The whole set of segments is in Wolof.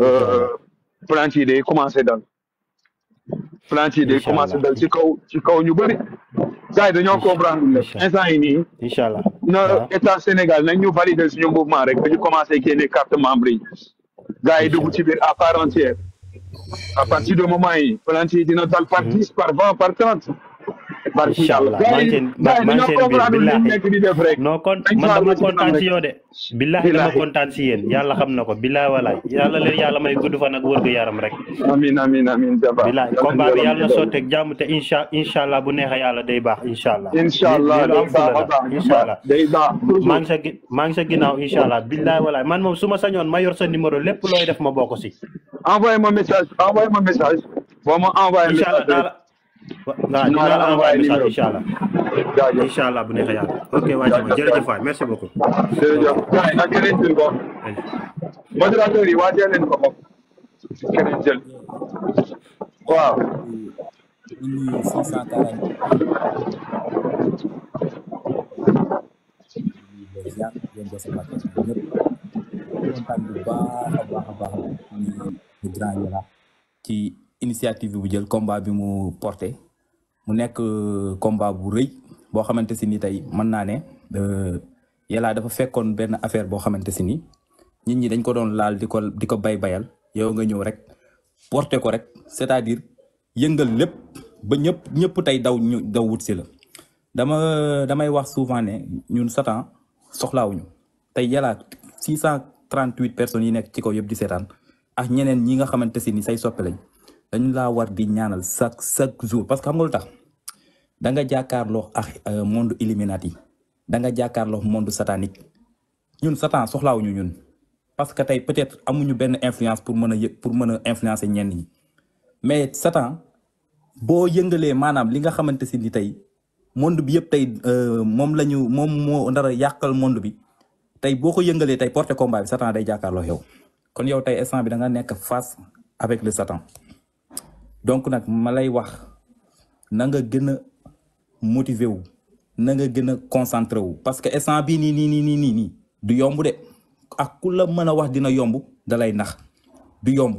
Euh, euh, euh, plante yi day commencé dal plante yi day commencé dal ci kaw ci kaw ñu bëri gars dañoo comprendre le instant yi nii incha na état Sénégal nañ ñu valider suñu mouvement rek dañu commencé génne carte membre yi gars yi dugg ci biir à part entière à partir de moment yi plante yi dina dal par mm-hmm. par vingt par trente inchallah man seen bilah. seen biir billahi non kon man Bilah kontaan si yow de billahi dama kontaan bilah yéen yàlla xam na ko billahi walaay yàlla leen yàlla may gudd fan ak wërgu yaram rek amin amin amin jaba ya billahi combat bi yàlla sotteeg jàmm te insha inshallah bu neexee yàlla day baax inshallah inshallah day baax inshallah day baax maa Bilah sa maa sa ginnaaw inshallah billahi walaay man moom su ma sañoon ma yor sa numéro lépp looy def ma bokk si envoyé ma message envoyé ma message boo ma envoyé message waaw dinaa la envoyé message incha allah jaajëf incha allah bu neexee yàlla ok wàcc ma jërëjëf waay merci beaucoup. jërëjëf gars yi nag keneen jël ko. modérateur yi waajal leen ko moom. keneen jël waaw. kontaan bu baax a baax a baax ci initiative bu jël combat bi mu porté mu nek combat bu reuy bo xamanteni si ni tey mën naa ne euh, yàlla dafa fekkone ben affaire bo xamanteni ni nit ñi dañ ko doon laal di diko di bay bayal yow nga ñew rek porté ko rek c'est-à-dire yëngal lepp ba ñëpp ñëpp tay daw daw wut ci la dama damay wax souvent né ñun satan soxlaawuñu tey yàlla 638 personnes yi nek ci ko yëpp di seetaan ak ñeneen ñi nga xamanteni ni say soppé lañu dañu laa war di ñaanal chaque chaque jour parce que xam nga lu tax da nga jàkkaarloo ak ah, euh, monde illuminati da nga jàkkaarloo monde satanique ñun satan soxlaawuñu ñun parce que tey peut-être amuñu benn influence pour mën a yë pour mën a influencer ñenn ñi mais satan boo yëngalee maanaam li nga xamante si ni tey monde bi yëpp tey euh, moom la ñu moom moo ndara yàqal monde bi tey boo ko yëngalee tey porte combat bi satan day jàkkaarloo yow kon yow tey instant bi da nga nekk face avec le satan. donc nag ma lay wax na nga gën a na nga concentré wu parce que instant bii ni ni ni ni ni du yomb de ak ku la wax dina yomb dalay nax du yomb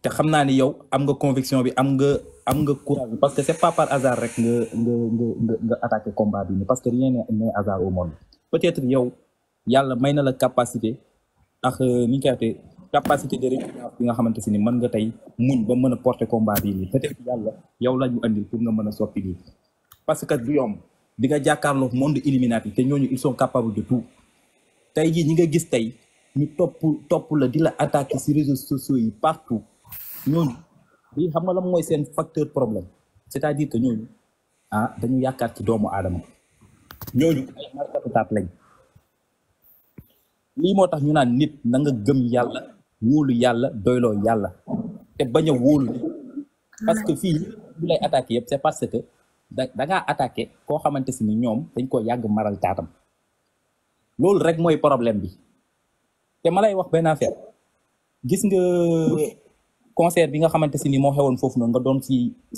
te xamna ni yow am nga conviction bi am nga am nga courage parce que c'est pas par hasard rek nga nga nga nga attaquer combat bi parce que rien n'est hasard au monde peut-être yow yalla may na la capacité ak euh, ni ñu capacité de résilience bi nga xamante si ni mën nga tey muñ ba mën a porter combat bii nii peut-être yàlla yow la ñu nga mën a soppi lii parce que du yomb di nga jàkkaarloog monde illuminati te ñooñu ils sont capables de tout tey jii ñi nga gis tey ñu topp topp la di la attaque ci réseaux sociaux yi partout ñooñu bi xam nga lan mooy seen facteur problème c'est-à-dire que ñooñu ah dañu yaakaar ci doomu aadama ñooñu lii moo tax ñu naan nit na nga gëm yàlla wóolu yàlla doyloo yàlla te bañ a wóolu parce que fii bu lay attaqué yëpp c'est parce que da da ngaa attaqué koo xamante si ni ñoom dañ koo yàgg maral taatam loolu rek mooy problème bi te ma lay wax benn affaire gis nga concert bi nga xamante si ni moo xewoon foofu noonu nga doon ci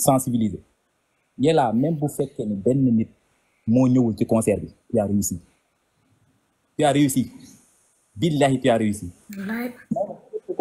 sensibiliser yella même bu fekkee ne benn nit moo ñëwul ci concert bi tu as réussi tu billahi tu as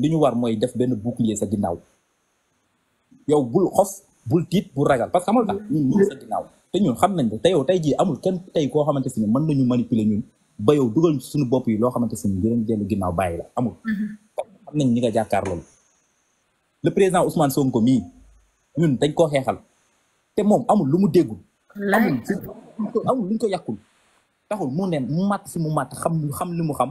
li ñu war mooy def benn bouclier sa ginnaaw yow bul xof bul tiit bul ragal parce que xamal tax ñun sa ginnaaw te ñun xam nañ ne te yow tey jii amul kenn tey koo xamante si ni mën nañu manipuler ñun ba yow dugal suñu bopp yi loo xamante si ni jërëñ ginnaaw bàyyi amul mm-hmm. xam nañ ñi nga jàkkaar loolu le mii ñun dañ koo xeexal te moom amul lu mu déggul amul amul ko yàqul taxul mu neen mu màtt si mu màtt xam xam li mu xam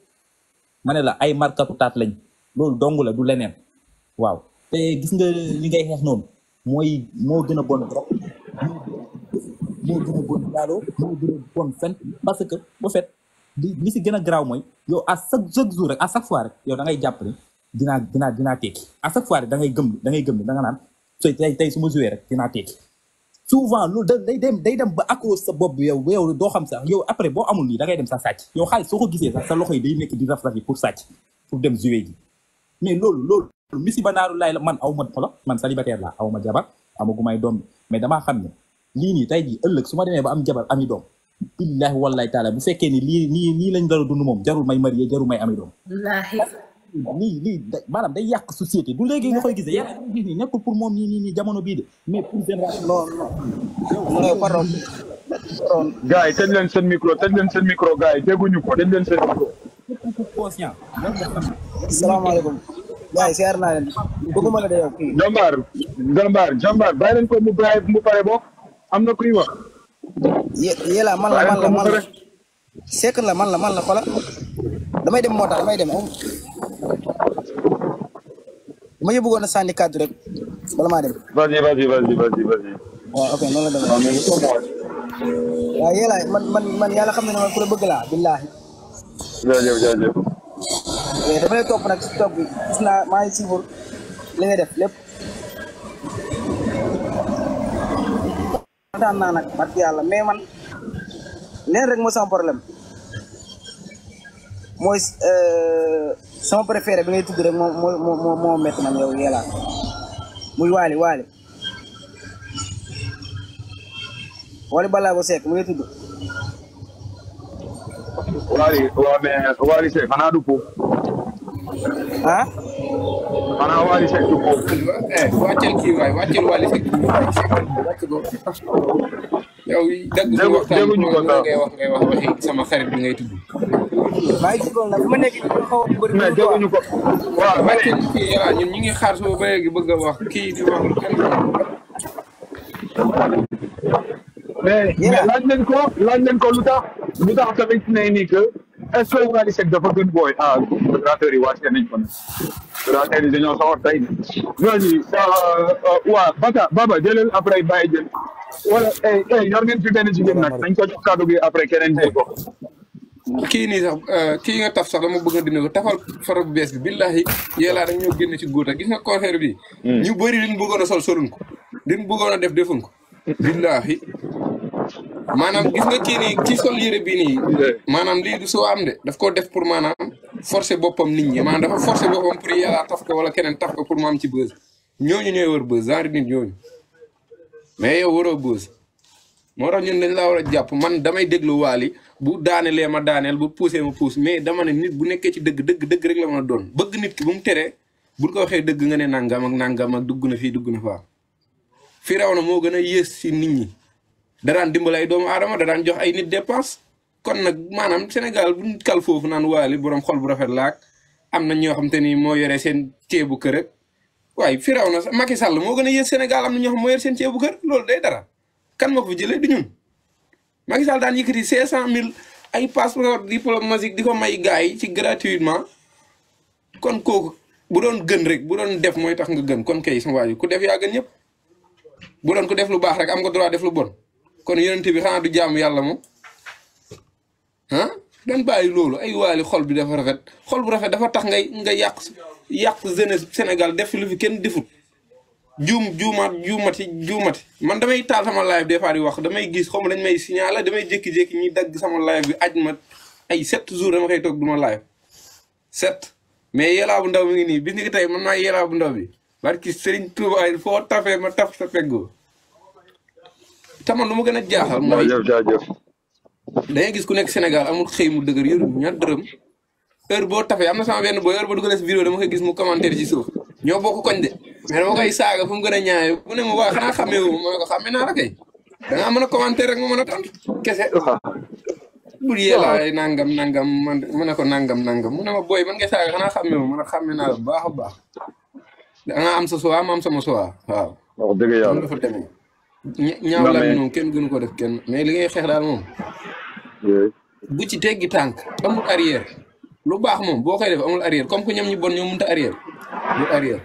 ma ne la ay markatu taat lañ loolu dong la du leneen waaw te gis nga li ngay xeex noonu mooy moo gën a bon trop moo gën a bon daaloo moo gën fen parce que bu fet li li si gën a garaaw mooy yow à chaque chaque jour rek à chaque fois rek yow da ngay jàpp ne dinaa dinaa dinaa tekki à chaque fois rek da ngay gëm da ngay gëm da nga naan sooy su ma joué rek dinaa tekki souvent loolu da day dem day dem ba accro sa bopp yow yow doo xam sax yow après boo amul nii da ngay dem sa sàcc yow xaalis soo ko gisee sax sa loxo yi day nekk di raf raf yi pour sàcc pour dem joué ji mais loolu loolu misi banaaru la man aw ma xolo man célibataire la aw ma jabar amagumay doom mais damaa xam ne lii nii tey jii ëllëg su ma demee ba am jabar ami doom billaahi wallahi taala bu fekkee ni lii nii nii lañ dara dund moom jarul may marié jarul may ami doom lii lii maanaam day yàq société du léegi nga koy gisee yàq gis ni nekkul pour moom ñi nii nii jamono bii de mais pour génération non non pardon pardon gars yi tëj leen seen micro tëj leen seen micro gars yi dégguñu ko tëj leen seen micro conscient salaamaaleykum waaye seer naa leen bëgguma la de yow jambaar jambaar jambaar bàyyi leen ko mu bàyyi mu pare bokk am na kuy wax yéla man la man la man la sekk la man la man la xola damay dem moo tax damay dem ma ñu bëggoon a sànni rek bala ma dem. vas-y vas-y vas-y vas-y vas-y. waaw ok non la dem waaw yéen a man man man yalla xam na ne la bëgg la billahi. jaajëf jaajëf. dama lay topp nag top topp bi gis na ma ngi ci bur li nga def lepp dan naa nag barke yàlla mais man len rek mo sama problème moy euh sama préféré bi ngay tudd rek moo moo moo eu métti man yow yéen muy Waly Waly Waly Ballago Seck mu ngi tudd. Waly waaw mais Waly Seck xanaa du Pouf. ah. xanaa Waly Seck du Pouf. wàcceel kii waay wàcceel Waly yow dégguñu ko dégguñu ko ngay wax ngay wax bi ngay tudd. waaye ci kaw ma nekk ci xaw ma bëri. ko waaw man kii waaw ñun ñu ngi xaar soo ba léegi bëgg a wax kii di wax kenn. mais mais laaj ko laaj leen ko lu tax lu tax tamit ne nii que. est-ce que Wally Seck dafa gën booy ah modérateur yi wàcce nañ ko nag modérateur yi dañoo soxor tey ñooñu euh, waa Baka Baba jëlal après bàyyi jël wala eh eh yor ngeen fi benn jigéen nag nañ ko jox kàddu gi après keneen jël ko. kii nii sax euh, kii nga taf sax dama bëgg a dindi ko tafal faro bu bees bi billahi yàlla rek ñoo génne ci góor a gis nga concert bi hmm. ñu bëri liñ bëggoon a sol soluñ ko liñ bëggoon a def defuñ ko billahi maanaam gis nga kii kii sol yére bii maanaam lii soo am de daf koo def pour maanaam forcer boppam nit ñi maanaam dafa forcer boppam pour yàlla taf ko wala keneen taf pour mu am ci buzz ñooñu ñooy war buzz genre nit ñooñu mais yow waroo buzz moo tax ñun dañ laa war a jàpp man damay déglu waali bu daanelee ma daaneel bu poussé ma pousse mais dama ne nit bu nekkee ci dëgg dëgg dëgg rek la mën a doon bëgg nit ki bu mu teree bul ko waxee dëgg nga ne nangam ak dugg na fii dugg na faa firaw na moo gën a yées si nit ñi daraan dimulai ay doomu adama daraan jox ay nit dépense kon nak manam Sénégal buñ kal fofu nan wali borom xol bu rafet laak am ño xamanteni mo yoré sen moo kër ak way firawna Macky Sall mo gëna yé Sénégal am ño xam mo yoré sen kër day dara kan mako ko fi jëlee du ñun Macky Sall daan yëkëti 500000 ay passeport diplomatique di may gaay ci gratuitement kon kooku bu doon gën rek bu doon def moy tax nga gën kon kay sama waji ku def ya gën ñep bu doon ku def lu baax rek am nga droit def lu bon kon yonent bi xanaa du jàmm yàlla moom ah ba bàyyi loolu ay waali xol bi dafa rafet xol bu rafet dafa tax ngay nga yàq yàq jeunesse Sénégal def lu fi kenn defut juum juumaat juumati juumati man damay taal sama live des fois di wax damay gis xaw ma dañ may signaler damay jékki-jékki ñuy dagg sama live bi aj ma ay sept jours dama kay toog du ma live sept mais yelaa bu ndaw mi ngi nii bi ni tey man naa yelaa bu ndaw bi barki Serigne Touba foo tafee ma taf sa peggo tamon numu gëna jaaxal. moy da ngay gis ku nek senegal amul xeymu mu dëgër ñaar dërëm heure bo tafé amna sama benn booy heure bo dugalee ci vidéo dama koy gis mu commentaire ci suuf ñoo bokku koñ de mais dama koy saaga fu mu gëna ñaay ñaawee bu ne ma wax xanaa xamé wu mo ko xamé na la kay da nga mëna commentaire rek ma mën a tontu kese. bul yéelaay nangam nangam man mu ne ko nangam nangam mu ne ma boy man ngay saaga xana xamé wu ma ne xamee naa la bu baax a baax da nga am sa soir am sama soir waaw. wax deug yalla ñaaw làmmiñ moom kenn gënu ko def kenn mais li ngay xeex daal moom bu ci teggi tànk amul arrière lu baax moom boo koy def amul arrière comme que ñoom ñi bon ñoo mënta arrière ñu arrière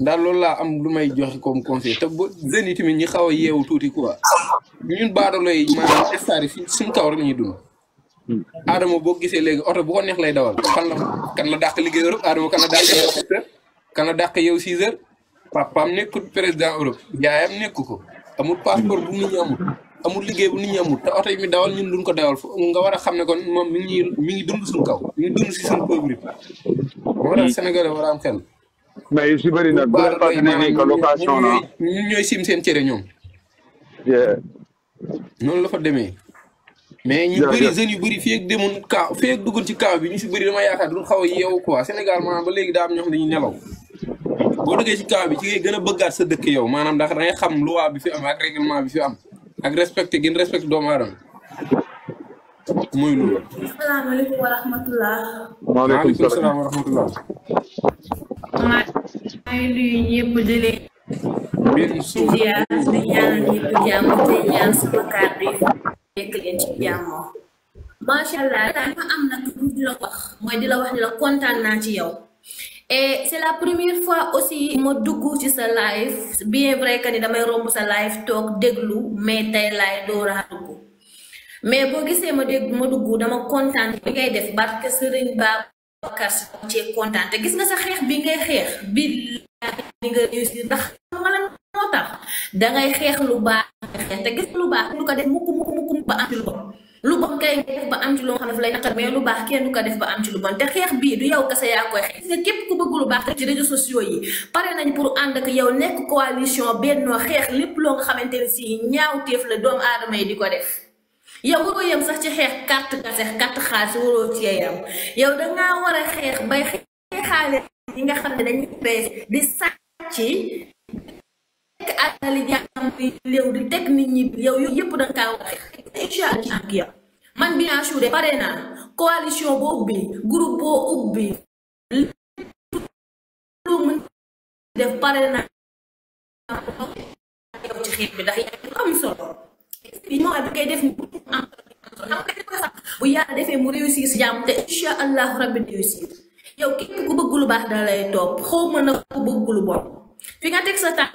ndax loolu laa am lu may joxe comme conseil te ba jeunes yi tamit ñi xaw a yeewu tuuti quoi ñun baadoolo yi maanaam star yi fi suñ kaw rek la ñuy dund hmm. Adama boo gisee léegi oto boo ko neex lay dawal kan la kan la dàq liggéey Europe Adama kan la dàq yow 7 heures kan la dàq yow 6 heures papaam nekkul président Europe yaayam ko amul passeport bu nit ñi amul amul liggéey bu nit ñi amul te oto yi mi dawal ñun duñ ko dawal nga war a xam ne ko moom mi ngi mi ngi dund suñ kaw mi ngi dund si suñ pauvreté moo tax hmm. sénégalais si seen cere ñoom noonu demee mais ñu bëri jeunes yu bëri fii demoon kaaw fii ak ci kaaw bi ñu si bëri dama yaakaar duñ xaw a yeewu quoi Sénégal maanaam ba léegi daa am ñoo xam dañuy nelaw bo duggee ci kaw bi ci ngay gëna bëggaat sa dëkk yow manam ndax da ngay xam loi bi fi am ak règlement bi fi am ak respecté gën respect doomu aadama muy lu asalaamaaleykum wa wa di bien ya, sûr allah am nag lu di la wax moy di la wax ni la kontaan ci yow et c'est la première fois aussi mo duggu ci sa live bien vrai que ni damay rombu sa live tok deglu mais lay do ra duggu mais bo gisee mo deg mo duggu dama contente bi ngay def barke serigne ba bakkar ci kontaan te gis nga sa xex bi ngay xex bi ni nga réussir ndax ma lan motax da ngay xex lu baax te gis lu baax lu ko def muku muku muku ba am lu bon lu bon kay def ba am ci loo xam ne lay naqar mais lu baax kenn du ko def ba am ci lu bon te xeex bii du yow kese yaa koy xeex nga képp ku bëgg lu baax rek ci réseaux sociaux yi pare nañ pour ànd ak yow nekk coalition bennoo xeex lépp loo nga xamante ne si ñaawteef la doomu aadama yi di ko def yow waroo yem sax ci xeex carte kase carte xaalis waroo ci yem yow dangaa war a xeex bay xeexaale yi nga xam ne dañuy di sàcc nekk à la bi di tek nit ñi bi yow yooyu da nga wax allah man bi naa suuree pare naa coalition ubbi groupe ubbi lu mën def pare naa ci xeet bi ndax am solo kay def bu am mu réussir allah rabbi réussir yow képp ku bëgg lu baax da lay topp xaw ma na ku bëgg lu bon fi nga sa tànk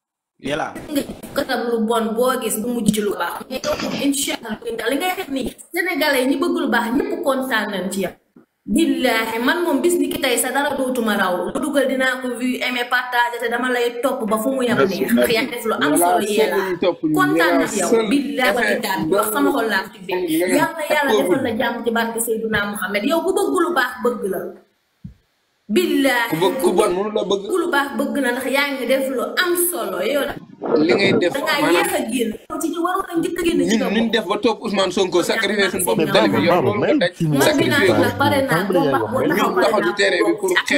yàlla. nga xam lu boo gis bu mujj ci lu baax. incha allah li ngay def nii sénégalais ñi bëgg lu baax ñëpp kontaan nañ ci yow. billaahi man moom bis ni ki sa dara dootuma raw dama lay topp ba fu mu yem nii ndax yaa def lu am solo a kontaan na yow billaahi ba di yàlla defal la jàmm ci barke Seydina Muhammad yow bu bëgg lu baax bëgg la. billaay ku bon mënu la bëgg bëgg na ndax yaa ngi def lu am solo yow da li ngay def maanaam yéex a génn ñun ñu def ba topp Ousmane Sonko sacrifié suñu bopp dali bi loolu ko daj sacrifié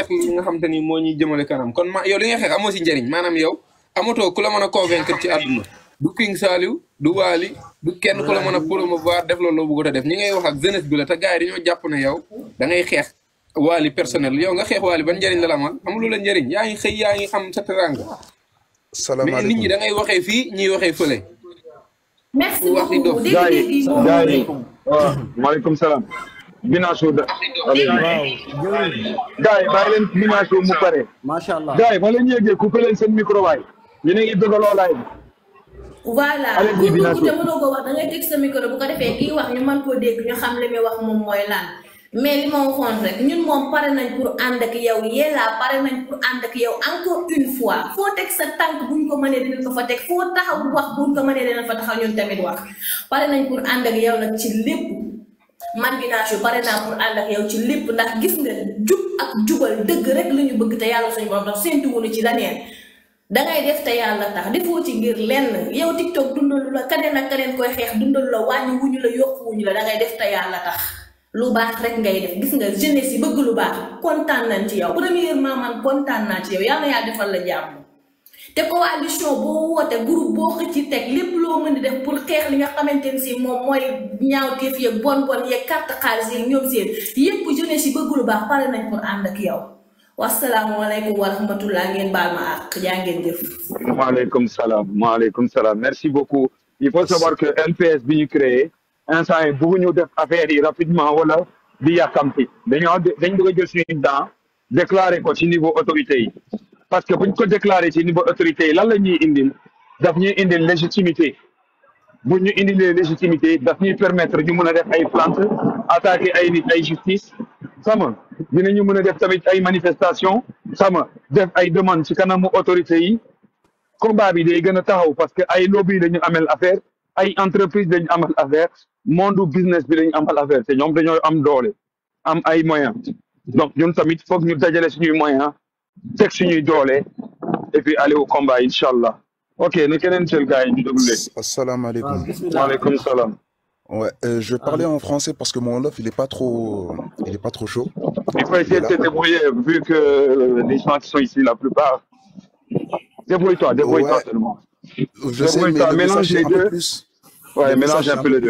ñu nga xam te ni moo ñuy jëmale kanam kon ma yow li ngay xeex amoo si njëriñ maanaam yow amatoo ku la mën a convaincre ci àdduna du King Saliou du Waly du kenn ku la mën a promouvoir def loolu loo bëgg a def ni ngay wax ak jeunesse bi la te gars yi dañoo jàpp na yow dangay ngay xeex wali personnel yow nga xex wali ban njëriñ la la am lu la njëriñ yaay xey yaay xam sa terang salam alaykum nit ñi da ngay waxe fi ñi waxe fele merci beaucoup dégg nga dégg bina maaleykum da. waaw bay len yi mu pare. allah ma leen yéegee coupé leen micro ngi voilà ku bëgg te ko micro bu ñu dégg ñu xam mais li ma waxoon rek ñun mom paré nañ pour and ak yow yella paré nañ pour and ak yow encore une fois fo tek sa tank buñ ko mané dina ko fa tek fo taxaw wax buñ ko mané dina fa taxaw ñun tamit wax paré nañ pour and ak yow nak ci lepp man bi na ci paré na pour and ak yow ci lepp nak gis nga djub ak djubal deug rek la ñu bëgg té yalla suñu borom tax séntu wuñu ci lanen da ngay def te yalla tax defo ci ngir lenn yow tiktok dundul la kaneen ak kaneen koy xex dundul la wañu wuñu la yokku wuñu la da ngay def te yalla tax lu bax rek ngay def gis nga jeunesse yi bëgg lu bax contane nañ ci yow premièrement man contane na ci yow yalla ya defal la jamm te coalition bo woote groupe bo xëcc teg lépp loo mën di def pour xeex li nga xamante ci mom moy mooy ñaawteef yeeg bon bon yeeg carte xaalis yeeg ñoom seen yépp jeunesse yi bëgg lu bax paré nañ pour and ak yow alaykum wa rahmatullah ngeen baal ma ak jaa ngeen def wa alaykum waaleykum wa alaykum salaam merci beaucoup il faut savoir que lps biñu ñu créé And so bëgguñu def affaire rapidement wala di yàkkamti de a jël déclarer ko niveau autorité parce que buñ ko déclarer ci niveau autorité lan la ñuy légitimité Vous légitimité permettre du def ay attaquer à justice sama a def tamit ay manifestation sama def ay demande ci autorité combat parce que lobby ay entreprise dañu amal affaire monde business bi lañu amal affaire c'est ñom Donc, am doole am ay moyens donc ñun tamit que ñu dajalé suñuy moyens, des suñuy et puis aller au combat inshallah ok na kenen seul gars yi ñu Assalam léegi. wa waaleykum salam. Ouais, euh, je vais parler en français parce que mon love, il est pas trop, il est pas trop chaud. Il faut essayer de se débrouiller vu que les gens qui sont ici, la plupart. Débrouille-toi, débrouille-toi ouais. seulement. Je sais, mais le mélange message, un peu Ouais, mélange un peu les deux.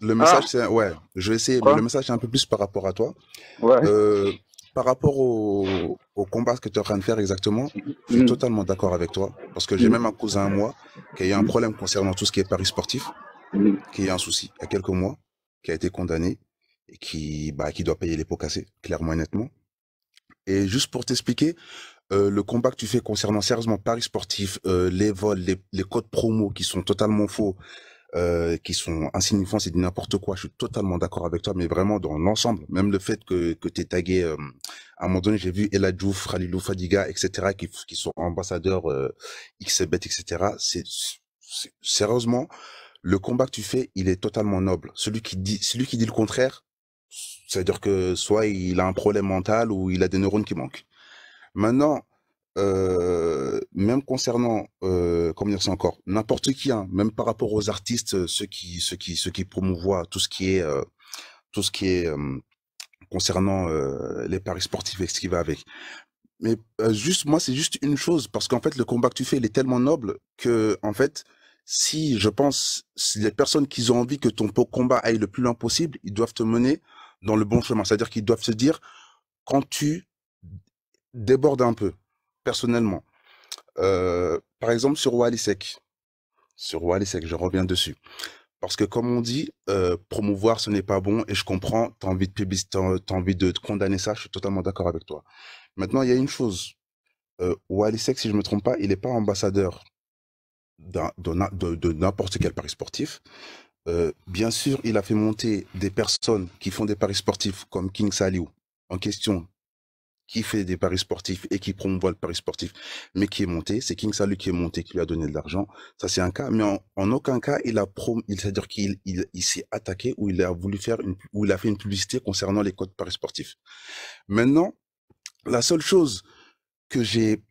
Le ah. message, c'est ouais, je vais essayer, le message, est un peu plus par rapport à toi. Ouais. Euh, par rapport au, combat que tu es en train de faire exactement, je suis mm. totalement d'accord avec toi. Parce que j'ai mm. même un cousin à moi qui a eu un problème concernant tout ce qui est paris sportif, mm. qui a un souci il y a quelques mois, qui a été condamné et qui, bah, qui doit payer les pots cassés, clairement et nettement. Et juste pour t'expliquer, euh, le combat que tu fais concernant sérieusement Paris sportif, euh, les vols, les, codes promo qui sont totalement faux, euh, qui sont insignifiants, c'est du n'importe quoi. Je suis totalement d'accord avec toi, mais vraiment dans l'ensemble, même le fait que, que tu es tagué, à un moment donné, j'ai vu Eladjouf, Khalilou Fadiga, etc., qui, qui sont ambassadeurs euh, XBet, etc. C'est, sérieusement, le combat que tu fais, il est totalement noble. Celui qui dit, celui qui dit le contraire, c'est-à-dire que soit il a un problème mental ou il a des neurones qui manquent. Maintenant, euh, même concernant, euh, comment dire ça encore, n'importe qui, hein, même par rapport aux artistes, euh, ceux qui, ceux qui, ceux qui promouvoient tout ce qui est, tout ce qui est concernant les paris sportifs et ce qui va avec. Mais juste, moi, c'est juste une chose parce qu'en fait, le combat que tu fais, il est tellement noble que, en fait, si je pense, si les personnes qui ont envie que ton combat aille le plus loin possible, ils doivent te mener dans le bon chemin. C'est-à-dire qu'ils doivent se dire, quand tu déborde un peu, personnellement. Euh, par exemple, sur Walisek. Sur Walisek, je reviens dessus. Parce que comme on dit, euh, promouvoir, ce n'est pas bon, et je comprends, tu as envie de envie de condamner ça, je suis totalement d'accord avec toi. Maintenant, il y a une chose. Euh, si je ne me trompe pas, il n'est pas ambassadeur de, n'importe quel pari sportif. Euh, bien sûr, il a fait monter des personnes qui font des paris sportifs comme King Saliou en question, qui fait des paris sportifs et qui promouvoit le paris sportif, mais qui est monté. C'est King Salut qui est monté, qui lui a donné de l'argent. Ça, c'est un cas. Mais en, aucun cas, il a à dire qu'il, il, s'est attaqué ou il a voulu faire une, ou il a fait une publicité concernant les codes paris sportifs. Maintenant, la seule chose que j'ai,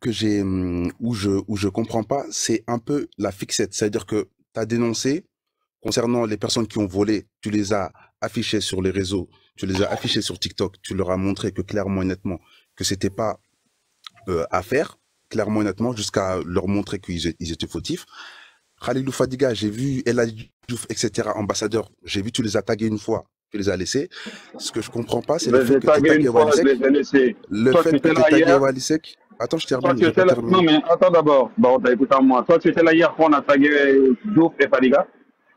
que j'ai, hum, où je, où je comprends pas, c'est un peu la fixette. C'est-à-dire que tu as dénoncé concernant les personnes qui ont volé, tu les as affichées sur les réseaux tu les as affichés sur TikTok, tu leur as montré que clairement et nettement que c'était pas euh, à faire, clairement et nettement, jusqu'à leur montrer qu'ils étaient fautifs. Khalilou Fadiga, j'ai vu El etc., ambassadeur, j'ai vu tu les as tagués une fois, tu les as laissés. Ce que je comprends pas, c'est le ben, fait que tu tagué Walisek. Le fait que tu tagué Walisek. Attends, je termine. je Non, mais attends d'abord. Bon, écoute à moi. Toi, tu étais là hier quand on a tagué Diouf et Fadiga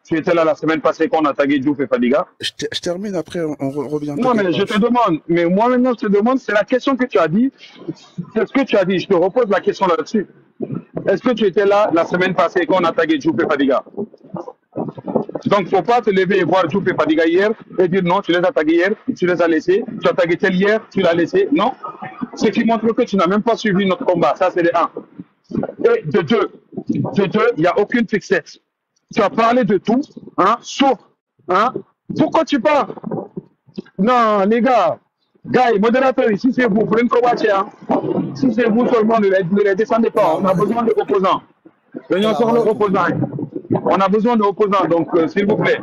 tu étais là la semaine passée quand on a tagué Djouf et Fadiga. Je, termine après, on, revient. Non, mais je te demande, mais moi maintenant je te demande, c'est la question que tu as dit, c'est ce que tu as dit, je te repose la question là-dessus. Est-ce que tu étais là la semaine passée quand on a tagué Diouf et Fadiga donc, faut pas te lever et voir Djouf et Fadiga hier et dire non, tu les as tagués hier, tu les as laissés, tu as tagué tel hier, tu l'as laissé. Non. Ce qui montre que tu n'as même pas suivi notre combat. Ça, c'est le 1. Et de deux, de deux, il n'y a aucune fixette tu as parlé de tout, hein, sauf, hein, pourquoi tu parles Non, les gars, gars, modérateur, si c'est vous, prenez le hein. Si c'est vous seulement, ne les, descendez pas, on a besoin de opposants. Venons sur proposants, On a besoin de opposants, donc euh, s'il vous plaît.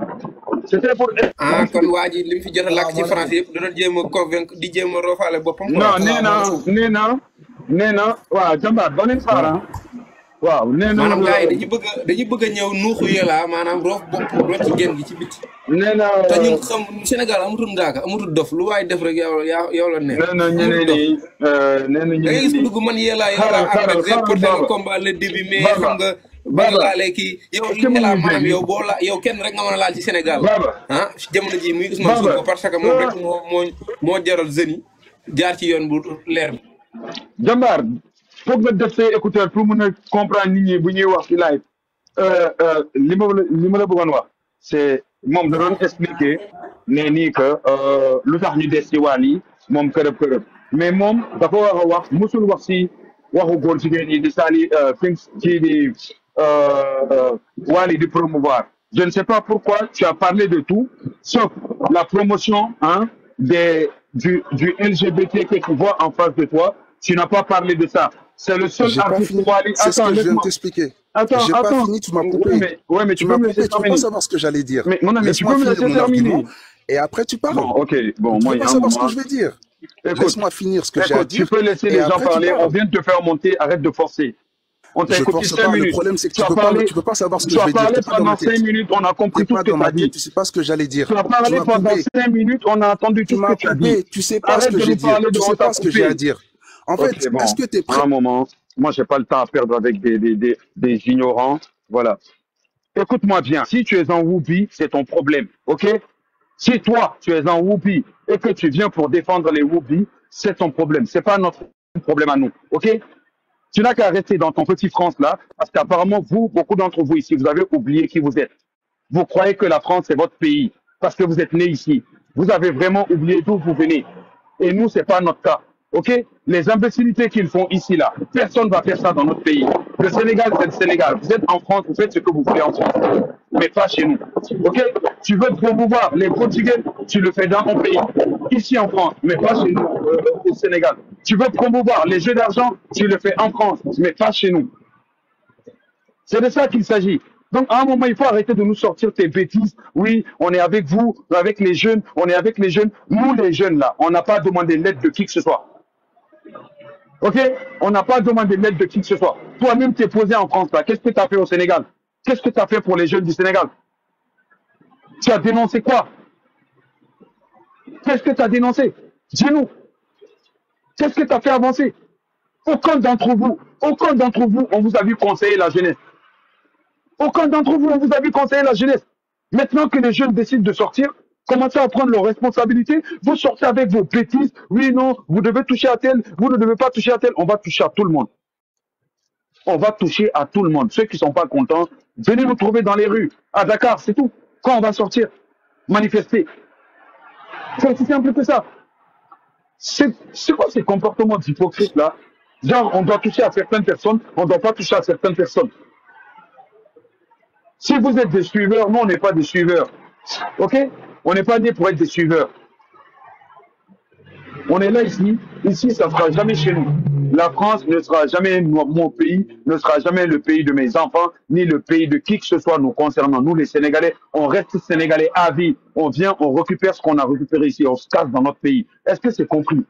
C'était pour. Ah, kon waa ji li mu fi jot a ci ah, français yëpp da doon convaincre di jéem a roofaale boppam. non nee Non, non, non, nee naa waaw jàmbaar waaw nee na maanaam gars yi bëgg a ñëw nuuxu yelaa maanaam roof bopp rocc génn gi ci biti. nee na te ñun xam dof lu waay def rek yow la yow la nee. nee na ñeneen ñi eh, man yelaa yelaa ak rek rek porté baba yow li yow yow kenn rek laal ci Sénégal. baba ah jamono jii muy Ousmane Sonko parce que moom rek ah. moo moo moo yi jaar ci yoon bu leer jambaar Pour nga def say écouteur pour me a comprendre nit ñi bu ñuy wax ci live euh, euh, li ma li ma la bëggoon wax c'est moom da doon expliquer ne nii que euh, lu tax ñu des ci wàll yi moom kërëb kërëb mais moom dafa war a wax musul wax si waxu góor jigéen yi di saali fi ci di wàll yi di promouvoir je ne sais pas pourquoi tu as parlé de tout sauf la promotion hein des du du LGBT que tu vois en face de toi tu n'as pas parlé de ça. C'est le seul artiste pour aller. C'est ce que je viens de t'expliquer. Attends, attends. pas fini, tu m'as coupé. ouais, mais tu, tu m'as coupé, tu peux pas savoir ce que j'allais dire. Mais, tu peux me laisser terminer. Et après, tu parles. ok, bon, tu moi, peux pas savoir ce que je vais dire. Laisse-moi finir ce que j'ai à dire. Tu peux laisser les gens parler. On vient de te faire monter. Arrête de forcer. On t'a écouté 5 minutes. Le problème, c'est que tu ne peux, peux, pas savoir ce que je vais dire. Tu as parlé pendant 5 minutes, on a compris tout ce que tu as dit. Tu sais pas ce que j'allais dire. Tu as parlé pendant 5 minutes, on a entendu tout ce que tu as dit. Tu sais pas ce que dit. Tu sais pas ce que j'ai à dire. En fait, bon. est-ce que tu es prêt Un moment. Moi, j'ai pas le temps à perdre avec des, des, des, des ignorants. Voilà. Écoute-moi bien. Si tu es en Woubi, c'est ton problème. OK Si toi, tu es en Woubi, et que tu viens pour défendre les Woubi, c'est ton problème. C'est pas notre problème à nous. OK Tu n'as qu'à rester dans ton petit France là, parce qu'apparemment, vous, beaucoup d'entre vous ici, vous avez oublié qui vous êtes. Vous croyez que la France est votre pays parce que vous êtes né ici. Vous avez vraiment oublié d'où vous venez. Et nous, c'est pas notre cas. OK Les imbécilités qu'ils font ici, là, personne ne va faire ça dans notre pays. Le Sénégal, c'est le Sénégal. Vous êtes en France, vous faites ce que vous voulez en France, mais pas chez nous. OK Tu veux promouvoir les Portugais, tu le fais dans mon pays, ici en France, mais pas chez nous, euh, au Sénégal. Tu veux promouvoir les jeux d'argent, tu le fais en France, mais pas chez nous. C'est de ça qu'il s'agit. Donc, à un moment, il faut arrêter de nous sortir tes bêtises. Oui, on est avec vous, avec les jeunes, on est avec les jeunes. Nous, les jeunes, là, on n'a pas demandé l'aide de qui que ce soit. OK On n'a pas demandé mettre de qui que ce soit. Toi-même, es posé en France, là. Qu'est-ce que tu as fait au Sénégal Qu'est-ce que tu as fait pour les jeunes du Sénégal Tu as dénoncé quoi Qu'est-ce que tu as dénoncé Dis-nous. Qu'est-ce que tu as fait avancer Aucun d'entre vous, aucun d'entre vous, on vous a vu conseiller la jeunesse. Aucun d'entre vous, on vous a vu conseiller la jeunesse. Maintenant que les jeunes décident de sortir, Commencez à prendre leurs responsabilités. Vous sortez avec vos bêtises. Oui, non, vous devez toucher à tel, vous ne devez pas toucher à tel. On va toucher à tout le monde. On va toucher à tout le monde. Ceux qui ne sont pas contents, venez nous trouver dans les rues, à Dakar, c'est tout. Quand on va sortir, manifester. C'est aussi simple que ça. C'est quoi ces comportements d'hypocrite là Genre, on doit toucher à certaines personnes, on ne doit pas toucher à certaines personnes. Si vous êtes des suiveurs, nous on n'est pas des suiveurs. Ok On n'est pas né pour être des suiveurs. On est là ici. Ici, ça ne sera jamais chez nous. La France ne sera jamais mon pays, ne sera jamais le pays de mes enfants, ni le pays de qui que ce soit nous concernant. Nous, les Sénégalais, on reste Sénégalais à vie. On vient, on récupère ce qu'on a récupéré ici, on se casse dans notre pays. Est-ce que c'est compris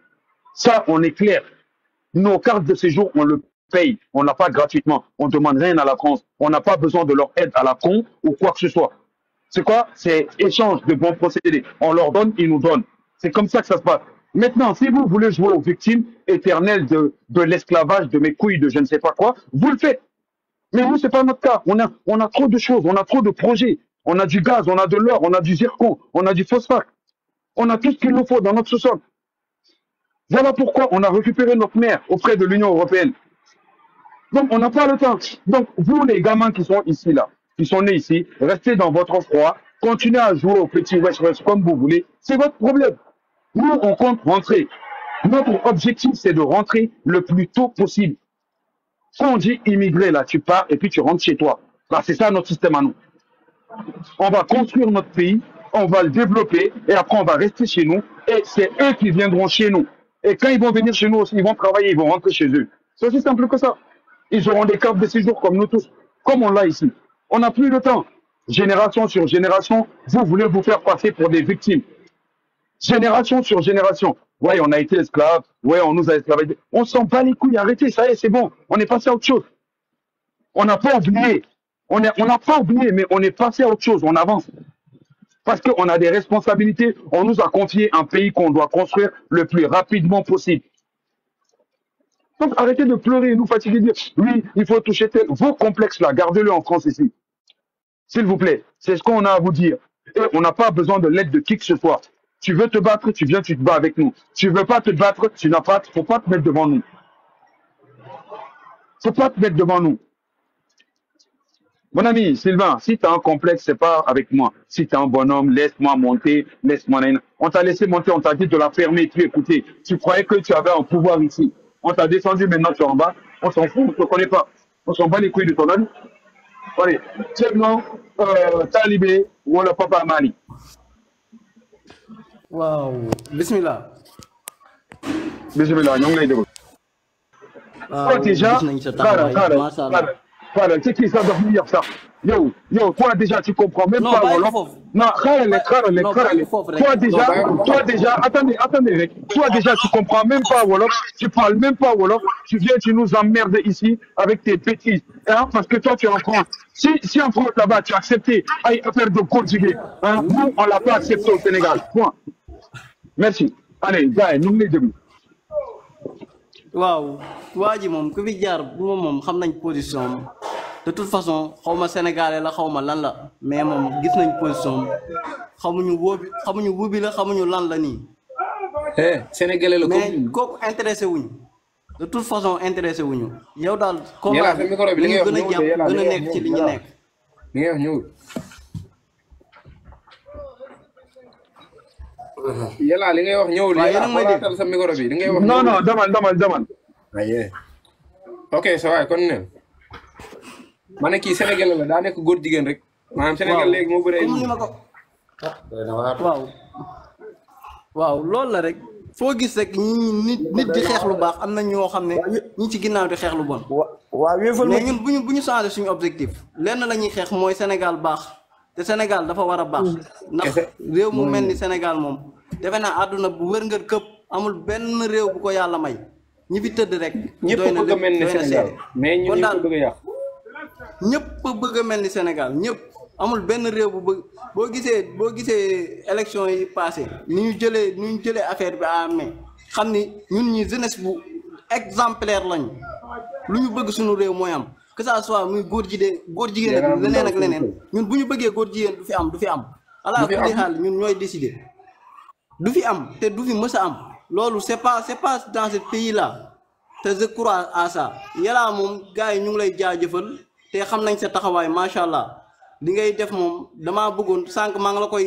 Ça, on est clair. Nos cartes de séjour, on le paye. On n'a pas gratuitement. On ne demande rien à la France. On n'a pas besoin de leur aide à la con ou quoi que ce soit. C'est quoi C'est échange de bons procédés. On leur donne, ils nous donnent. C'est comme ça que ça se passe. Maintenant, si vous voulez jouer aux victimes éternelles de, l'esclavage, de mes couilles, de je ne sais pas quoi, vous le faites. Mais nous, ce n'est pas notre cas. On a, on a trop de choses, on a trop de projets. On a du gaz, on a de l'or, on a du zircon, on a du phosphate. On a tout ce qu'il nous faut dans notre sous-sol. Voilà pourquoi on a récupéré notre mère auprès de l'Union européenne. Donc, on n'a pas le temps. Donc, vous, les gamins qui sont ici, là, qui sont nés ici, restez dans votre froid, continuez à jouer au petit West-West comme vous voulez, c'est votre problème. Nous, on compte rentrer. Notre objectif, c'est de rentrer le plus tôt possible. Quand on dit immigrer là, tu pars et puis tu rentres chez toi. c'est ça notre système à nous. On va construire notre pays, on va le développer et après on va rester chez nous et c'est eux qui viendront chez nous. Et quand ils vont venir chez nous aussi, ils vont travailler, ils vont rentrer chez eux. C'est aussi simple que ça. Ils auront des cartes de séjour comme nous tous, comme on l'a ici. On n'a plus le temps. Génération sur génération, vous voulez vous faire passer pour des victimes. Génération sur génération. Ouais, on a été esclaves. Ouais, on nous a esclavés. On s'en bat les couilles. Arrêtez, ça y est, c'est bon. On est passé à autre chose. On n'a pas oublié. On n'a on pas oublié, mais on est passé à autre chose. On avance. Parce qu'on a des responsabilités. On nous a confié un pays qu'on doit construire le plus rapidement possible. Donc arrêtez de pleurer et nous fatiguer oui, il faut toucher Vos complexes là, gardez-le en France ici. S'il vous plaît, c'est ce qu'on a à vous dire. Et on n'a pas besoin de l'aide de qui que ce soit. Tu veux te battre, tu viens, tu te bats avec nous. Tu veux pas te battre, tu n'as pas, faut pas te mettre devant nous. Faut pas te mettre devant nous. Mon ami Sylvain, si tu as un complexe, c'est pas avec moi. Si tu es un bonhomme, laisse-moi monter, laisse-moi. On t'a laissé monter, on t'a dit de la fermer, tu écoutais. Tu croyais que tu avais un pouvoir ici. On t'a descendu, maintenant tu es en bas. On s'en fout, on ne te connaît pas. On s'en bat les couilles de ton âme. Allez, Thiègement, euh, Talibé ou le Papa Mali. Waouh, Bismillah. Bismillah, nous l'aide. Ah, déjà, c'est qui ça doit venir ça Yo, yo, toi déjà tu comprends même pas bah, wolof non xaaral rek xaaral rek toi déjà bah, toi déjà attendez attendez rek toi déjà tu comprends même pas wolof tu parles même pas wolof tu viens tu nous emmerdes ici avec tes bêtises hein parce que toi tu es en France si si en France là-bas tu as accepté ay affaire de conjugué hein nous on l'a pas accepté au Sénégal point merci allez gars nous les ngi Wow, waouh, waaw waa ji moom mon, position de toute façon xawma sénégalais la xawma lan la mais mom gis nañ position xamuñu wobi xamuñu wubi la xamuñu lan la eh sénégalais la intéressé wuñu de toute façon intéressé wuñu yow li wax non non ok ça va kon ma ne kii Sénégal la daa nekk góor jigéen rek. maanaam Sénégal léegi moo bëree. waaw waaw loolu la rek. foo gis rek ñi baax am na ñoo xam ne ñi ci ginnaaw di xeex lu bon. waaw mais ñun bu bu ñu changé suñu objectif. lenn la ñuy xeex mooy Sénégal baax te Sénégal dafa war a baax. ndax réew mu mel mm. ni Sénégal moom. defe naa àdduna bu wërngër këpp amul benn réew bu ko yàlla may ñi fi tëdd rek. doy na lépp doy na mel ni Sénégal mais ñun ñoo ko bëgg ñëpp bëgg a mel ni Sénégal ñëpp amul benn réew bu bëgg boo gisee boo gisee élection yi passé ni ñu jëlee ni ñu jëlee affaire bi à mai xam ni ñun ñi jeunesse bu exemplaire lañu lu ñu bëgg suñu réew mooy am que ça soit muy góor ji de góor jigéen ak leneen ak leneen ñun bu ñu bëggee góor jigéen du fi am du fi am ala kulli xaal ñun ñooy décider du fi am te du fi mës am loolu c'est pas c'est pas dans ce pays te je crois à ça yàlla moom gars yi ñu ngi lay jaajëfal te xam nañ sa taxawaay macha allah li ngay def moom damaa bëggoon sànq maa ngi la koy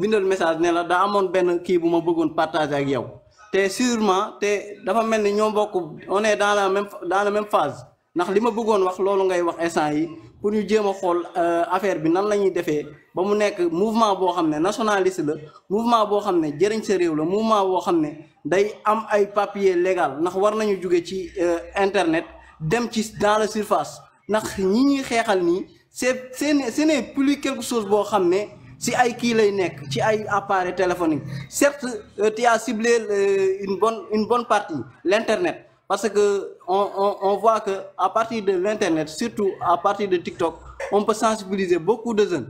bindal message ne la daa amoon benn kii bu ma bëggoon partager ak yow te sûrement te dafa mel ni ñoo bokk on est dans la même dans la même phase ndax li ma bëggoon wax loolu ngay wax instant yi pour ñu jéem a xool euh, affaire bi nan la ñuy defee ba mu nekk mouvement boo xam ne nationaliste la mouvement boo xam ne jëriñ sa réew la mouvement boo xam ne day am ay papier légal ndax war nañu jóge ci euh, internet dem ci dans la surface ce n'est plus quelque chose que xam si ay y lay nekk ci appareil téléphonique certes euh, tu as ciblé euh, une bonne une bonne partie l'internet parce qu'on on, on, voit qu'à partir de l'internet surtout à partir de TikTok on peut sensibiliser beaucoup de gens.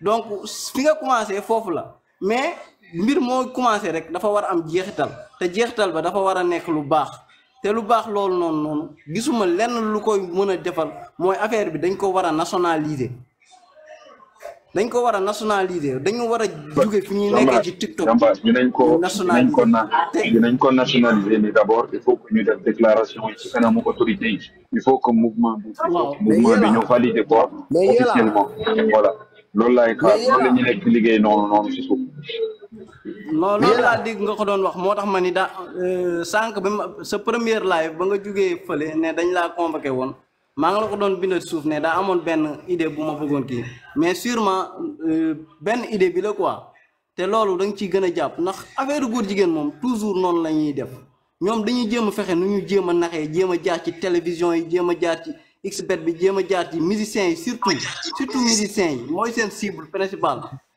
donc qui a commencé c'est la mais mbir moo commencé rek dafa avoir un am jeexital te jeexital ba dafa nekk te lu baax loolu noonu noonu gisuma lenn lu koy mën a defal mooy affaire bi dañ ko war a nationaliser dañ ko war a nationaliser dañu war a jóge fi ñuy nekkee ci TikTok dinañ ko nationaliser dinañ ko nationaliser ni d'abord il faut que ñu def déclaration yi ci kanamu autorité yi il faut que mouvement bi mouvement bi ñu valider ko officiellement voilà loolu laay xaar loolu la ñu nekk liggéey noonu noonu si suuf non dégg nga ko doon wax moo tax ma ni daa euh, sànq bi ma sa première live ba nga jógee fële ne dañ laa convoqué woon maa ngi la doon bindal suuf ne daa amoon benn idée bu ma bëggoon kii mais sûrement euh, benn idée bi la quoi te loolu da ciy gën a jàpp ndax affaire góor jigéen moom toujours noonu la ñuy def ñoom dañuy jéem a fexe nu ñu jéem a naxee jéem a jaar ci télévision yi jéem a jaar ci xbet bi jéem a jaar ci musiciens yi surtout surtout musiciens yi mooy seen cible principale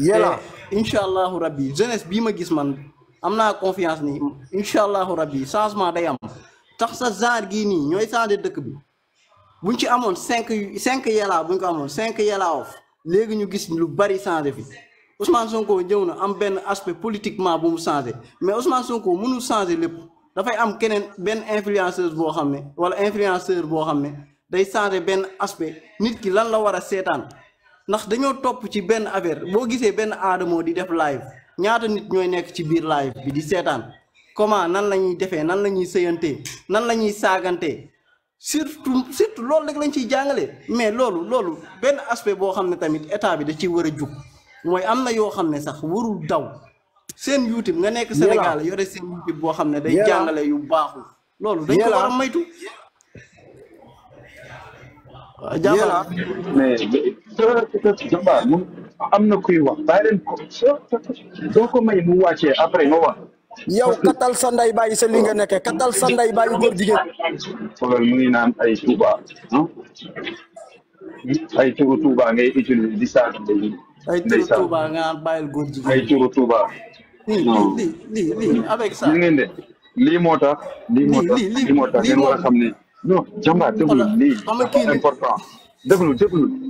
yàlla eh. incha allahu rabbi jeunesse bii ma gis man am naa confiance ni incha allahu rabbi changement day am tax sa genre gii nii ñooy changé dëkk bi buñ ci amoon cinq cinq yàlla buñ ko amoon cinq yàlla of léegi ñu gis lu bari changé fi Ousmane Sonko ñëw na am benn aspect politiquement bu mu changé mais Ousmane Sonko mënul changé lépp dafay am keneen benn influenceuse boo xam ne wala influenceur boo xam ne day changé benn aspect nit ki lan la war a seetaan. ndax dañoo topp ci benn affaire boo gisee benn aadamoo di def live ñaata nit ñooy nekk ci biir live bi di seetaan comment nan la ñuy defee nan la ñuy sëyantee nan la ñuy saagantee surtout surtout loolu rek lañ ciy jàngalee mais loolu loolu benn aspect boo xam ne tamit état bi da ciy war a jug mooy am na yoo xam ne sax warul daw seen YouTube nga nekk Sénégal yore seen boo xam ne day jàngale yu baaxul loolu dañ ko war a maytu jàppal te te am na kuy wax bàyyi leen ko ko may mu wàccee après nga wax. yow katal sa nday bàyyi sa li nga nekkee katal sa nday bàyyi góor jigéen. xoolal mu ngi naan ay tuuba ah? ay turu tuuba ngay utiliser di saa ay turu nga naan bàyyil góor jigéen ay turu tuuba. non ngeen de lii moo tax. lii moo tax lii moo tax ngeen war a xam ne. non jàmbaar déglu lii c'est important déglu déglu.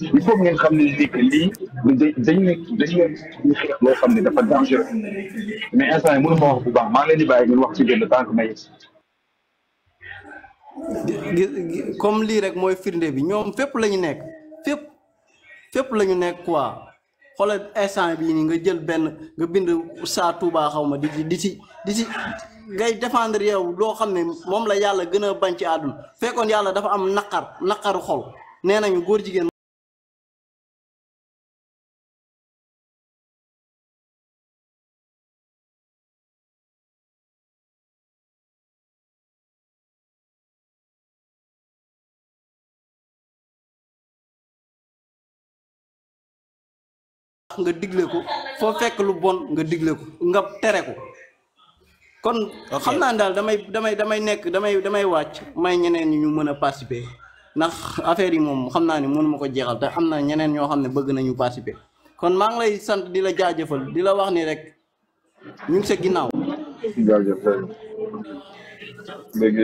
il faut ngeen xam ne ni que lii dañ nekk dañu nekk xeex loo xam ne dafa mais instant yi mënu wax bu baax maa lay leen di bàyyi ngeen wax ci benn tànk may comme lii rek mooy firnde bi ñoom fépp lañu nekk fépp fépp la ñu nekk quoi xoolal instant bii nii nga jël benn nga bind saatu Touba xaw ma di ci di ci di ci ngay défendre yow loo xam ne moom la yàlla gën a bañ ci àdduna fekkoon yàlla dafa am naqar naqaru xol nee nañu góor jigéen nga digle ko foo fekk lu bon nga digle ko nga tere ko kon xam naa daal damay damay damay nekk damay damay wàcc may ñeneen ñi ñu mën a participer ndax affaire yi moom xam naa ne mënu ma ko jeexal te am na ñeneen ñoo xam ne bëgg nañu participer kon maa ngi lay sant di la jaajëfal di la wax nii rek ñu se ginnaaw. jaajëfal. dégg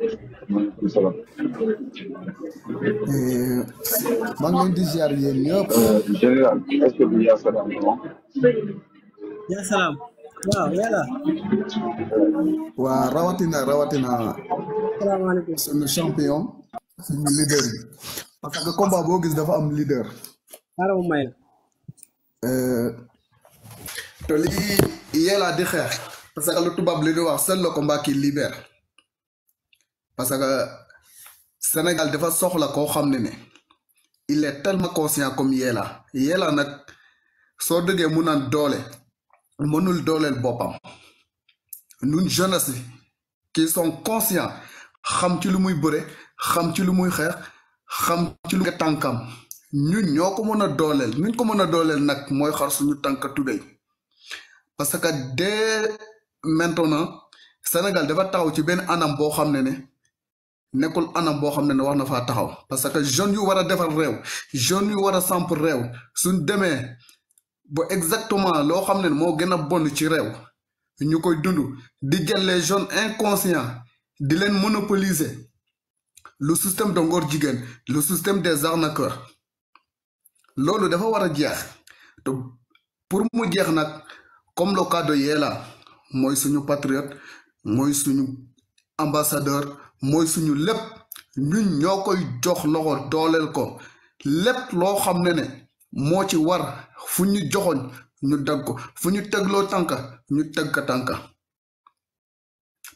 maaleykum maa ngi leen di jaar yéen ñëpp. général est que du salaam waaw yàlla. waaw rawatina rawatina. salaamaaleykum champion. suñu leader bi. parce que combat boo gis dafa am leader. xaaral may la. Euh, te lii yéen a di xeex. parce que lu tubaab li di wax seul le combat parce que Sénégal dafa soxla koo xam ne ne il est tellement conscient comme Yella Yella nag soo dëggee mu naan doole mënul dooleel boppam ñun jeunesse bi qui sont conscients xam ci lu muy bëre xam ci lu muy xeex xam ci lu nga tànkam ñun ñoo ko mën a dooleel ñun ko mën a dooleel nag mooy xar suñu tànk tubéy parce que dès maintenant Sénégal dafa taxaw ci benn anam boo xam ne ne nekul anam bo xam ne ne na taxaw parce que jeunes yu wara a rew jeune jeunes yu wara samp rew suñ démé exactement lo ne gëna ci les jeunes inconscients di monopoliser le système de le système des arnaqueurs lolu dafa wara pour mu comme le cas de Yella suñu patriote suñu ambassadeur nous suñu lepp ñun ñokoy jox loxo le ko Nous lo ne ci war fuñu joxoñ ñu dagg ko fu ñu tanka ñu teg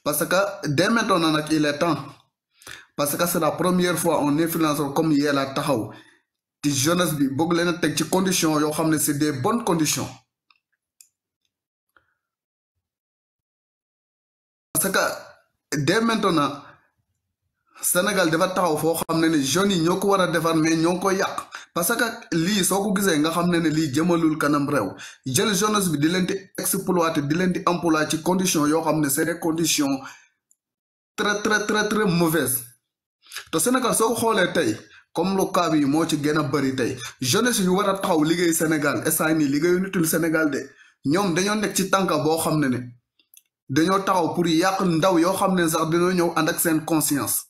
parce que dès maintenant il est temps parce que c'est la première fois on influenceur comme la taxaw la jeunesse bi bëgg ci conditions c'est des bonnes conditions parce que dès maintenant Sénégal dafa taxaw fo xamné ne jeunes ñoko wara défar mais ñoko ngi parce que li soko gisé nga xamné ne li jëmalul kanam rew jël jeunesse bi di leen exploiter di leen di emploi ci condition yo xamné c'est des conditions très très très très mauvaises to Sénégal soko xolé tay comme lu cas bi mo ci gëna a tay jeunesse yu wara taxaw liggéey Sénégal instant nii liggéeyu nitul Sénégal de ñom dañu nekk ci tanka bo xamné né dañu taxaw pour yàq ndaw yo xamné sax dañu ñëw and ak sen conscience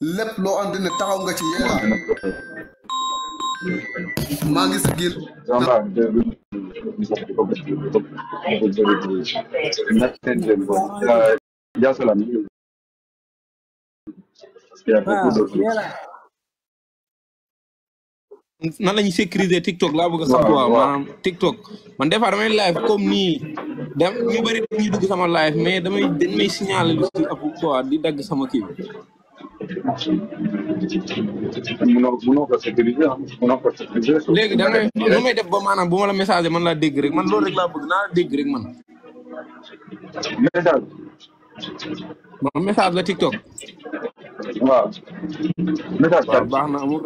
lépp loo andi taxaw nga ci yeela maa ngi sigil nan la ñuy sécuriser TikTok laa bëgg a xam waaw TikTok man des fois live comme nii da ñu bëri dañuy dugg sama live mais damay dañ may lu si dagg sama kii munoo munoo ah, léegi da ngay nu may def ba maanaam bu ma la message man laa dégg rek man loolu rek laa bëgg naa dégg rek man. message. man message la TikTok. waaw. message waaw baax na amul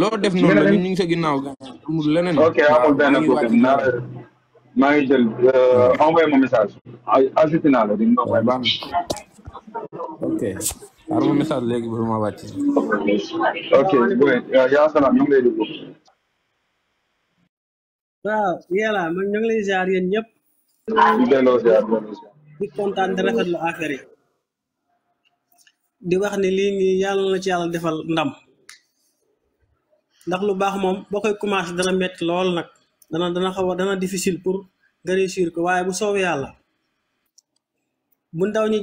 loo def noonu la ñu ngi sa ginnaaw ga amul leneen. ok amul benn problème naa maa ngi jël euh, envoyé ma message. ajouté la di Harun misal léegi bu ma wàcc. ok boy yaa salaam ñu ngi lay dugg. waaw di di wax ne lii nii yàlla na ci yàlla defal ndam. ndax lu baax moom boo koy dana metti lool nag dana dana xaw dana difficile pour nga réussir ko bu bu ndaw ñi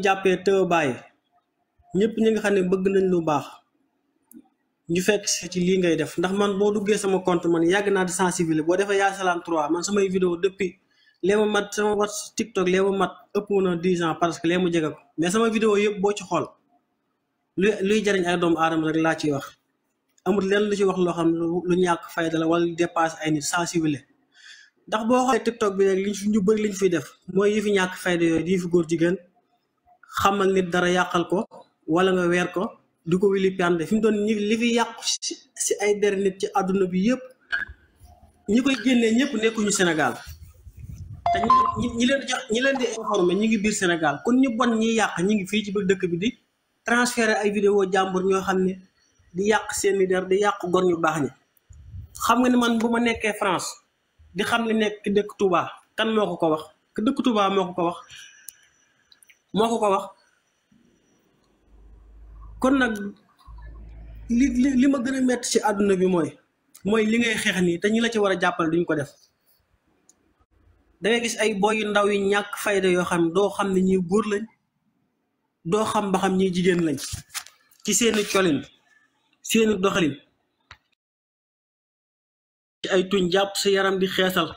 ñepp ñi nga xamne bëgg nañ lu baax ñu fekk ci ci li ngay def ndax man bo duggé sama compte man yag na de sensibiliser bo defa ya salam 3 man sama vidéo depuis léma mat sama watch tiktok léma mat ëpp na 10 ans parce que léma jëgako mais sama vidéo yëpp bo ci xol luy luy jariñ ay doom adam rek la ci wax amul lén lu ci wax lo xam lu ñak fayda la wal dépasse ay nit sensibiliser ndax bo xol tiktok bi rek liñ fi ñu bëri liñ fi def moy yi fi ñàkk fayda yoy di fi gor jigen xamal nit dara yaqal ko wala nga weer ko du ko wili pande fi mu doon ñi li fi si ay der nit ci àdduna bi yépp ñi koy génnee ñëpp nekkuñu sénégal te ñi ñi leen jox ñi leen di informé ñi ngi biir sénégal kon ñu bon ñi yàq ñi ngi fii ci biir dëkk bi di transféré ay vidéo jàmbur ñoo xam di yàq seen der di yàq gor ñu baax ñi xam nga ni man bu ma france di xam ne nekk dëkk touba kan moo ko ko wax ke dëkk touba moo ko ko wax moo ko ko wax kon nag li li li ma gën a metti ci àdduna bi mooy mooy li ngay xeex nii te ñi la ci war a jàppale duñ ko def da gis ay boy ndaw yu ñàkk fayde yoo xam doo xam ne ñii góor lañ doo xam ba xam ñii jigéen lañ ci seeni colin seeni doxalin ci ay tuñ jàpp si yaram di xeesal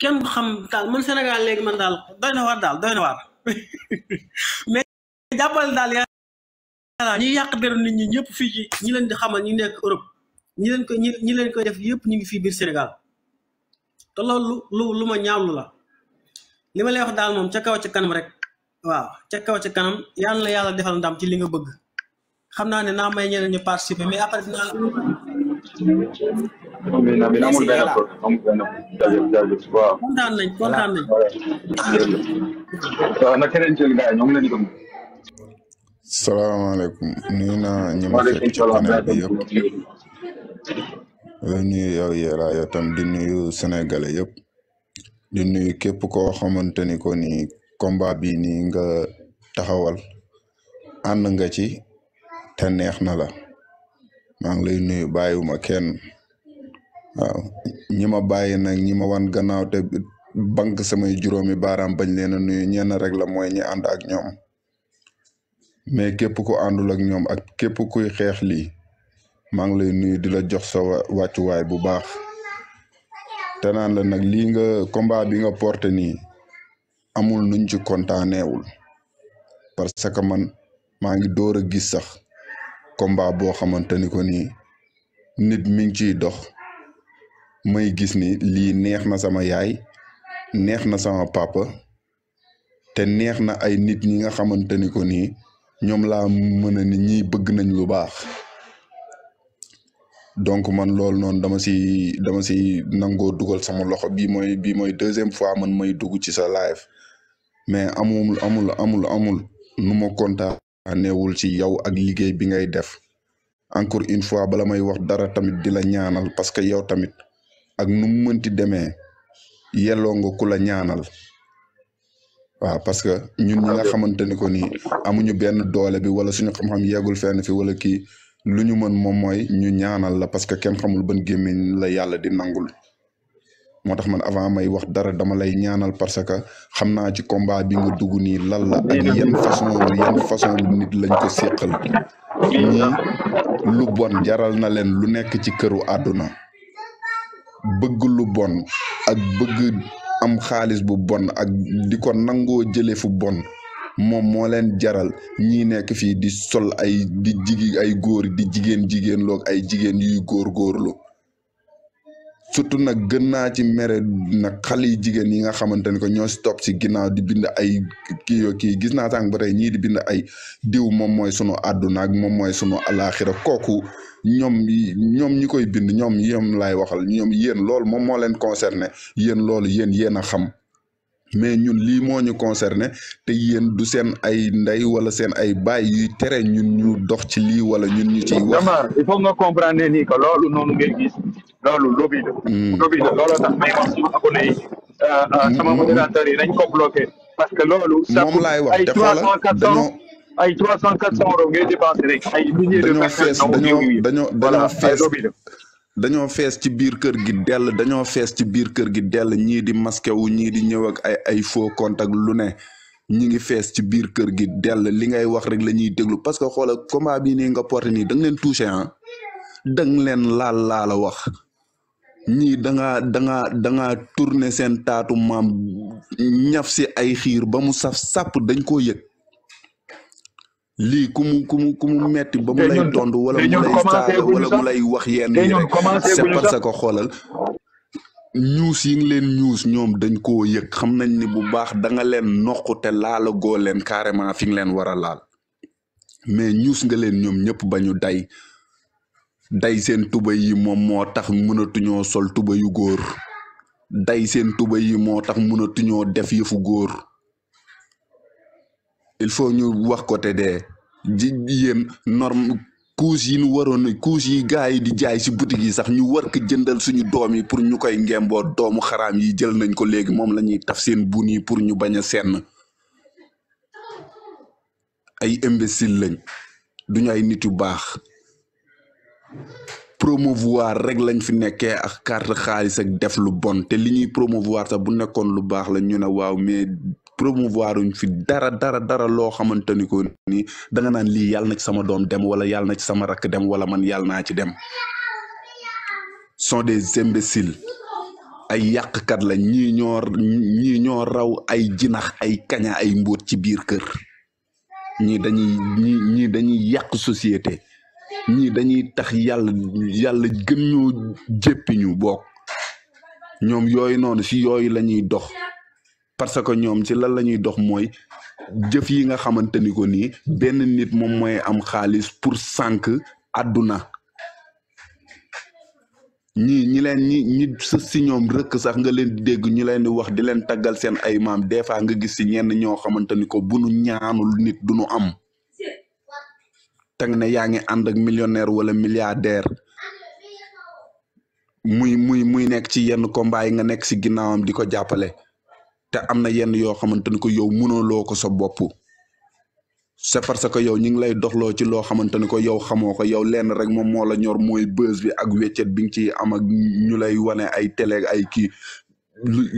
kenn bu xam daal man Sénégal léegi man daal doy na waar daal doy na waar mais voilà ñu yàq deru nit ñi ñëpp fii ci ñi leen di xamal ñu nekk Europe ñi leen ñi leen koy def yëpp ñu ngi fii biir Sénégal te lu lu ma ñaawlu la li ma lay wax daal moom ca kaw ca kanam rek waaw ca kaw ca kanam yal na yàlla defal ndam ci li nga bëgg xam naa ne naa may ñeneen ñu mais après dinaa la. kontaan nañ kontaan nañ. salaamaaleykum nuyu naa ñi ma fekk bi yëpp nuyu yow tam di nuyu sénégalais yëpp di nuyu képp koo xamante ni ko ni combat bi nii nga taxawal ànd nga ci te neex na la maa ngi lay nuyu bàyyiwuma ken waaw ñi ma bàyyi nag ñi ma wan gannaaw te bank samay juróomi baaraam bañ leen a nuyu ñenn rek la mooy ñi ànd ak ñoom mais képp ku àndul ak ñoom ak képp kuy xeex lii maa ngi lay nuyu di la jox sa wàccuwaay bu baax te naan la nag lii nga combat bi nga nii amul nuñ ci kontaaneewul parce que man maa ngi door a gis sax combat boo xamante ni ko nii nit mi ngi ciy dox may gis ni lii neex na sama yaay neex na sama papa te neex na ay nit ñi nga xamante ni ko nii ñom la mëna ni ñi bëgg nañ lu baax donc man lool non, dama damasi dama ci nango duggal sama loxo bi moy bi moy deuxième fois man may dugg ci sa live mais amul amul amul amul nu konta ane ci yow ak liggey bi ngay def encore une fois bala may wax dara tamit dila ñaanal parce que yow tamit ak nu mu mënti démé yelo nga kula ñaanal waaw parce que ñun ñi xamante ni ko nii amuñu benn doole bi wala suñu xam-xam yeegul fenn fi wala kii lu ñu moon moom mooy ñu ñaanal la parce que kenn xamul ban gémmiñ la yàlla di nangul moo tax man avant may wax dara dama lay ñaanal parce que xam naa ci combat bi nga dugg nii lan la ak yan façon yan façon nit lañ ko séqal ñii lu bon jaral na leen lu nekk ci këru àdduna bëgg lu bon ak bëgg am xaalis bu bon ak di ko nangoo jëlee fu bon moom moo leen jaral ñii nekk fii di sol ay di jigi ay góor di jigéen jigéen loog ay jigéen yuy góor góorlu surtout nag gën naa ci mere nag xale yi jigéen yi nga xamante ni ko ñoo si topp si ginnaaw di bind ay kii yoo kii gis naa sànq ba ñii di bind ay diw moom mooy sunu àdduna ak moom mooy sunu alaaxira kooku ñoom ñoom ñi koy bind ñoom yéen laay waxal ñoom yéen loolu moom moo leen concerné yéen loolu yéen yéen a xam mais ñun lii moo ñu concerné te yéen du seen ay ndey wala seen ay baay yuy tere ñun ñu dox ci lii wala ñun ñu ciy wax. il faut nga comprendre ni que loolu noonu ngay gis. lolu lobby la lo la looloo tax may wax suma abonné sama modérateur yi nañ ko bloqué parce que loolu ça moom laay wax ay trois cent ay trois cent ngay dépensé rek ay milliers de personnes dañoo dañoo dañoo fees lobby la ci biir kër gi ci biir kër gi di masqué wu di ñëw ak ay ay faux compte lu ne ñi ngi fees ci biir kër gi dell li ngay wax rek la déglu parce que xoola combat nga leen ah. leen laal wax ñii danga danga da ngaa da ngaa seen taatu maam ñaf si ay xiir bamu mu saf sàpp dañ koo yëg lii ku mu ku metti ba mu lay tond wala mu lay saaga wala mu lay wax yenn yi rek c'est parce que xoolal ñuus yi leen ñuus ñoom dañ koo yëg xam nañ ni bu baax danga leen noqute laala goo leen carrément fi nga leen war a laal mais ñuus nga leen ñoom ñëpp ba ñu day day seen tubéy yi moom moo tax mënatuñoo sol tubéyu góor day seen tubéy yi moo tax mënatuñoo def yëfu góor il faut ñu wax ko te dee ji yéen norme couche yi ñu waroon couche yi gars yi di jaay si boutique yi sax ñu war ko jëndal suñu doom yi pour ñu koy ngemboo doomu xaram yi jël nañ ko léegi moom la ñuy taf seen bun yi pour ñu bañ a senn ay imbécile lañ duñu ay nit yu baax promouvoir rek lañ fi nekkee ak carte xaalis def lu bon te li ñuy promouvoir sax bu nekkoon lu baax la ñu ne waaw mais promouvoir fi dara dara dara loo xamante ni ko nii da nga naan lii yàlla na sama doom dem wala yàlla na ci sama rakk dem wala man yàlla naa ci dem sont des imbéciles ay yàqkat la ñii ñoo ñii ñoo raw ay jinax ay kaña ay mbóot ci biir kër ñii dañuy ñii dañuy yàq société ñii dañuy tax yàlla yàlla gën ñoo jéppi ñu book ñoom yooyu noonu ci yooyu lañuy dox parce que ñoom ci lan la ñuy dox mooy jëf yi nga xamante ni ko nii benn nit moom mooy am xaalis pour sànq àdduna ñii ñi leen ñi sës si ñoom rëkk sax nga leen di dégg ñu leen di wax di leen taggal seen ay maam des fois nga gis si ñenn ñoo xamante ni ko bu nu ñaanul nit du nu am tang ne yaa and ak millionnaire wala milliardaire muy muy muy nek ci yenn combat yi nga nek ci ginnawam di ko té amna yenn yo xamanteni ko yow lo ko sa bop c'est parce que yow ñi ngi lay doxlo ci lo xamanteni ko yow xamoko ko yow lén rek mom mo la ñor moy buzz bi ak wéccet bi ngi ci am ak ñu lay wane ay télé ay ki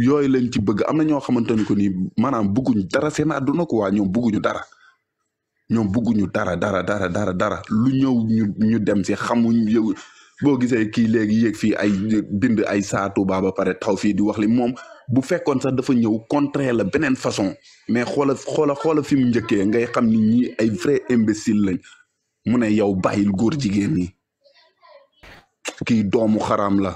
yoy lañ ci bëgg amna ño xamanteni ko ni manam bëgguñu dara seen àdduna quoi ñoom dara ñoom bugguñu dara dara dara dara dara lu ñëw ñu dem si xamuñ yow boo gisee kii léegi yéeg fii ay bind ay saatu baa ba pare taw fii di wax li moom bu fekkoon sax dafa ñëw contraire la beneen façon mais xoola xoola xoola fi mu njëkkee ngay xam ni ñii ay vrai imbécile lañ mu ne yow bàyyil góor jigéen ñi kii doomu xaram la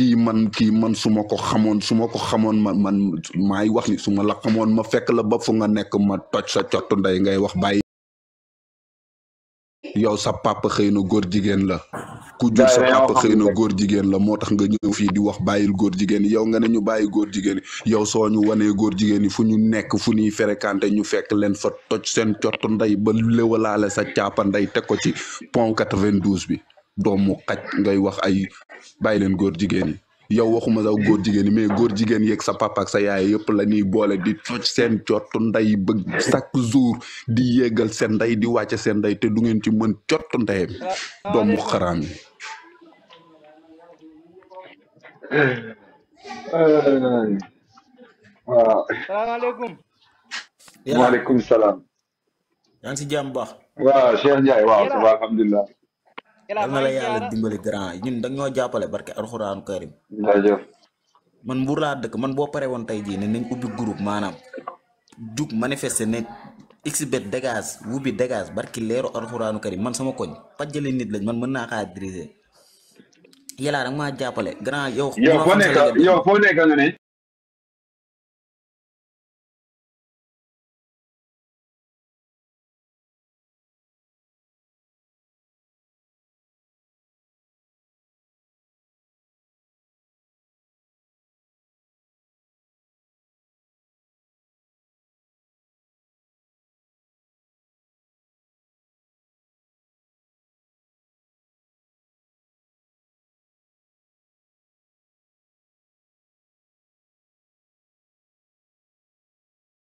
kii man kii man su ma ko xamoon su ma ko xamoon man man maay wax ni su ma la xamoon ma fekk la ba nga nekk ma toj sa cottu ngay wax bàyyi yow sa papa xëy na góor jigéen la ku jur sa góor jigéen la moo tax nga ñëw fii di wax bàyyil góor jigéen yow nga ne ñu bàyyi góor jigéen yow soo ñu wanee góor jigéen yi fu ñu nekk fu ñuy fréquenté ñu fekk leen fa toj seen cottu ndey ba léwalaale sa caapa ndey teg ko ci pont 92 bi doomu xaj ngay wax ay bay leen góor jigen yi yow waxuma sax góor jigen yi mais jigen yi ak sa papa ak sa yaay yep la ni boole di toj sen cott nday beug sak jour di yegal sen nday di wacce sen nday te du ngeen ci mën cott nday doomu xaram Assalamualaikum. Waalaikumsalam. salaamaaleykum si jàmm baax waaw yal na la yàlla dimbali grand ñun dañoo jàppale barke alxuraanu karim jaajëf man mbuur laa dëkk man boo pare woon tey jii ne nañ ubbi groupe maanaam jug manifeste ne xbet dégage wubbi dégage barki leeru alxuraanu karim man sama koñ pajjale nit lañ man mën naa xaa diriger yàlla rek maa jàppale grand yow. yow foo yow foo nekk nga ne.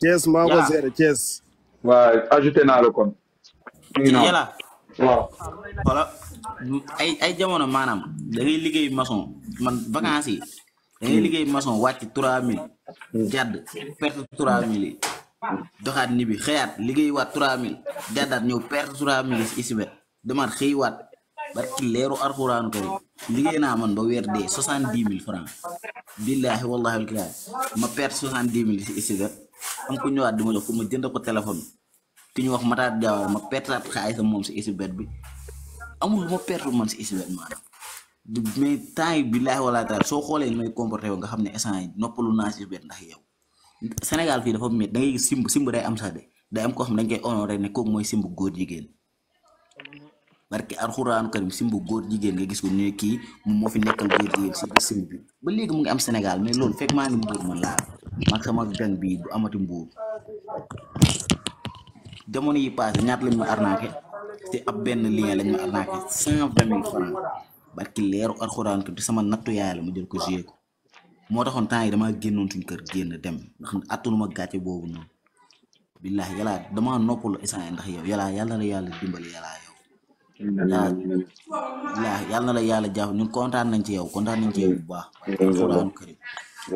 Thiès maa ko géré Thiès. waaw ajouté naa la kon. yàlla. waaw. ay ay jamono maanaam da liggéey mason man vacances yi hmm. liggéey mason wàcc trois mille. Hmm. jàdd perte trois mille yi. doxaat ni bi xëyaat liggéey waat trois mille jàddaat ñëw perte trois mille yi si si bët waat barki leeru alxuraanu kari liggéey naa man ba weer dee soixante dix mille franc billaahi wallaahi alkilaay ma perte soixante dix mille si Sika ma jox ma jënd ko téléphone ki ñu wax Matar Diawara ma pertaat moom si Sibet bi amul lu ma perte man si Sibet maanaam mais temps yi billaahi wallaahi taala soo xoolee ni may comporté woo nga xam ne instant yi noppalu naa si Sibet ndax yow Sénégal fii dafa métti da ngay simb simb day am sax de day am koo xam ne dañ koy honoré ne kooku mooy simb góor jigéen. barke alxuraanu karim simbu góor jigéen gis ko ne kii moo fi nekkal góor jigéen si simb bi mu ngi am Sénégal mais loolu fekk maa ngi mbuur man laa mag sama du amati mbuur jamono yi passé ñaata benn lien lañ ma arnaqué cent vingt sama nattu yaay la mu jël ko joué ko moo taxoon temps yi damaa génnoon suñ kër génn dem ndax attanuma gàcce boobu noonu billaahi yàlla damaa noppalu instant ndax yow yàlla yàlla la yàlla dimbali yàlla waaw yal na la yàlla jàpp ñun kontaan nañ ci yow kontaan nañ ci yow baax.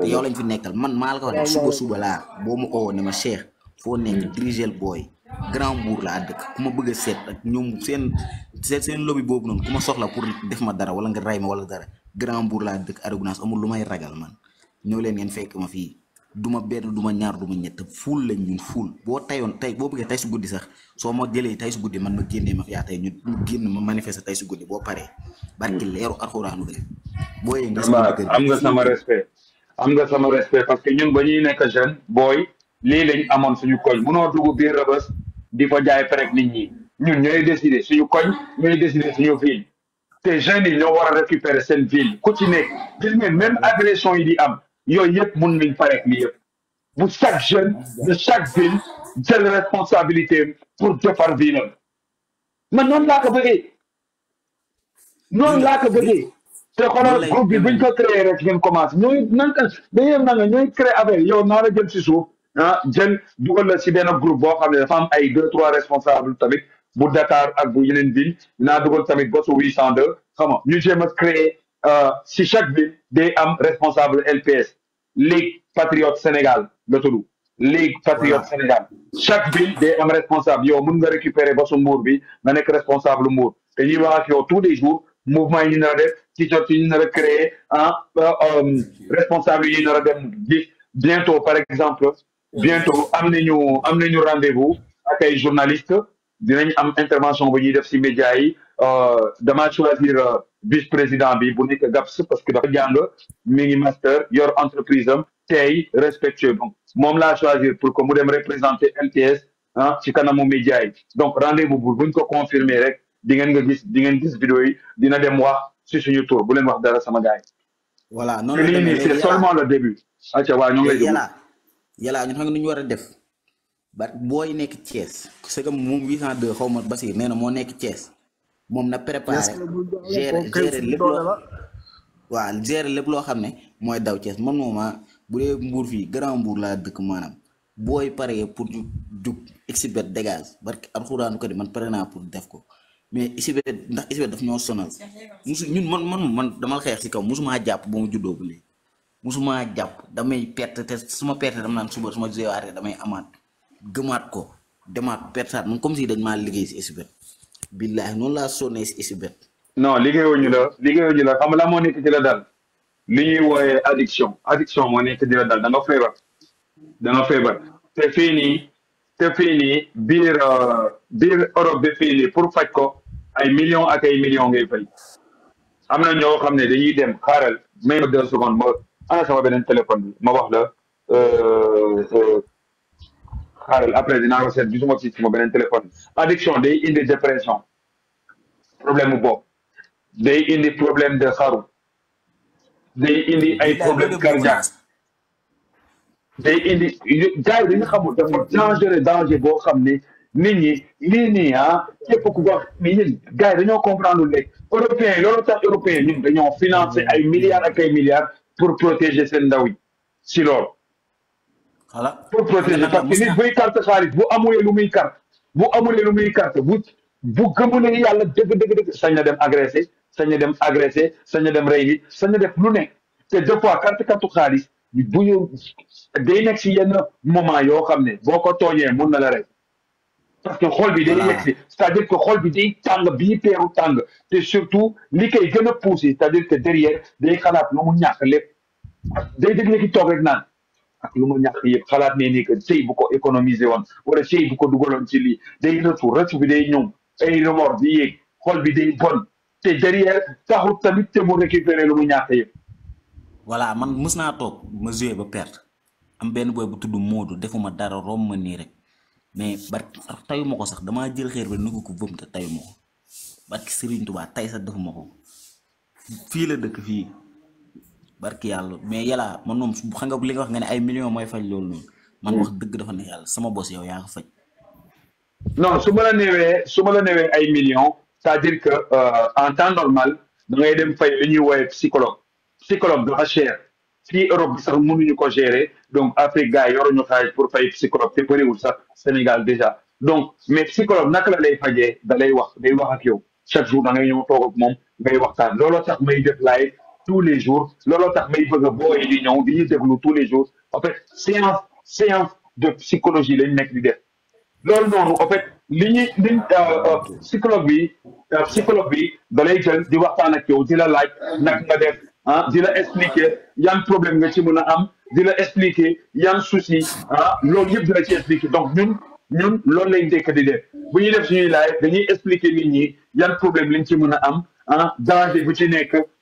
te yow lañ fi nekkal man maa la ko wax suba suba laa boo ma oo ne ma Cheikh foo nekk mm. dirigel booy grand mbuur laa dëkk ku ma bëgg seet ak ñoom seen seen seen lobby boobu noonu ku soxla pour def ma dara wala nga rey ma wala dara grand mbuur laa dëkk arrogance amul lu may ragal man ñoo leen ngeen fekk ma fii. duma benn duma ñaar duma ñett fuul lañ ñun fuul boo tayoon tey boo bëggee tey su guddi sax soo ma jëlee tey su guddi man ma génnee ma yaa tey ñu génn ma manifester tey su guddi boo paree barki leeru alxuraanu gën boo yee nga que ñun ba ñu nekk jeune booy lii lañ amoon suñu koñ munoo dugg biir rëbës di fa jaay prek nit ñi ñun ñooy décider suñu koñ ñooy décider suñu ville te jeunes yi ñoo war a récupérer seen ville ku ci nekk gis agression yi di am yooyu moun mun nañ li chaque jeune de chaque ville une responsabilité pour defar ville mais nous ko nous Nous ko te xoolal groupe bi nous créé rek Nous nan nous créé Nous la jël ah, Nous groupe bo, Nous ne deux trois responsables tamit bu Dakar ville Nous euh, si chaque ville des am responsable LPS Ligue Patriote Sénégal le Toulou Ligue Patriote Sénégal chaque ville des am responsable yo, moun nga récupérer ba su mbuur bi nga responsable mour. te Et que tous les jours mouvement yi si tu as un responsable est bientôt par exemple bientôt nous nous rendez-vous avec les journalistes dinañ intervention de ñuy def Média, médias yi euh, dama choisir euh, vice président bi bu nekk GAPS parce que dafa jàng mi ngi master yor entreprise am tey respectueux donc moom laa choisir pour que mu dem représenter MTS ah ci kanamu média yi donc rendez-vous bu buñ ko confirmer rek di ngeen nga gis di ngeen gis vidéo yi dina dem wax si suñu tour bu leen wax dara sama gars yi. voilà non la demee c'est seulement le début. acca waa ñu ngi lay déglu yàlla yàlla ñu xam nga nu ñu war a def. ba booy nekk Thiès. parce que moom 802 xaw ma Basir nee na moo nekk Thiès. moom na préparé gérer gérer lépp loo waaw gérer lépp loo xam ne mooy daw Thiès man mooma ah, bu dee mbuur fii grand mbuur laa dëkk maanaam booy paree pour jug jug exhibet dégage barke alxuraanu ko di man pare naa pour def ko mais exhibet ndax exhibet daf ñoo sonal musu ñun man man man damal xeex si kaw musumaa jàpp ba mu juddoo bu léegi musumaa jàpp damay perte te suma perte dama naan suba suma jéewaatee damay amaat gëmaat ko demaat pertaat man comme si dañ maa liggéey si exhibet billaahi noonu laa sonnee si si bet non liggéeyooñu la liggéeyooñu la xam la moo nekk ci la dal li ñuy wooyee addiction addiction moo nekk la dal da nga feebar da nga feebar te fii nii te fii nii euh, biir Europe bi fii nii pour faj ko ay millions ak ay millions ngay fay am na ñoo xam ne dañuy dem xaaral may ma deux secondes ma ana sama beneen téléphone bi ma wax la euh, euh, xaaral après dinaa ko seet gisuma ci sama beneen téléphone addiction day indi dépression problème mu des, day indi problème de xaru day indi ay problème cardiaque day indi jaay dañu xamul dafa dangereux danger boo xam ne nit ñi lii nii ah képp ku wax mais ñun gars yi dañoo comprendre léegi européens yi loolu tax européens ñun dañoo financer ay milliards ak ay milliards pour protéger seen ndaw yi si loolu voilà pour protéger parce que nit carte xaalis bu amulé lu muy carte bu amulé lu muy carte bu bu gëmu yalla deug deug deug dëgg dem agresser sañ dem agresser sañ dem rey nit sañ def lu ne te deux fois carte carte xaalis bu ñu day nekk si yenn moment yoo xam ne boo ko na la rey parce que xol bi day yegg c'est-à-dire que xol bi day tang bi peeru tang te surtout li kay gën pousser c'est-à-dire que derrière day xalaat lu mu ñak lépp day deug ni ki toog rek naan ak lu mu ñàkk yëpp xalaat ne nii que sey bu ko économiser woon wala sëy bu ko dugaloon ci lii day retour retour bi day ñëw ay remords di yéeg xol bi day bon te derrière taxul tamit te mu récupérer lu mu ñàkk yëpp. voilà man mës naa toog ma joué ba perte am benn boy bu tudd Moodu defuma dara romb ma nii rek mais bar tayu ma damaa jël xeer ba nu ko bëm te tayu ma ko barki Serigne tay sax defuma ko fii la dëkk fii. barki yàlla mais yalla man moom xam nga li nga wax nga ne ay millions moy fajj loolu man wax deug dafa ne yalla sama boss yow ya nga fajj non su ma la newé su ma la newé ay millions c'est-à-dire que euh, en temps normal da ngay dem fay li ñuy woowee psychologue psychologue dafa cher si Europe bi sax ñu ko gérer donc Afrique gars yi ñu xaalis pour fay psychologue te bëriwul sax Sénégal déjà donc mais psychologue nak la lay fajee da lay wax day wax ak yow chaque jour da ngay ñëw toog ak mom ngay waxtaan looloo sax may def live tous les jours looloo tax may bëgg a booyee di on di ñu déglu tous les jours en fait séance séance de psychologie lañ nekk di def loolu non, en fait li ñuy liñ euh, euh, psychologue bi euh, psychologie bi da lay jël di waxtaan ak yow di la laaj nag nga def ah di la expliquer un problème nga ci mën a am di la expliquer souci hein, loolu yëpp di la ci expliquer donc nous ñun loolu lañ dékk di def bu ñuy def suñuy laaj dañuy expliquer nit ñi yan problème lañ ci mën a am ah danger bu ci nekk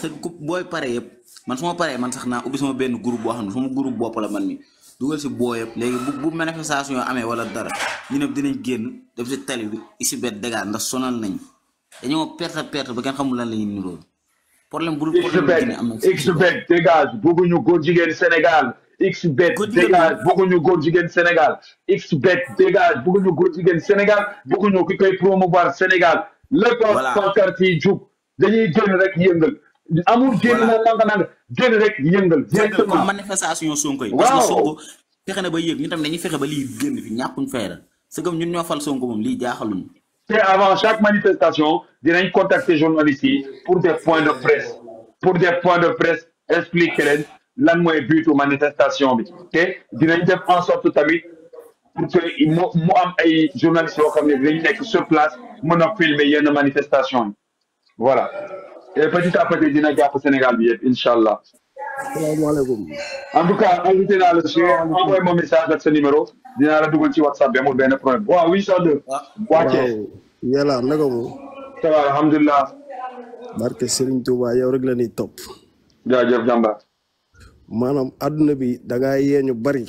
se ku booy pare yëpp man su ma paree man sax naa ubbi sama benn groupe boo xam ne sama groupe bopp la man mi dugal si boo yëpp léegi bu bu manifestation amee wala dara ñu ne dinañ génn def si tali bi isibet ndax sonal nañu dañoo perte perte ba kenn xamul lan la ñuy niróo problème bu dul am na xbet dégage bëgguñu góor jigéen Sénégal xbet dégage bëgguñu góor jigéen Sénégal xbet dégage bëgguñu góor jigéen Sénégal bëgguñu ki koy promouvoir Sénégal lépp a quartier yi jug dañuy génn rek yëngal amul génn moom nanga nanga génn rek yëngal directement comme manifestation Sonko yi parce que Sonko fexe na ba yëg ñu tamit dañuy fexe ba lii génn fi ñàkkuñ fayda c'est comme ñun ñoo fal Sonko moom lii jaaxaluñu te avant chaque manifestation dinañ contacter journalistes yi pour des points de presse pour des points de presse expliquer leen lan mooy butu manifestation bi te dinañ def en sorte tamit pour que mu mu am ay journalistes yoo xam ne dinañ nekk sur place mën a filmer yenn manifestation yi voilà et petit à petit dina jàpp Sénégal bi yëpp incha allah. salaamaaleykum. en tout cas dinaa la dugal ci whatsapp bi amul benn problème waaw 802. Ah. waaw yàlla naka mu. yow rek la ñuy topp. jaajëf maanaam adduna bi da ngaa ñu bari.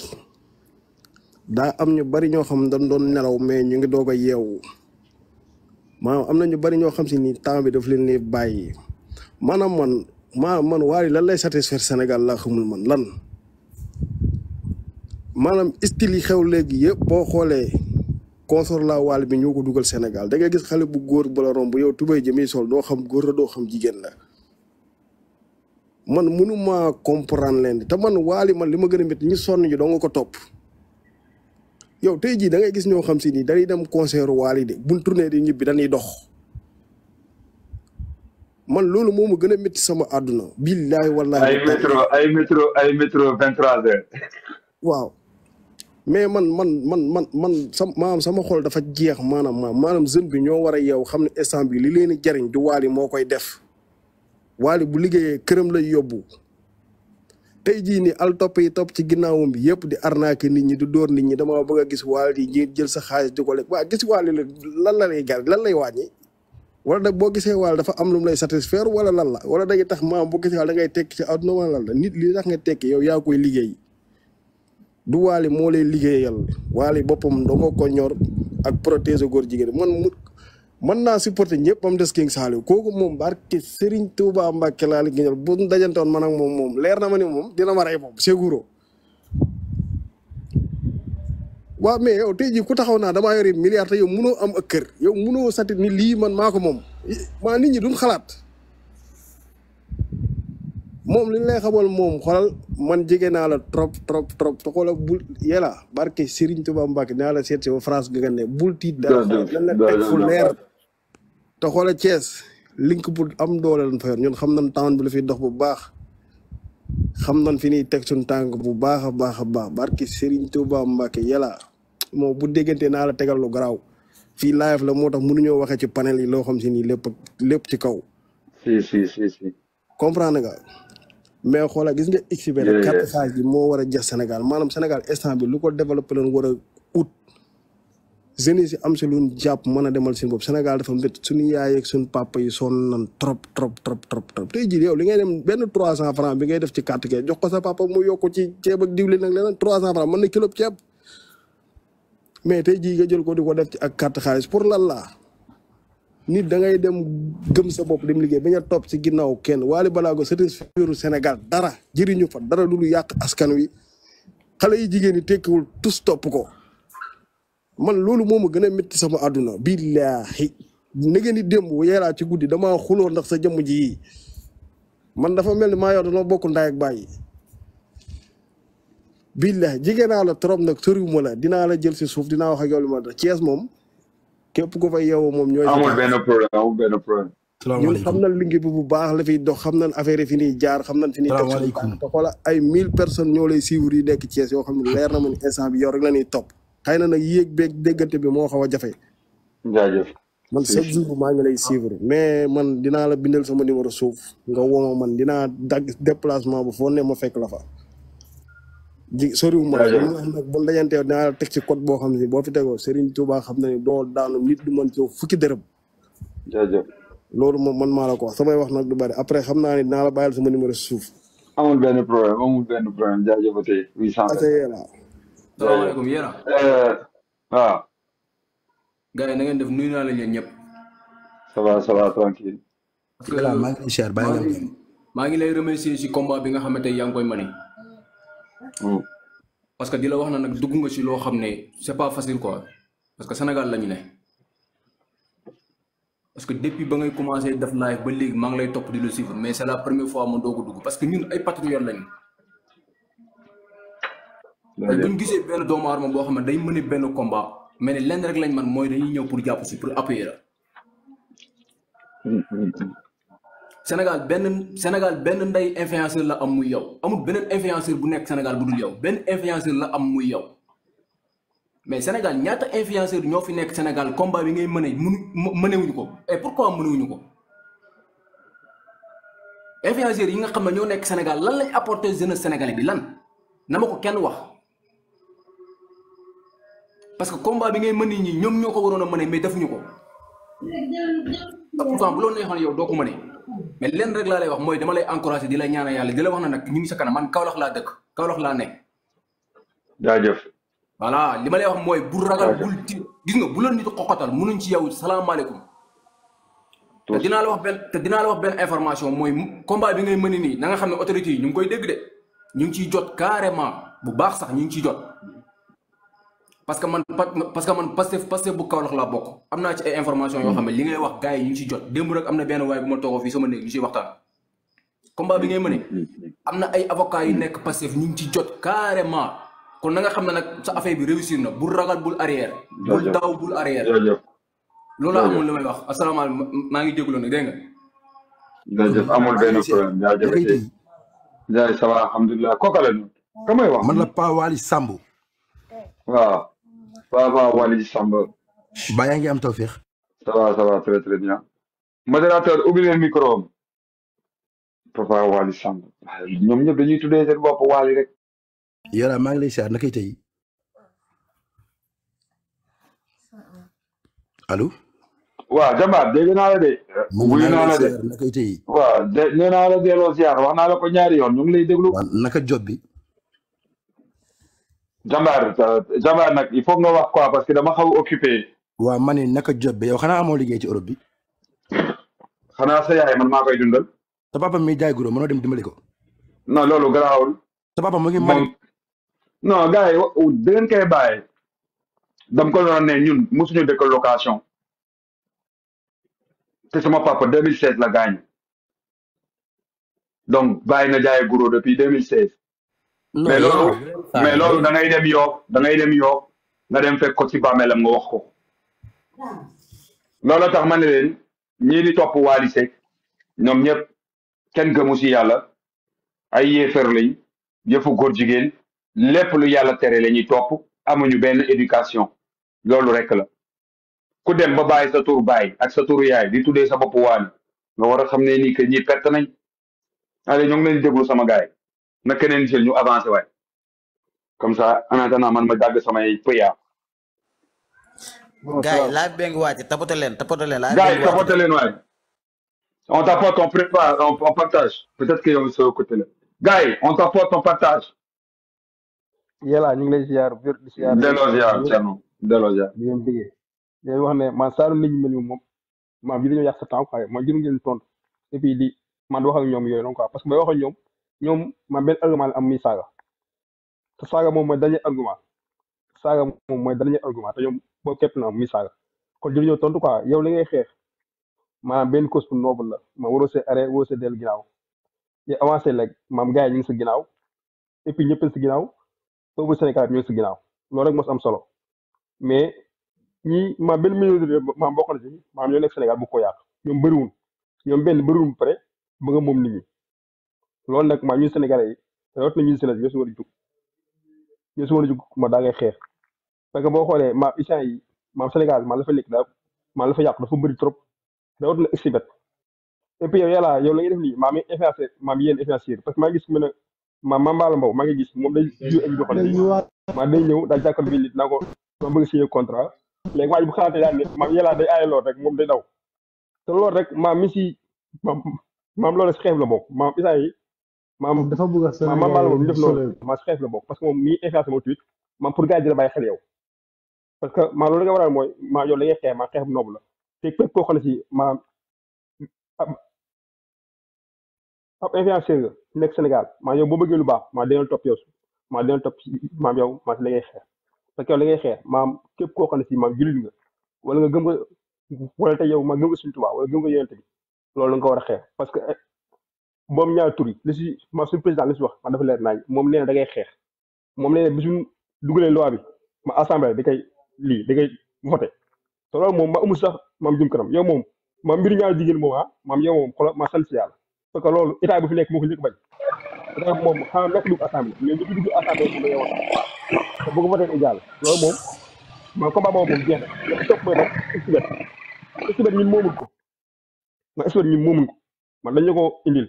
daa am ñu bari ñoo xam dañ doon nelaw mais ñu ngi doog a yeewu maanaam am na ñu bari ñoo xam si ni temps bi daf leen ni bàyyi maanaam man maa man Wally lan lay satisfaire Sénégal laa xamul man lan maanaam style yi xew léegi yëpp boo xoolee consort la Wally bi ñoo ko dugal Sénégal dangay gis xale bu góor bu la romb yow tubéy jëmi sol doo xam góor la doo xam jigéen la man mënuma comprendre leen te man Wally man li ma gën a métti ñu sonn ñu doo ko topp yow tey jii da gis ñoo xam si nii dañuy dem concert Wally de buñ tourné di ñibbi dañuy dox man loolu moom ma gën a métti sama àdduna. billaahi wallaahi. ay métro ay métro ay métro 23 heures. waaw mais man man man man man sama maanaam sama xol dafa jeex maanaam maanaam jeune bi ñoo war a yow xam ne instant bi li leen di jariñ du waali moo koy def waali bu liggéeyee këram lay yóbbu. tey jii nii al topp yi topp ci ginnaawam bi yëpp di arnaque nit ñi di door nit ñi dama bëgg a gis waal yi jël sa xaalis di ko lekk waa gis waali lan la lay gar lan lay wàññi. wala da boo gisee waal dafa am lu mu lay satisfaire wala lan la wala day tax maam boo gisee waal da ngay tekki ci àdduna wala lan la nit li tax nga tekk yow yaa koy liggéey du waali moo lay liggéeyal waali boppam da nga ko ñor ak protéger góor jigéen man mu mën naa supporter ñëpp ba mu des King Saliou kooku moom barke Serigne Touba Mbacke laa la gënal bu dajantoon man ak moom moom leer na ma ni moom dina ma rey moom seguro waaw mais yow tey jii ku taxaw naa damaa yore milliard te yow munoo am ak kër yow munoo sati ni lii man maa ko moom maa nit ñi duñ xalaat moom li ñu lay xamal moom xoolal man jege naa la trop trop trop te xoolal bul yàlla barke Serigne Touba naa la seet France gi nga ne bul tiit dara lan la teg leer te xoolal Thiès link bu am doole lañ fa yor ñun xam nañ temps bi la fiy dox bu baax xam nañ fi ñuy teg suñ tànk bu baax a baax a baax barke Serigne Touba Mbacke yàlla moo bu déggantee naa la tegal lu garaaw fii live la moo tax ñoo waxee ci panel yi loo xam si nii lépp lépp ci kaw. si si si si. comprendre nga mais xoola gis nga. xib benn bi moo war a jeex Sénégal maanaam Sénégal instant bi lu ko développé leen war a ut. jeunes yi am si lu jàpp mën a demal seen bopp Sénégal dafa mbét suñu yaay ak suñu papa yi sonn nan trop trop trop trop trop tey jii yow li ngay dem benn trois cent franc bi ngay def ci carte gi jox ko sa papa mu yokk ci ceeb ak diwlin nag leneen trois cent franc mën na mais tey jii nga jël ko di ko def ci ak carte xaalis pour lan la nit da ngay dem gëm sa bopp dem liggéey bañ a topp si ginnaaw kenn Wally Ballago satisfaire Sénégal dara jëriñu fa dara lu lu yàq askan wi xale yi jigéen ñi tekkiwul tous topp ko man loolu moo ma gën a métti sama àdduna billaahi ni ngeen di démb yeelaa ci guddi dama xuloo ndax sa jëmm ji man dafa mel ni maa yor dañoo bokk ndaay ak baay billahi jege naa la trop nag soriwuma la dinaa la jël si suuf dinaa wax a yow li moom képp ku fay yeewoo moom. ñooy amul benn problème xam nañ liggéey bi bu baax la fiy dox xam nañ affaire fi ni jaar xam nañ fi ñuy teg suñu tànk ay mille personnes ñoo lay suivre yi nekk Thiès yoo xam leer na mu ne instant bi yow rek la ñuy na yéeg beeg déggante bi moo xaw a jafe. jaajëf. man chaque jour maa ngi lay suivre mais man dinaa la bindal sama ni numéro suuf nga woo man dinaa dagg déplacement bu foo ne ma fekk la fa ji soriwuma umar, ñu wax nag bu dajantee dinaa la ci code boo xam boo fi tegoo Serigne Touba xam na doo daanu nit du mën ci fukki dërëm jërëjëf loolu mo man maa ko samay wax nag du bari après xam naa ne la bàyyil sama numéro suuf amul benn problème amul benn problème ate euh, na ngeen def la ça va ça va tranquille maa ngi lay remercier si combat bi nga xamante yaa koy Mm. parce que di wax na nag dugg nga ci loo xam ne c'est pas facile quoi parce que Sénégal la ñu ne parce que depuis ba ngay commencé def live ba léegi maa ngi lay topp di la suivre mais c'est la première fois ma doog a dugg parce que ñun ay patriotes lañu. tey bu ñu gisee benn doomu aadama boo xam ne dañ mën benn combat mais ne lenn rek lañ man mooy dañuy ñëw pour jàpp si pour appuyer la. Mm, mm, Sénégal ben Sénégal ben ndey influenceur la am muy yow amul benen influenceur bu nek Sénégal bu dul yow benn influenceur la am muy yow mais Sénégal ñata influenceur ño fi nek Sénégal combat bi ngay mëne mënu wuñu ko et pourquoi wuñu ko influenceur yi nga xam ne ñoo nekk Sénégal lan lañ apporter jeune sénégalais bi lan namako kenn wax parce que combat bi ngay mën ñi ñoom ñoo ko waroon a mais defuñu ko pourtant bu lo neexoon yow doo ko mëne mais leen rek laa wax mooy dama lay encouragé di la ñaanal yàlla di la wax na nag ñu ngi sa kanam man Kaolack laa dëkk Kaolack laa nekk. jaajëf. voilà li ma lay wax mooy bu ragal bul ti gis nga bu la nit xoxotal munuñ ci yow salaamaaleykum. te dinaa la wax benn te dinaa la wax benn information mooy combat bi ngay mën nii na nga xam ne autorités yi ñu ngi koy dégg de ñu ngi ciy jot carrément bu baax sax ñu ngi ciy jot. parce que man parce que man Pastef bokk am naa ci ay information yoo xam ne li ngay wax gars yi ñu ngi ci jot démb rek am na benn waaye bu ma toogoo fii sama néeg ñu ciy waxtaan combat bi ngay mëne am na ay avocats yu nekk Pastef ñu ngi ci jot carrément kon na nga xam ne nag a affaire bi réussir na bul ragal bul arrière bul daw bul arrière loolu amul li may wax asalaamaaleykum maa ngi jégalu nag dégg nga jaajëf amul benn problème jaajëf jaajëf may wax man la Pa Wali Samb waaw waaw waaw Wally Samba. ba yaa ngi am tawféex. ça va ça va très très bien. modérateur ubbi leen micro papa Wally Samba ñoom ñëpp dañuy tuddee seen bopp Wally rek. yàlla maa ngi lay siyaar nakay tey. alo waaw jàmbaar dégg naa de. wuyu naa la de nakay tey. wa de naa delloo siyaar wax naa la ko ñaari yoon ñu lay déglu. naka job bi. Jambaar euh, Jambaar nag il faut nga wax quoi parce que dama xaw occupé. waaw man naka job bi yow xanaa amoo liggéey ci Europe bi. xanaa sa man maa koy dundal. sa papa mi jaay guro mënoo dem dimbali ko. non loolu garaawul. sa papa mu ngi mari. non gars yi da ngeen koy bàyyi. dam ko doon ne ñun mosuñu dëkk location. te sama papa 2016 la gaañu. donc bàyyi na jaay guro depuis 2016. mais loolu dangay dem yoo dangay dem yoo nga dem fekk ko ci bàmmeelam nga wax ko loolu tax ma ne leen ñii di topp Wally ñoom ñëpp kenn gëmu si yàlla ay yéefar lañ yëfu góor jigéen lépp lu yàlla tere la ñuy topp amuñu benn éducation loolu rek la ku dem ba bàyyi sa tur baay ak sa turu yaay di tuddee sa bopp waan nga war xam ne ni que ñi perte nañ ale ñoo ngi leen déglu sama gaay na kenen jël ñu avancé way comme ça en attendant man ma dagg sama paya gars la beng wati ngi wàcc tapote leen tapote leen. laaj gars yi tapote leen waay. on t'apporte on prépare on partage peut-être que yow au côté là gars yi on t'apporte on partage. yàlla ñu ngi lay ziar wér di ziar. delloo ziar Thierno delloo ziar. di leen bëggee di leen wax ne man saa nit ñi mel ni moom maam yi dañoo yàq sa temps quoi man jëru ngeen tont et puis di man wax ak ñoom yooyu noonu quoi parce que may wax ak ñoom. ñoom man benn argument am muy saaga saaga moom mooy dernier argument saaga moom mooy dernier argument te ñoom boo képp na am muy saaga kon jël ñoo tontu quoi yow li ngay xeex maanaam benn cause pour la ma waroo see arrêt waroo see dellu ginnaaw te avancé léegi maam gars ñu ngi si ginnaaw et puis ñëpp si ginnaaw peuple Sénégal ñu ngi si ginnaaw loolu rek mos am solo mais ñi maam benn minorité maam bokk na ci maam ñoo nekk Sénégal bu ko yàq ñoom bëriwul benn bëriwul ba loolu nag maa ñun Sénégalais yi rawat na ñun Sénégalais ñoo si war a jug ñoo si war a jug ma daa ngay xeex parce que boo xoolee maam isaan yi maam Sénégal maa la fa nekk daa maa la fa yàqu dafa bëri trop rawat na exibet et puis yow yàlla yow la ngay def nii maam yi influenceur maam yéen influenceur parce que maa ngi gis ku mel ne maam maam Mbaala Mbow maa ngi gis moom day ju ay doxal maa day ñëw daal jàkkal bi nit naa ko ma bëgg signé contrat léegi waaye bu xalaatee daal ne maam yàlla day aaye lool rek moom day daw te loolu rek maam mi si maam maam loolu si xeex la bokk maam isaan yi maam dafa bëgg a sori maam maam moom ñu def loolu maam si xeex la bokk parce que moom mi ngi influencé sama tweet maam pour gars yi di la bàyyi xel yow parce que maam loolu nga waral mooy maam yow la ngay xeex maam xeex bu noobu la te képp koo xam ne si maam ab ab influenceur nekk Sénégal maam yow boo bëggee lu baax maam dinañ topp yow maam dinañ topp maam yow maam si la ngay xeex parce que yow la ngay xeex maam képp koo xam ne si maam jullit nga wala nga gëm nga wala tey yow maam gëm nga suñu tubaab wala gëm nga yonent bi loolu nga ko war a xeex parce que moom ñaar tur yi li si ma suñu président li si wax man dafa leer naa moom nee na da xeex moom nee na bis ñu dugalee loi bi ma assemblée da koy lii da koy voté te loolu moom ma amul sax ma jëm kanam yow moom maam mbiru ñaar jigéen moom ah maam yow moom ma sant si yàlla que loolu état bu fi nekk moo ko njëkk bañ moom moom ma combat boobu moom jeex na li topp ma estibet ko man dañ ñu ko indil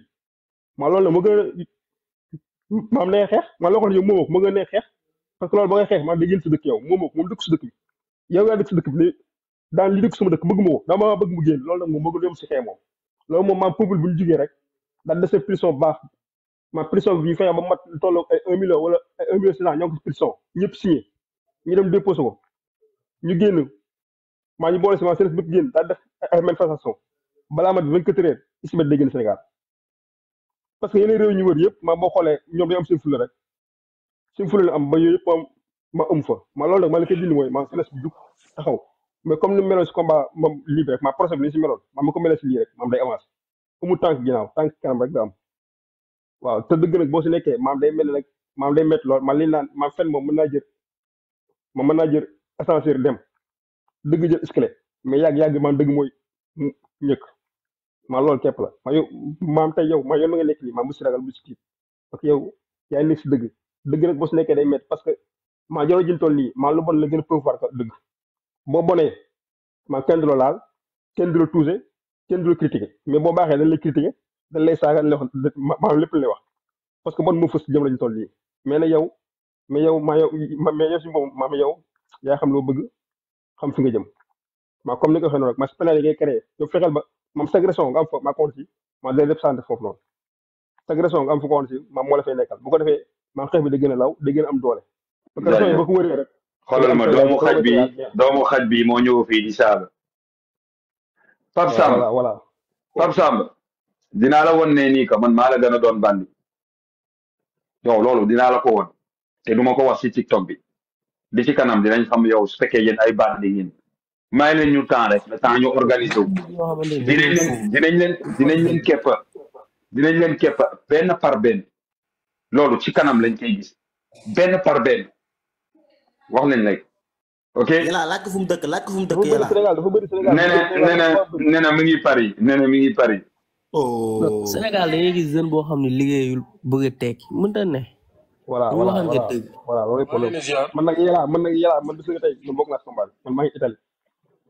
ma loolu la ma gën a maam day xeex ma loo xam ne ma gën a xeex parce que lool ba ngay xeex man day jël sa dëkk yow moomoo moom dëkk su dëkk bi yow yaa dëkk ma ko dama bëgg mu génn loolu nag moom ma a yomb si xeex moom loolu moom maam peuple bu ñu jugee rek daan dese prison baax ma prison bi ñu fexe ba mat tolloog ay un million wala ay un million six cent ñoo ngi ko prison ñëpp signé ñu dem déposé ko ñu génn maa ñu boole si ma service bëgg génn daal def ay manifestation balaa mat vingt quatre heures Sénégal parce que yeneen réew ñu wër yëpp ma boo xoolee ñoom dañu am seen fulla rek seen fulla la am ba yëpp ma ma am fa ma loolu nag ma dindi mooy ma jeunesse bi jug taxaw mais comme ni mu meloon si combat moom lii rek ma procès ni si meloon ma ma ko melee si lii rek maam day am waaw te dëgg nag boo si nekkee maam day mel ne nag maam day métti lool man li naan maam fen moom mën naa jël ma mën naa jël ascenseur dem dëgg jël escalier mais yàgg-yàgg maam dëgg mooy ñëkk maa loolu képp la ma yow maam tay yow ma yow mi nga nekk nii maa musi ragal musi tiit parce que yow yaa nek ci deug deug rek nag boo si day met parce que ma jaro jin tol ni ma lu bon la gën a preuvoir que deug bo boné ma kenn du laal kenn du touser kenn du critiquer mais bo baxé dañ lay critiquer dañ lay sagal lay wax ma lepp lay wax parce que bon mo fës jëm lañu tol ni mais na yow mais yow ma yow mais yow ci mom ma maam yow ya xam lo bëgg xam fi nga jëm ma comme ni nga waxee rek ma si ngay créé yow fexal ba moom ségrégation nga am fo maa ko woon ci ma day lépp santé foofu noonu ségrégation nga am fu ko woon ci ma moo la fay nekkal bu ko defee ma xeex bi da gën a law da gën am doole ségrégation yi ba ko wëree rek xoolal ma doomu xaj bi doomu xaj bi moo ñëw fii di saaga Pape Samba voilà Pape Samba dinaa la woon ne nii que man maa la gën a doon bandi yow loolu dinaa la ko woon te du ma ko wax si TikTok bi di ci kanam dinañ xam yow su fekkee yéen ay bandi ngeen may leen ñu temps rek le temps ñu organiser wu dinañ leen dinañ leen dinañ leen keppa dinañ keppa benn par benn loolu ci kanam lañ koy benn par benn wax leen rek ok yàlla laaj ko fu mu dëkk laaj ko fu mu dëkk yàlla nee na nee na mi ngi Paris nee na mi ngi Paris oh Sénégal dañuy gis jeune boo xam ne liggéeyul bëgg a tekki mënta ne voilà voilà voilà loolu problème man nag yàlla man nag yàlla man du sëgg tey man bokk naa combat man maa ngi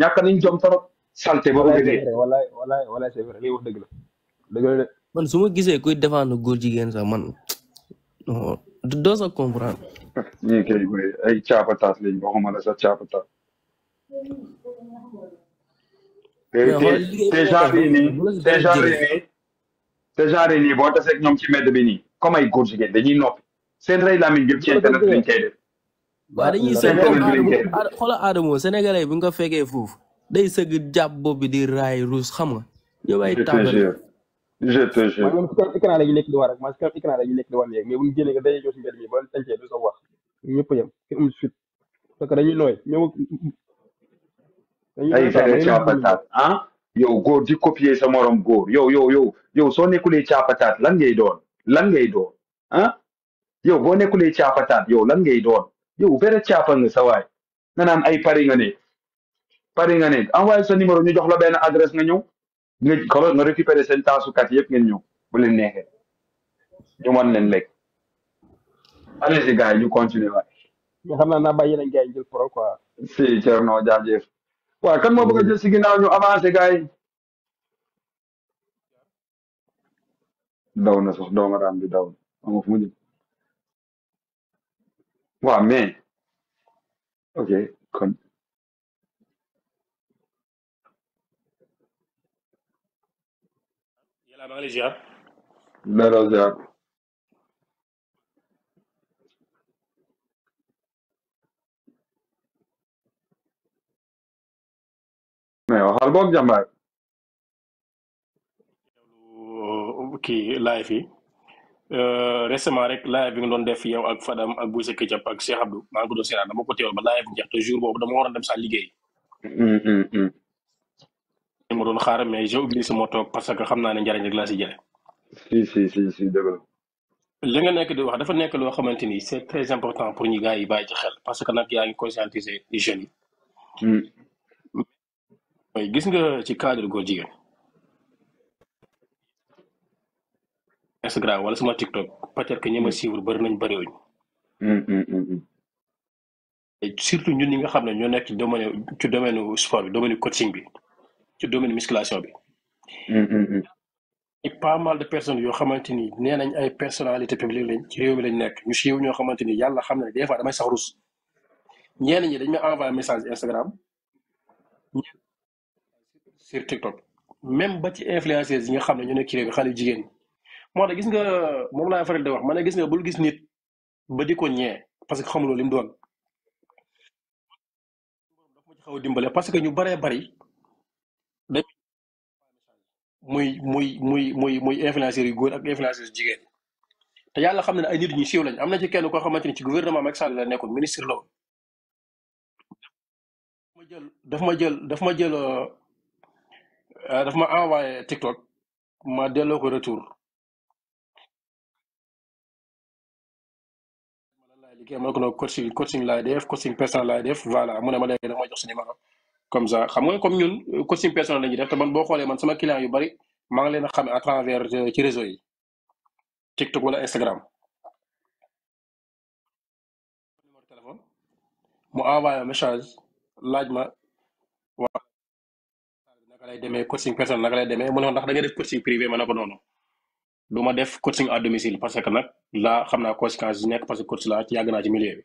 ñàkk nañ jom torop salté boo ko déggee walaay walaay walaay c'est vrai li wax dëgg la dëgg la de man su ma gisee kuy défendre góor jigéen sax man doo sax comprendre ñii kay boy ay caapataas lañ waxuma la sax caapataas te te genre yi nii te genre yi nii te genre yi nii boo taseeg ñoom ci mbedd bi nii comme ay góor jigéen dañuy noppi seen rey lamiñ yëpp ci internet lañ koy def waaw dañuy sëg xoola Adamo sénégalais bi nga ko fekkee foofu day sëgg jàpp bopp bi di raay ruus xam nga. yow ay tàmbali je te jure man man si nekk di rek man si nekk di war léegi mais bu ñu génnee nga dañuy jox ba tàncee du sa ñëpp yem kenn amul suite parce que dañuy ay ca patate ah yow góor di copier sa moroom góor yow yow yow yow soo nekkulee ca patate lan ngay doon lan ngay doon ah yow boo nekkulee ca patate yow lan ngay doon. yow fere caapal nga sa nga naan ay pari nga nekk Paris nga nekk envoyé sa numéro ñu jox la benn adresse nga ñëw nga xoolal nga récupéré seen taasukat yëpp ngeen ñëw bu leen neexee ñu wan leen lekk allez si gars yi ñu continuer waay. xam naa naa bàyyi nañ gars yi jël parole quoi. si Thierno jaajëf. waaw kan moo bëgg a jël si ginnaaw ñu avancé gars yi. daw na sax doomu aadama daw na amoo fu What man. Okay. Con- Metal up. Mais on a Ok, live. Eh? Euh, resement rek live bi nga doon def yow ak Fadam ak Boussa Këcap ak Cheikh Abdou maa ngi ko doon seetaan dama ko teewal ba live jeex te jour boobu dama waroon dem sa liggéey. Mm, mm, mm. ma doon xaar mais j'ai oublié sama toog parce que xam naa ne njariñ rek laa si jële si li nga nekk di wax dafa nekk loo xamante ni c' est très important pour ñu gars yi bàyyi xel parce que nag yaa ngi conscientiser jeunes yi. mooy gis nga ci cadre góor jigéen. Instagram wala sama TikTok peut-être que ñi ma mm. suivre bëri nañ bëriwuñ. Mm, mm, surtout ñun ñi nga xam ne ñoo nekk ci domaine ci domaine sport bi domaine coaching bi ci domaine musculation bi. et pas mal de personnes yoo xamante ni nee nañ ay personnalité publique lañ ci réew mi lañ nekk ñu siiw ñoo xamante ni yàlla xam na ne des fois damay sax rus. ñenn ñi dañ ma envoyé message Instagram sur TikTok même ba ci influenceurs yi nga xam ne ñoo nekk ci réew mi xale jigéen moo tax gis nga moom laa faral di wax ma ne gis nga bul gis nit ba di ko ñee parce que xamuloo li mu doon. daf ma ci xaw a dimbale parce que ñu baree bari dañ muy muy muy muy muy influenceurs yu góor ak influenceurs yu jigéen te yàlla xam ne ay nit ñu siiw lañ am na ci kenn koo xamante ni ci gouvernement Macky Sall la nekkoon ministre la woon. jël daf ma jël daf ma jël daf ma euh, envoyé TikTok ma delloo ko retour. kii ma ne ko no coaching coaching laay def coaching personnel la def voilà mu ne ma léegi nag jox sa numéro comme ça xam nga comme ñun coaching personnel lañu def te man bo xolé man sama client yu bari ma ngi leen xamé à travers euh, ci réseau yi TikTok wala Instagram. numéro téléphone mu un message laaj ma waa naka lay demee coaching personnel naka lay demee mu ne ndax da nga def coaching privé ma ne ko du ma def coaching à domicile parce que nag laa xam naa conséquences yi nekk parce que coach laa ci yàgg naa ci milieu bi.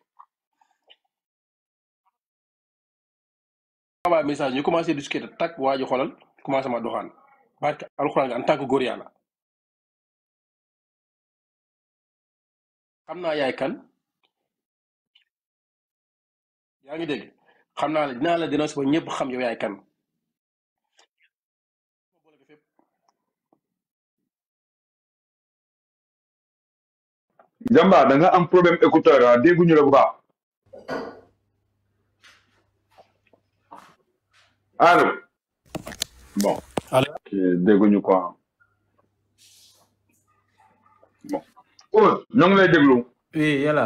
waaw message ñu commencé discuter tak waa ji xoolal commencé ma doxaan barke alxuraan nga en tant que góor xam naa yaay kan yaa ngi dégg xam naa la dinaa la dina suba ñëpp xam yow yaay kan. jambaar danga nga am problème écouteur ah dégguñu la bu baax allo bon. allo dégguñu quoi bon. Koungheul ñoo ngi lay déglu. oui yàlla.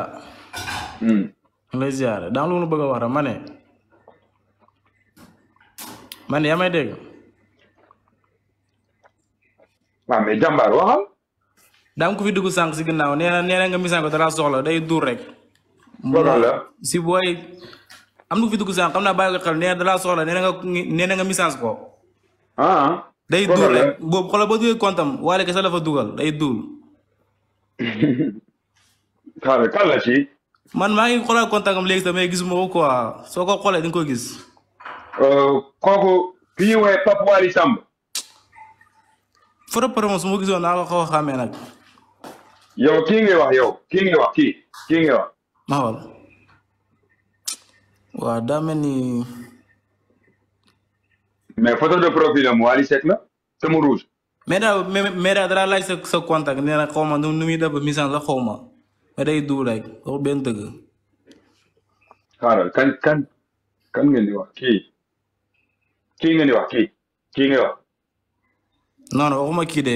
Hmm. lay ziar daa lu mu bëgg a wax rek ma ne. ma dam ko fi dugg sank ci ginnaw neena neena nga misan ko dara soxla day dur rek. soxla si boy am nu fi dugg sank xamna baye ko xel neena dara soxla neena nga neena nga misan ko. ah day dur rek boobu xol ba duggee kontam walé ke sa la fa duggal day duur. xaaral kala kan ci. man ma ngi xol kontaan am léegi sax mais gisuma ko quoi soo ko xoolee di ko gis. Euh, kooku ki ñuy woowee Pape Waly Samb. photo promo su ma gisoon naa ko xaw a yow kii ngay wax yow kii kii kii wax. waaw waaw daa mel ni. mais photo de profil am Wally Seck la sama rouge. mais daa dara laaj sa sa contact nee na nu muy def ba mise en la xaw ma dëgg. xaaral kan kan kan ngeen wax kii kii ngeen wax kii kii ngeen di wax. kii de.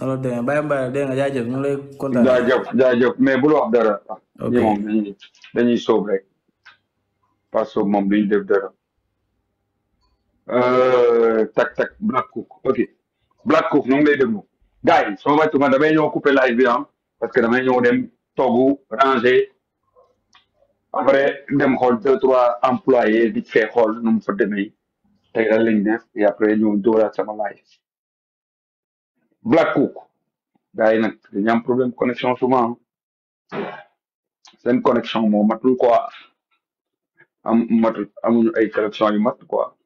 noonu la demee Baye Mbaye dégg nga jaajëf ñu mais bul wax dara. ok moom dañuy soob sóob rek parce que moom duñu def dara. Euh, tak tak Black Cook ok Black lay déglu. gars yi sama bàcc ma damay ñëw couper live bi am ah. parce que damay ñëw dem togg ranger après dem xool deux trois employés di fee xool nu mu fa demee tey def et après ñëw dóoraat sama live. Black Cook gars yi un un problème problème connexion souvent c'est une connexion moom matul quoi am mat amuñu ay connexion yu mat quoi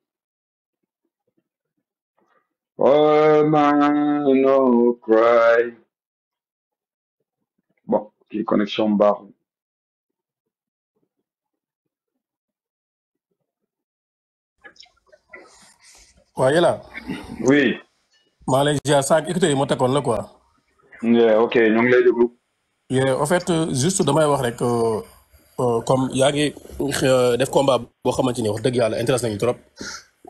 oh man no cry bon une connexion baaxul waaye là. oui Malaysia sak. écouté yi ya, ma tegoon ya, la quoi. yeah ok ñu ngi lay déglu. yeah ya, en fait juste damay wax rek uh, uh, comme yaa uh, def combat boo xamante ni wax dëgg yàlla intéresse nañu trop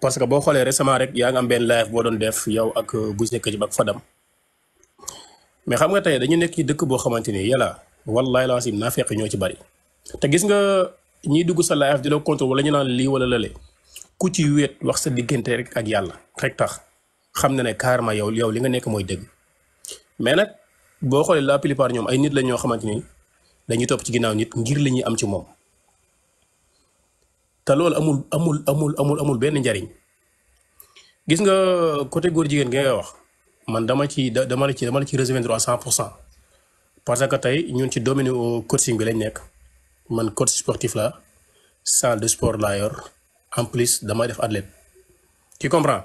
parce que boo xoolee récemment rek yaa am benn live def yow ak bu njëkk ji ak Fadam mais xam nga tey dañu nekk ci dëkk boo xamante ni yàlla wallahi laasim naa fekk ñoo ci bari te gis nga ñiy dugg sa live di la contrôle wala ñu naan lii wala lële ku ci wax sa rek ak yàlla rek tax xam na ne karma yow yow li nga nekk mooy dëgg mais nag boo xoolee la plupart ñoom ay nit la ñoo xamante ni dañuy topp ci ginnaaw nit ngir li ñuy am ci moom te loolu amul amul amul amul amul benn njariñ gis nga côté góor jigéen gi ngay wax man dama ci dama la ci dama la ci rejoindre à pour cent parce que tey ñun ci domaine coaching bi lañ nekk man coach sportif la salle de sport la yor en plus dama def athlète tu comprends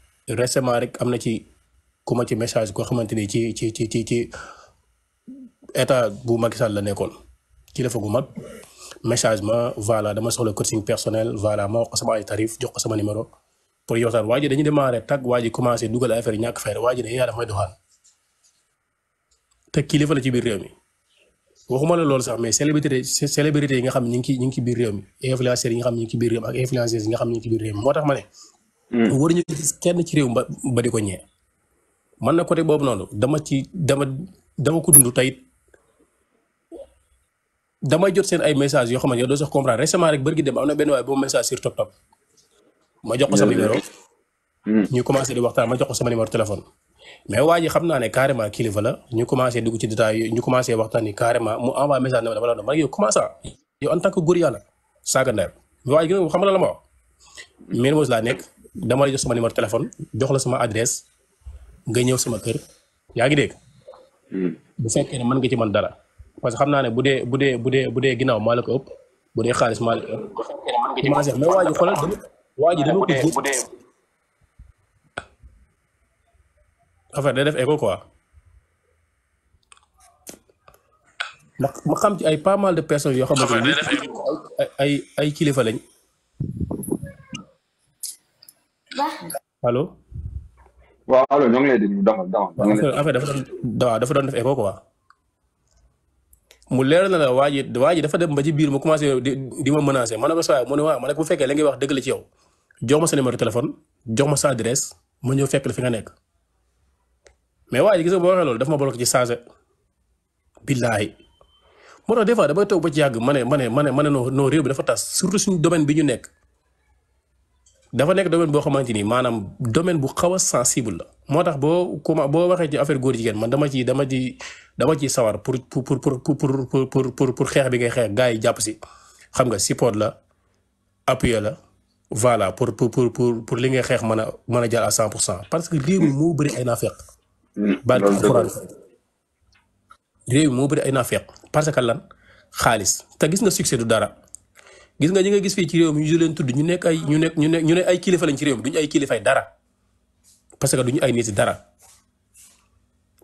récemment rek am na ci ku ci message koo xamante ni ci ci ci ci ci état bu Macky Sall la nekkoon kilifa gu mag message ma voilà dama soxla coaching personnel voilà ma wax ko sama ay tarif jox ko sama numéro pour yow sax waa ji dañuy démarrer tag waa ji commencé dugal affaire ñàkk fayda waa ji ne yaa daf may doxaan te kilifa la ci biir réew mi waxuma la loolu sax mais célébrité célébrité yi nga xam ñu ngi ci ñu ngi ci biir réew mi influenceurs nga xam ñu ngi ci biir réew mi ak influenceuses nga xam ñu moo tax ma Mm. waruñu gis kenn ci réew mi ba di ko man na côté boobu noonu dama ci dama dama ko dund tey damay jot seen ay message yoo xam ne yow doo sax comprendre récemment gi dem am na benn waaye boo message sur ma ko sama numéro. Mm. ñu commencé di waxtaan ma jox ko sama numéro téléphone. mais waa ji xam naa ne carrément kilifala ñu commencé dugg ci détail ñu commencé waxtaan ni carrément mu envoyé message ne ma dafa la man yow en tant que góor yàlla saaga ndeyam mais waa xam nga la ma wax. Mermoz laa nekk. dama lay jox sama numéro téléphone jox la sama adresse nga ñëw sama kër yaa ngi dégg. Hmm. bu fekkee ne mën nga ci man dara parce que xam naa ne bu dee bu dee bu dee bu dee ginnaaw maa la ko bu dee xaalis ma la ko ëpp. bu fekkee ne mën nga ci man dara mais waa ji xoolal dama waa ji day def écho quoi. ma xam ci ay pas mal de personnes yoo xam ne ay ay ay kilifa lañ. allo. waaw allo ñoo ngi lay ya, déglu damal damal. affaire dafa doon dafa doon def écho quoi. Ah? mu leer na la waa ji dafa dem ba ci biir mu commencé di di ma menacer ma ne ko saa mu ne waaw ma bu fekkee la ngay wax dëgg la ci yow jox ma sa numéro téléphone jox ma sa adresse ma ñëw fekk la fi nga nekk mais waa gis nga boo waxee loolu dafa ma bloqué ci saase. billaahi moo tax des fois damay ba ci yàgg ma ne ma ne ma ne réew bi dafa tas surtout suñu domaine bi ñu nekk dafa nek domaine bo xamanteni manam domaine bu xawa sensible la motax bo boo bo waxe ci affaire góor jigen man dama ci dama ci dama ci sawar pour pour pour pour pour pour pour pour xex bi ngay xex gaay japp ci xam nga support la appuyer la voilà pour pour pour pour pour li ngay xex mën a mën à 100% parce que rew mo beuri ay nafaq barki alxuraan réew mi moo bëri ay nafaq parce que lan khalis ta gis nga succès du dara gis nga ñi nga gis fii ci réew mi ñu leen tudd ñu nekk ay ñu nekk ñu nekk ñu ne ay kilifa lañ ci réew mi duñu ay kilifay dara parce que duñu ay nit dara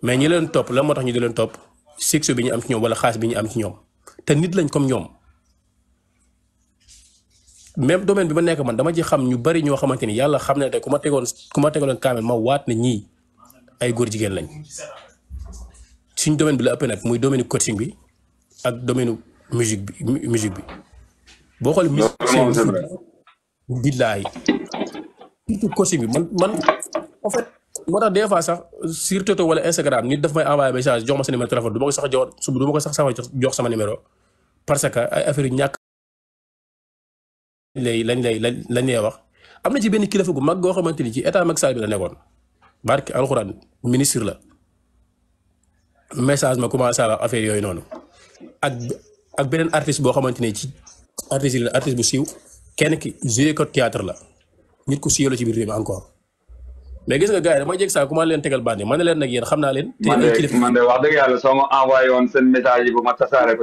mais ñi leen topp la moo tax ñu di leen topp succès bi ñu am ci ñoom wala xaalis bi ñu am ci ñoom te nit lañ comme ñoom même domaine bi ma nekk man dama ci xam ñu bari ñoo xamante ni yàlla xam ne te ku ma tegoon ku ma tegaloon kaamel ma waat na ñii ay góor jigéen lañ suñ domaine bi la ëpp nag muy domaine coaching bi ak domaine musique bi musique bi. boo xoolee. non non bi man man en fait. des fois sax sur wala Instagram nit daf may envoyé message jox ma sa numéro téléphone du ma ko sax jox du ma ko sax sama parce que ay affaire ñàkk lay lañ lay lañ lay wax am na ci benn kilifa gu mag goo xamante ni ci état Macky la nekkoon barke alxuraan ministre la message ma commencé à affaire yooyu noonu ak beneen artiste boo xamante ne ci artiste bu siiw kenn ki joué ko théâtre la nit ku siiw la ci biir réew encore mais gis nga gars yi damay jég saa ma leen tegal bànni ma ne leen nag yéen xam naa leen. te man man de wax dëgg yàlla soo ma envoyé woon seen ma tasaare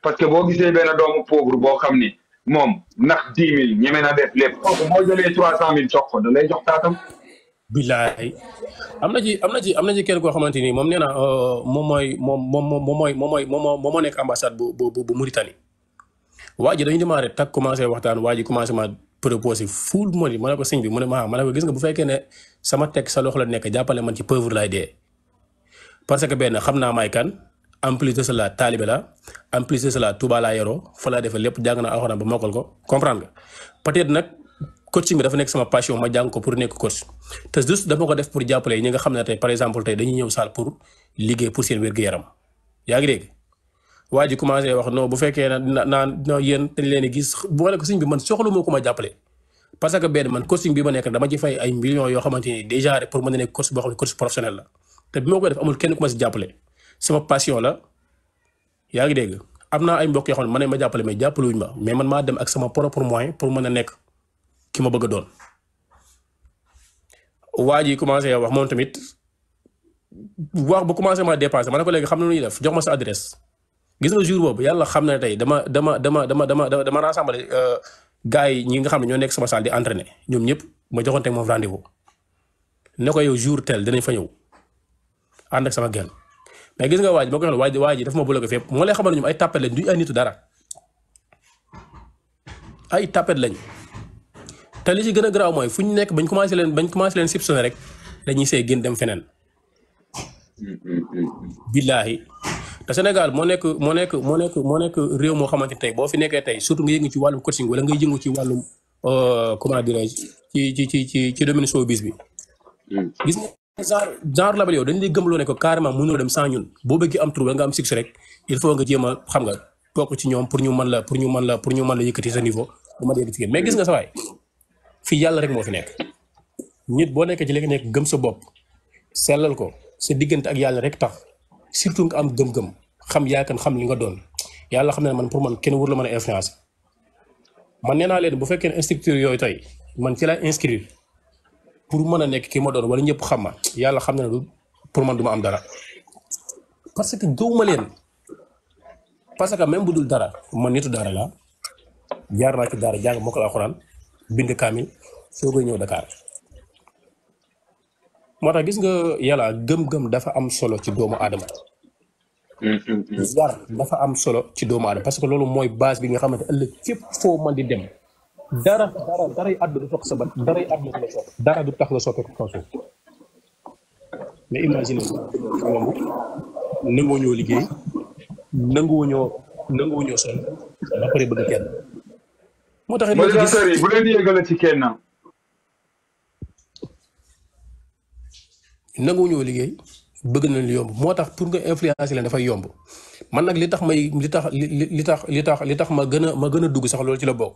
parce que boo gisee benn doomu pauvre boo xam ni moom ndax dix mille ñeme na def lépp kooku jëlee trois cent mille jox ko da lay jox taatam. billaay am na ci am na ci kenn koo xamante ni moom nee na euh, moom mooy moom moom moom mooy moom mooy moom moo nekk ambassade bu bu bu Mauritanie waa ji dañu démarré commencé waxtaan waa ji commencé ma proposé full money ma ne ko sëñ ne ma ma ne ko gis nga bu fekkee ne sama teg sa loxo la nekk jàppale man ci pauvre laay dee parce que benn xam naa may kan en plus de cela taalibe la en plus de cela Touba laa yoroo fa laa defee lépp jàng naa alxuraan ba mokkal ko comprendre nga nag. coaching bi dafa nekk sama passion ma jàng ko pour nekk coach te wax non bu fekkee na naan non yéen leen gis boole ko sëñ bi man soxla ma jàppale parce que benn man coaching bi ma nekk dama ci fay yoo xamante ni déjà rek pour mën a nekk coach boo xam ne coach professionnel la te bi ma koy def amul kenn ku si jàppale sama passion la yaa ngi dégg am naa ay mbokk yoo xam ne ma ne ma jàppale mais jàppale ma mais man maa dem ak sama propre moyen pour mën a nekk ki ma bëgg a doon waa ji commencé wax moom tamit wax ba commencé ma dépassé ma ne ko léegi xam na lu ñuy def jox ma sa adresse gis nga jour boobu yàlla xam na tey dama dama dama dama dama dama rassemblé euh, gars yi ñi nga xam ne ñoo nekk sama saal di entraîné ñoom ñëpp ma joxonte ak moom rendez-vous ne yow jour tel danañ fa ñëw ànd ak sama genn mais gis nga waa ji ma ko waxee waa ji waa ji dafa ma bloqué fépp moo lay xamal ñoom ay tapet lañ duñ ay nitu dara ay tapet lañ. te ci gën a garaaw mooy fu ñu nekk bañ commencé leen bañ commencé leen soupçonné rek dañuy see gën dem feneen. billaahi te Sénégal moo nekk moo nekk moo nekk moo nekk réew moo xamante tey boo fi nekkee tey surtout nga yëngu ci wàllum coaching wala nga yëngu ci wàllum euh, comment dirais-je ci ci ci ci ci bi. gis nga genre genre label yow dañ lay gëmloo ne ko carrément mënoo dem sans ñun boo bëggee am tur wala nga am succès rek il faut nga jéem a xam nga bokk ci ñoom pour ñu mën la pour ñu mën la pour ñu mën la yëkkati sa niveau bu ma yëkkati gis nga sa fii yàlla rek moo fi nekk nit boo nekkee ci li nekk gëm sa bopp sellal ko sa diggante ak yàlla rek tax surtout nga am gëm-gëm xam yaakaar xam li nga doon yàlla xam ne man pour man kenn wër la mën a influence man nee naa leen bu fekkee ne yooyu tey man ci laa inscrire pour mën a nekk ki ma doon wala ñëpp xam ma yàlla xam ne pour man du ma am dara parce que gëwuma leen parce que même bu dul dara man nitu daara la jaar naa ci daara jàng mokkal alxuraan bind kaamil soo koy ñëw Dakar moo tax gis nga yàlla gëm-gëm dafa am solo ci doomu aadama. dafa am solo ci doomu aadama parce que loolu mooy base bi nga xamante ëllëg fépp foo mën di dem dara dara du tax sa bët daray àdduna du la soppi kaw suuf mais imagine nangu nangoo ñoo liggéey nanguwoo ñoo nanguwoo ñoo sol ba pare bëgg kenn. moo tax it mooy bu leen yëgale ci kenn. nangu ñoo liggéey bëgg nañ lu yomb moo tax pour nga influencer leen dafay yomb man nag li tax may li tax li tax li tax li tax ma gën a ma gën a dugg sax loolu ci la bokk.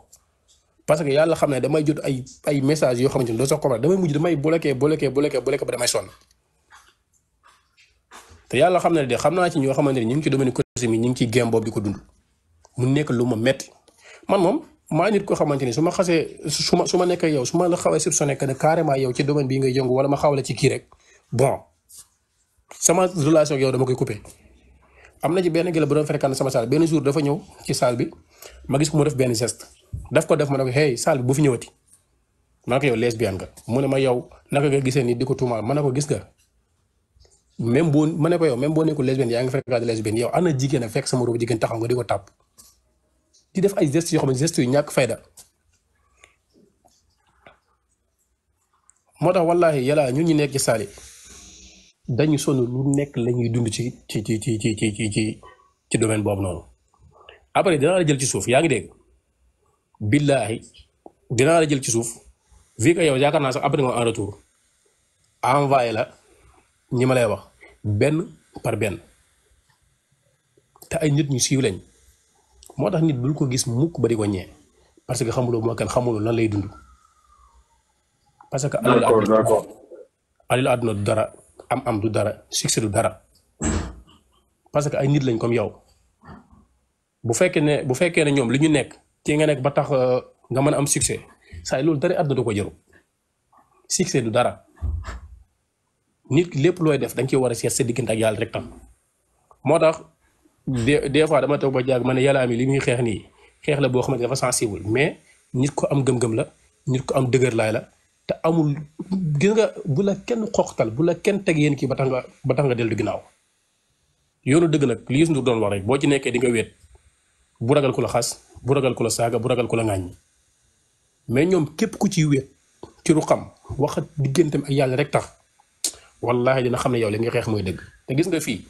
parce que yàlla xam ne damay jot ay ay messages yoo xamante ne doo sax comprendre damay mujj damay bloqué bloqué bloqué bloqué ba damay sonn te yàlla xam ne de xam naa ci ñoo xamante ne ñu ngi ci domaine cosmétique ñu ngi ci gem boobu di ko dund mu nekk lu ma metti man moom maa nit koo xamante ni su ma xasee su nekkee yow su ma la xawee soupçonné que ne carrément yow ci ngay yëngu wala ma xawale ci kii rek. bon sama relation ak yow dama koy coupé am na ci benn gëla bu doon fréquente sama salle benn jour dafa ñëw ci salle bi ma gis ko mu def benn gest daf ko def ma ne ko hey salle bi bu fi ñëwati ma ne ko yow lesbienne mu ne ma yow naka nga gisee ni di ko tuumaal ma ne ko gis nga même boo ma ne ko yow boo nekkul lesbienne yaa ngi fréquente lesbienne yow ana jigéen a fekk sama robu jigéen taxaw nga di ko tàpp di def ay gestes yoo xam ne gestes yu ñàkk fayda moo tax wallaahi yàlla ñun ñu nekk ci salle dañu sonn lu nekk la ñuy dund ci ci ci ci ci ci ci ci domaine boobu noonu après dinaa la jël ci suuf yaa ngi dégg billaahi dinaa la jël ci suuf vu que yow yaakaar naa sax après nga en retour envoyé la ñi ma lay wax benn par benn te ay nit ñu siiw lañ moo tax nit bul ko gis mukk ba di ko ñee parce que xamuloo moo kan xamuloo lan lay dund parce que alal àdduna du dara am-am du dara succès du dara parce que ay nit lañ comme yow bu fekkee ne bu fekkee ne ñoom lu ñu nekk ci nga nekk ba tax euh, nga mën am succès saa yi loolu dara àdduna du ko jëru succès du dara nit lépp looy def da nga war a seet sa diggante ak yàlla rek tam moo tax des des fois dama toog ba jàgg ma ne yàlla ami li muy xeex nii xeex la boo xamante dafa sensible mais nit ko am gëm-gëm la nit ko am dëgër laay la te amul gis nga bu la kenn xoqtal bu la kenn teg batanga kii ba tax nga ba tax nga dellu ginnaaw yoonu dëgg nag li Youssou doon wax rek boo ci nekkee di nga wet bu ragal ku la xas bu ragal ku la saaga bu ragal ku la ŋàññi mais ñoom képp ku ci wet ci xam wax digganteem ak yàlla rek tax wallahi dina xam ne yow li nga xeex mooy dëgg te gis nga fii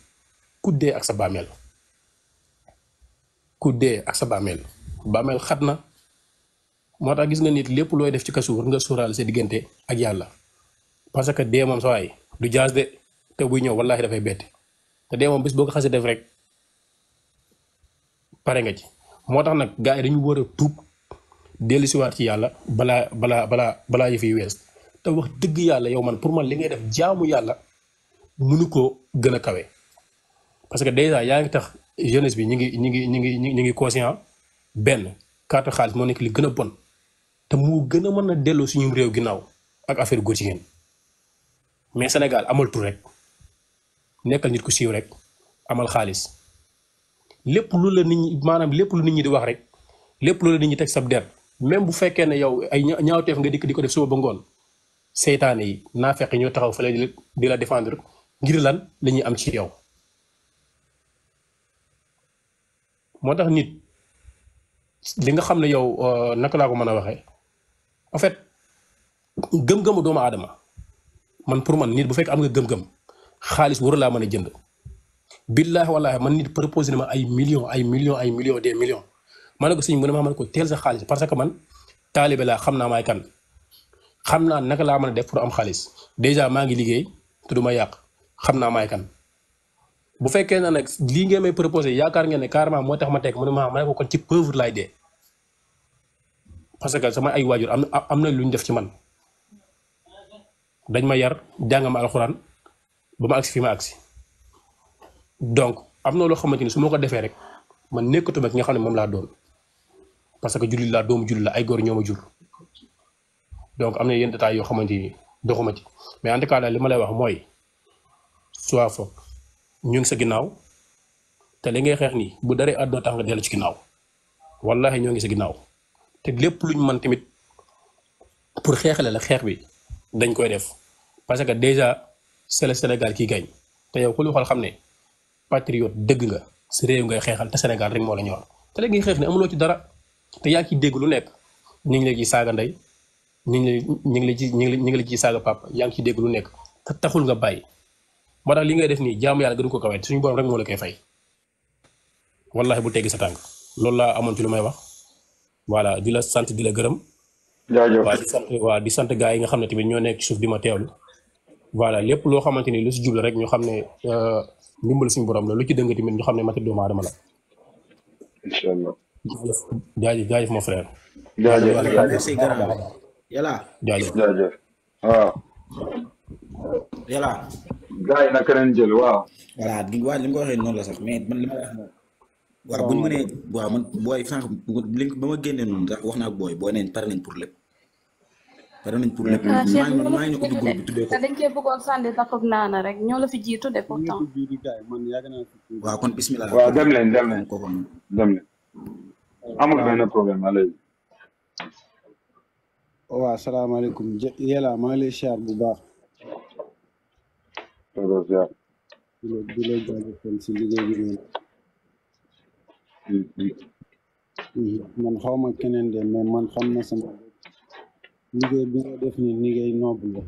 ku dee ak sa bàmmeel ku dee ak sa bàmmeel bàmmeel xat na moo tax gis nga nit lépp looy def ci kasu nga sóoraale sa diggante ak yàlla parce que dee moom sa waay du jaas de te buy ñëw wallaahi dafay bett te dee bis boo ko xasee def rek pare nga ci moo tax nag gars yi dañu war a tuub dellu siwaat ci yàlla balaa balaa balaa balaa yëf yi wees te wax dëgg yàlla yow man pour man li ngay def jaamu yàlla mënu koo gën a kawe parce que déjà yaa ngi tax jeunesse bi ñi ngi ñi ngi ñi ngi ñi ngi conscient benn carte xaalis moo nekk li gën a bon te moo gën a mën a delloo suñu réew ginnaaw ak affaire góor jigéen mais senegal amal tur rek nekkal nit ku siiw rek amal xaalis lépp lu la nit ñi maanaam lépp lu nit ñi di wax rek lépp lu la nit ñi teg sab der même bu fekkee ne yow ay ñaawteef nga dikk di ko def suba ba ngoon seytaane yi naa fekk ñoo taxaw fële di la défendre ngir lan lañuy am ci yow moo tax nit li nga xam ne yow euh, naka laa ko mën a waxee en fait gëm-gëmu doomu aadama man pour man nit bu fekk am nga gëm-gëm xaalis waru laa mën a jënd. billahi wallahi man nit proposé na ma ay millions ay millions ay millions des millions ma ne ko sëñ bi ma ne ko teel sa xaalis parce que man taalibe laa xam naa maay kan xam naa naka laa mën a def pour am xaalis dèjà maa ngi liggéey te du ma yàq xam naa maay kan. bu fekkee na nag lii ngeen may proposé yaakaar ngeen ne carrément moo tax ma teg mu ne ma ma ne ko kon ci pauvre parce que sama ay waajur am am na lu ñu def ci man dañ ma yar jàng ma alxuraan ba ma agsi fi ma agsi donc am na loo xamante ni su ma ko defee rek man nekkatuma ki nga xam ne moom laa doon parce que jullit laa doomu jullit la ay góor ñoo ma jur am na yenn détails yoo xamante ni doxuma ci mais en tout li ma lay wax mooy soit foog ñoo ngi sa ginnaaw te li ngay xeex nii bu daree àdduna tax nga dellu ci ginnaaw wallahi ñoo ngi sa ginnaaw. te lépp luñ man tamit pour xeexale la xeex bi dañ koy def parce que déjà c'est le Sénégal qui gagne te yow ku lu xam ne patriote dëgg nga si réew ngay xeexal te Sénégal rek moo la ñor te léegi ngay xeex ne amuloo ci dara te yaa ngi dégg lu nekk ñu ngi la ciy saaga ndey ñu ngi la ñu ngi la ci ñu ngi la ciy saaga papa yaa ngi ciy dégg lu nekk te taxul nga bàyyi moo tax li ngay def nii jaamu yàlla gënu ko kawet suñu borom rek moo la koy fay wallahi bu teggi sa tànk loolu laa amoon ci lu may wax. voilà di la sant di la gërëm. jaajëf waaw di sant waaw di sant gars yi nga xam ne tamit ñoo nekk ci suuf di ma teewlu. voilà lépp loo xamante ni lu si jublu rek ñoo xam ne euh, ndimbal suñu borom la lu ci dëng tamit ñoo xam ne mati doomu aadama la. incha allah. jaajëf jaajëf mon frère. jaajëf jaajëf merci grand yi naka leen jël waaw. voilà di waaye li nga ko waxee noonu la sax waa bu ñu mënee waaw man booy sànq ba ma génnee noonu wax naa ak booy booy nañ pare nañ pour lépp. pare nañ pour lépp ah, maa ngi maa ngi ñu ubbi groupe bi tuddee ko. dañ koy bëggoon sànni takku naana rek ñoo la fi jiitu de pourtant. waaw kon bismillah. waaw dem leen dem leen dem leen. amul benn problème alaykum. waaw salaamaaleykum jë yàlla maa ngi lay siyaar bu baax. di Mm-hmm. man xaw ma keneen de mais man xam na sama liggéey bi nga def ni liggéey noobu la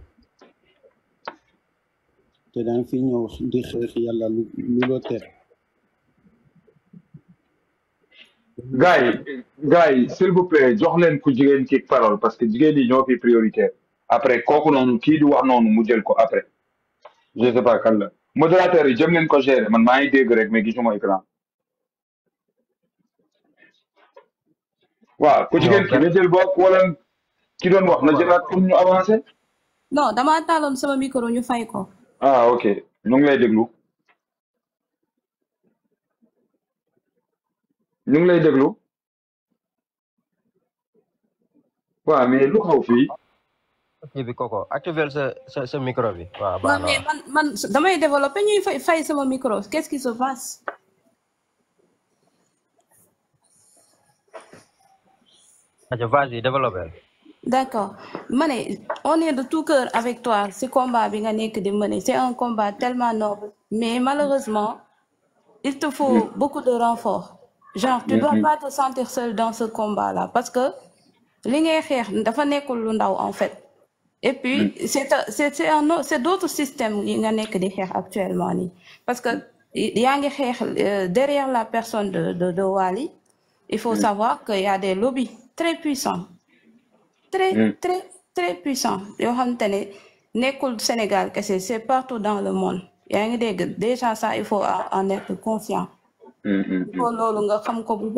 te daan fi ñëw di xeex yàlla lu lu la ter gars yi gars yi s'il jox leen ku jigéen ci parole parce que jigéen yi ñoo fi prioritaire après kooku noonu kii di wax noonu mu jël ko après je sais pas kan la modérateur yi jëm leen ko gérer man maa ngi dégg rek mais gisuma écran waaw ku jigéen ki na jël bokk wala ki doon wax na jëlaat comme ñu avancé. non damaa taaloon sama micro ñu fay ko. ah ok ñu ngi lay déglu. ñu ngi lay déglu. waaw lu xaw fii. kii bi koko activé sa sa sa bi. waaw damay développé ñuy fay fay sama micro qu'est-ce qui se passe. vas-y, D'accord. Mané, on est de tout cœur avec toi. Ce combat, c'est un combat tellement noble. Mais malheureusement, il te faut mm. beaucoup de renfort. Genre, tu ne dois pas te sentir seul dans ce combat-là. Parce que en fait. Et puis, mm. c'est d'autres systèmes qui actuellement. Parce que euh, derrière la personne de, de, de Wali, il faut mm. savoir qu'il y a des lobbies très puissant très mm. très très puissant Yo savez, Sénégal c'est partout dans le monde déjà ça il faut en être conscient mm, mm, il faut nga xam ko bu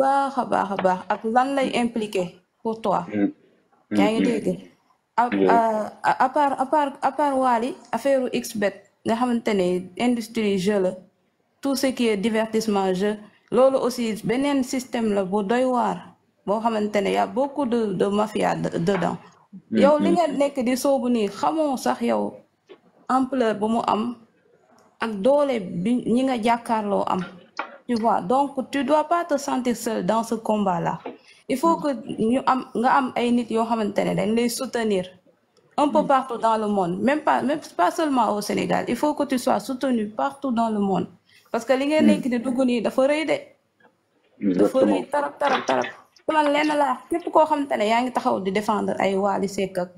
impliqué pour toi euh, à part à part à part wali affaire nga jeu tout ce qui est divertissement jeu aussi système la bu boo xamante ne y' a beaucoup de de mafia dedans. Mm, yow mm. li nga nekk di soobu nii xamoo sax yow ampleur bu mu am ak doole bi ñi nga jàkkaarloo am. tu vois donc tu dois pas te sentir seul dans ce combat là il faut que ñu am nga am ay nit yoo xamante ne lay soutenir un peu mm. partout dans le monde même pas même pas seulement au Sénégal il faut que tu sois soutenu partout dans le monde parce que li ngeen nekk di dugg nii dafa rëy de. dafa rëy tarap tarap te man lenn laa képp koo xamante ne yaa ngi taxaw di défendre ay Wally Seck ak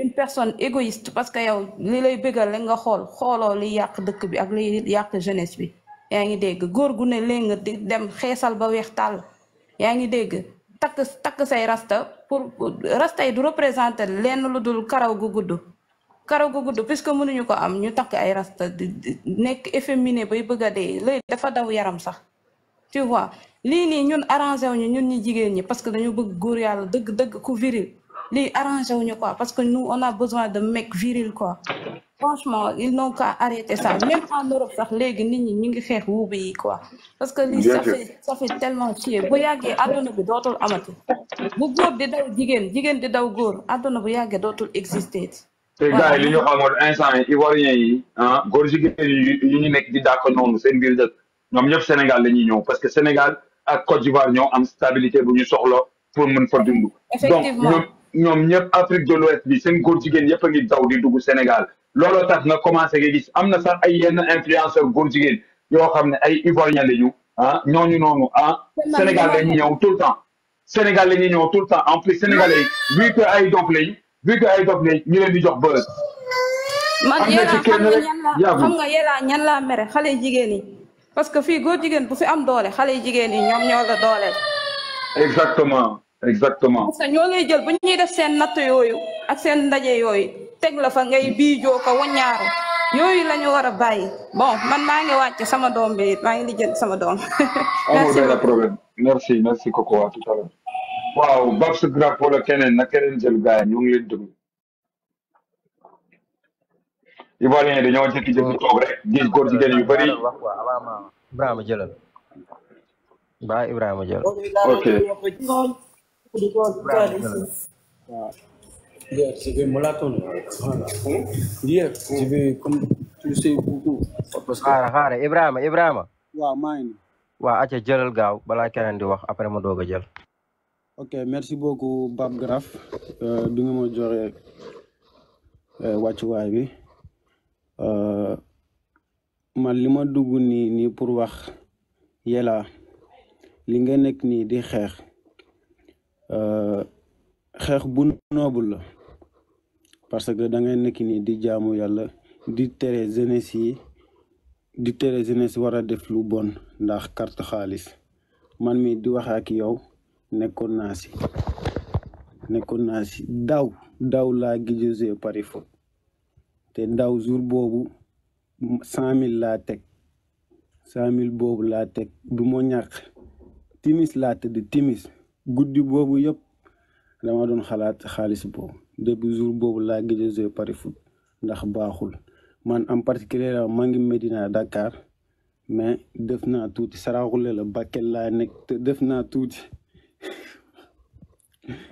une personne égoïste parce que yow li lay bëggal la nga xool xooloo li yàq dëkk bi ak li yàq jeunesse bi yaa ngi dégg góor gu ne léegi nga di dem xeesal ba weex tàll yaa ngi dégg takk takk say rasta pour rasta yi du représenter lenn lu dul karaw gu gudd karaw gu gudd puisque mënuñu ko am ñu takk ay rasta nekk efféminé bay bëgg a dee dafa daw yaram sax tu vois li ni ñun arrangé wuñu ñun ñi jigen ñi parce que dañu bëgg goor yàlla deug deug ku viril li arrangé wuñu quoi parce que nous on a besoin de mec viril quoi franchement ils n'ont qu'à arrêter ça même en Europe sax légui nit ñi ñi ngi xex wuubi quoi parce que li ça fait ça fait tellement chier bu yàggee àdduna bi dootul amati bu góor di daw jigen jigen di daw goor aduna bu yàggee dootul exister té gars li ñu xamone instant yi ivoirien yi ah goor jigen yi ñu nekk di dàq ñoom seen bir dëkk nous sommes Sénégal les parce que Sénégal ak Côte d'Ivoire ñoo am stabilité bu ñu soxlo pour mën fa dund. donc ñom Afrique de l'Ouest bi seen ngi daw di dugg Sénégal Lolo tax commencé nga gis sax ay yenn influenceur yo ay Ivoiriens des ah ah. Sénégal ñëw tout le temps. Sénégal ñëw tout le temps en plus sénégalais vu que ay dof vu que ay dof lañ leen di jox man yéla nous, parce que fii góor jigéen bu fi am doole xale yi jigéen yi ñoom ñoo la doole. exactement exactement. parce que ñoo lay jël bu ñuy def seen natt yooyu ak seen ndaje yooyu teg la fa ngay bii joo ko ñaar yooyu la ñu war a bàyyi bon man maa ngi wàcc sama doom bi maa ngi lijjanti sama doom. merci amul benn problème merci merci Coco à tout à l'heure waaw Babs Grappol la keneen na keneen jël gars yi ñu ngi leen déglu. ivoirien yi dañoo jëkki jëkki toog rek gis góor jigéen yu bëri ibrahima jëlal ba ibrahima jël ok Hier, Ibrahima Ibrahima. waaw maa ngi. waaw acca jëlal gaaw balaa keneen di wax après ma doog a jël. ok merci beaucoup Bab Graf eh, eh, eh, bi nga ma joxe wàccuwaay bi. Euh, man li ma dugg nii nii pour wax Yella li nga nekk nii di xeex euh, xeex bu noble la parce que da ngay nekk nii di jaamu yàlla di tere jeunesse yi di tere jeunesse war a def lu bon ndax carte xaalis man mi di wax ak yow nekkoon naa si nekkoon naa si daaw daaw laa te ndaw jour boobu cent mille laa teg cent mille boobu laa teg du ma ñàkk timis laa tëdd timis guddi boobu yëpp dama doon xalaat xaalis boobu depuis jour boobu laa gëj a joué pari foot ndax baaxul man am particulier maa ngi Medina Dakar mais def naa tuuti Saraxule la Bakel laa nekk te def naa tuuti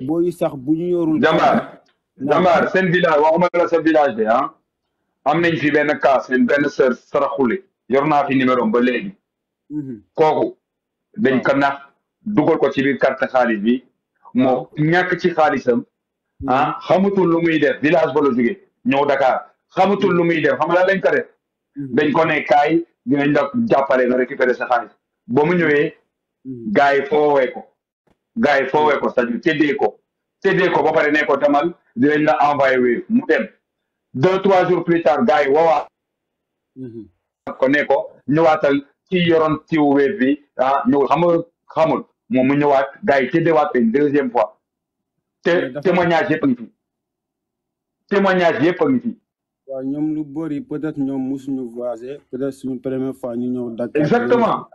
booy sax bu ñu yorul. jambaar jambaar seen village waxuma la sa village de ah. am nañ fi benn kaas benn sër saraxule yor naa fi numéro ba léegi. Mhm. kooku dañ ka nax dugal ko ci biir carte xaalis bi moo ñàkk ci xaalisam. Mhm. ah xamatul lu muy def village ba la jógee Dakar xamatul lu muy def xam nga lañ ka def. Mhm. dañ ko ne kaay jàppale na récupérer sa xaalis ba mu ñëwee. gars yi foowee ko. gars yi foowee ko cest à té tëddee ko tëddee ko ba pare ne ko demal dinañ la envoyé wéef mu dem deux trois jours plus tard gars yi woowaat mhm. ko ne ko ñëwaatal ci yoroon tiw wéef bi ah ñu xamul xamul moom mu ñëwaat gars yi tëddeewaat une deuxième fois te témoignage yëpp a ngi fi témoignage yëpp a ngi fi waaw ñoom lu bëri peut-être ñoom musuñu voyagé peut suñu première fois ñu ñëw Dakar exactement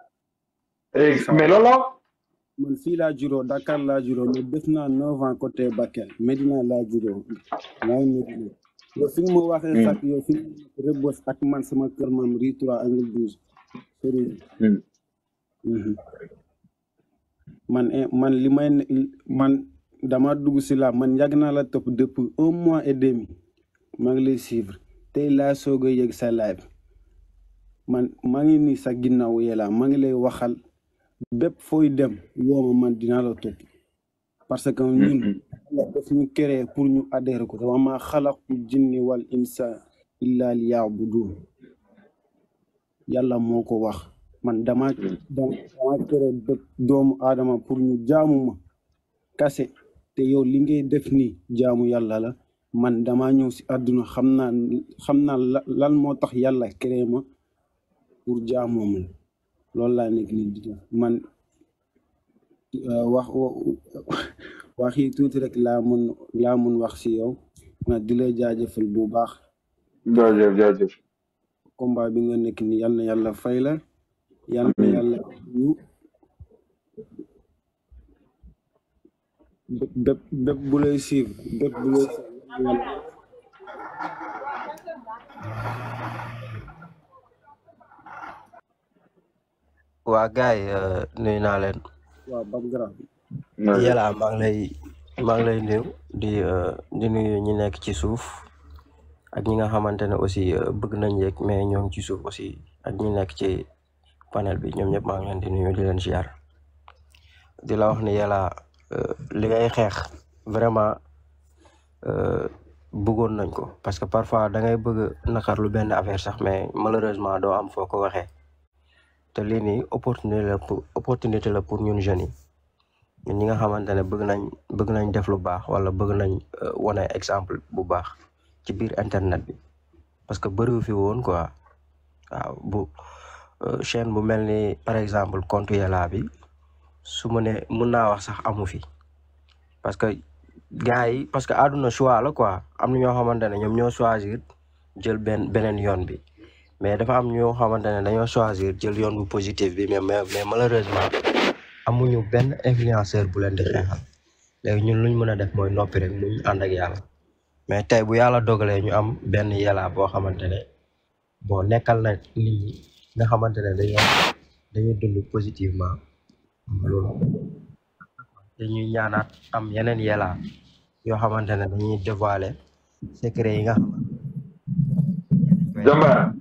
eh, mais loolu man fii laa juróo Dakar laa juróo mais naa neuf ans côté Bakel Medina laa juróo maa ngi Medina fi nga ma waxee sax hmm. yow fi Rebeuss ak man sama kër maam ri trois angle douze sori hmm. mhm. man eh, man li may man dama dugg si la man njag naa la topp depuis un mois et demi maa ngi lay suivre tey laa soog a yëg sa live man maa ngi nii sa ginnaaw yee la maa ngi lay waxal bépp fooy dem wooma man dina la topp parce que ñun mm-hmm. daf ñu créé pour ñu adhéré ko wa ma xalaqu jinni wal insa illa li yaabudun yàlla moo ko wax man dama mm-hmm. dama doomu aadama pour ñu jaamu kase te yow li ngay def ni jaamu yàlla la man dama ñëw si àdduna xam naa xam moo tax yàlla créé ma pour jaamoom loolu laa nekk nii di man euh, wax wax yi tuuti rek laa mun wax si yow nag di lay jaajëfal bu baax. jaajëf jaajëf. combat bi nga nekk nii yal na yàlla fay la. yal na bépp bépp bu lay waa gars yi euh, nuyu naa leen. yala yàlla lay maa ngi lay nuyu di euh, di nuyu ñi nekk ci suuf ak ñi nga xamante ne aussi euh, bëgg nañ yeeg mais ñoo ngi ci suuf aussi ak ñi nekk ci panel bi ñoom ñëpp maa ngi leen di nuyu di leen ziar di la wax ni yàlla li ngay xeex vraiment bëggoon nañ ko parce que parfois da ngay bëgg naqar lu benn affaire sax mais malheureusement doo am foo ko waxee. te lii nii opportunité la pour opportunité la pour ñun jeunes yi ñun ñi nga xamante ne bëgg nañ bëgg nañ def lu baax wala bëgg nañ euh, wane exemple bu baax ci biir internet bi parce que bëriwu fi woon quoi waaw bu euh, chaine bu mel ni par exemple compte Yalla bi su ma ne mën naa wax sax amu fi parce que gars yi parce que àdduna choix la quoi am na ñoo xamante ne ñoom ñoo choisir jël benn beneen yoon bi. mais dafa am ñoo xamante ne dañoo choisir jël yoon bu positif bi mais mais malheureusement amuñu benn influenceur bu leen di xeexal léegi ñun luñ mën a def mooy noppi rek muñ ànd mais tey bu yàlla dogalee ñu am benn yàlla boo xamante ne bon nekkal na nit ñi nga xamante ne dañoo dañuy dund positivement loolu dañuy ñaanaat am yeneen yàlla yoo xamante ne dañuy dévoiler secret yi nga xamante ne.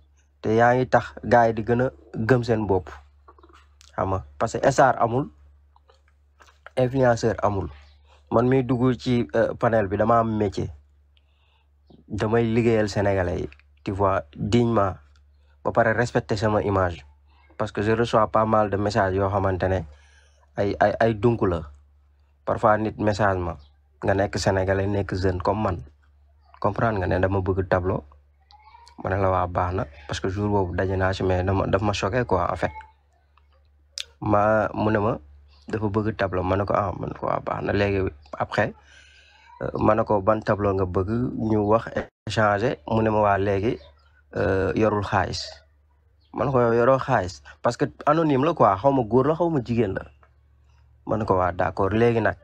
te yaa ngi tax gars yi di gën a gëm seen bopp xam parce que star amul influenceur amul man mi dugg ci euh, panel bi dama am métier damay liggéeyal sénégalais yi tu vois dignement ba pare respecter sama image parce que je reçois pas mal de messages yoo xamante ne ay ay ay dunk la parfois nit message ma nga nekk sénégalais nekk jeune comme man comprendre nga ne dama bëgg tableau ma ne la waa baax na parce que jour boobu daje naa ci mais dama daf ma choqué quoi en fait ma mu ne ma dafa bëgg tableau ma ne ko ah ma ko waa na léegi après euh, ma ne ko ban tableau nga bëgg ñu wax changé mu ne ma waa léegi euh, yorul xaalis ma ne ko yoroo xaalis parce que anonyme la quoi xaw ma góor la xaw ma jigéen la ma ne ko waa d'accord léegi nag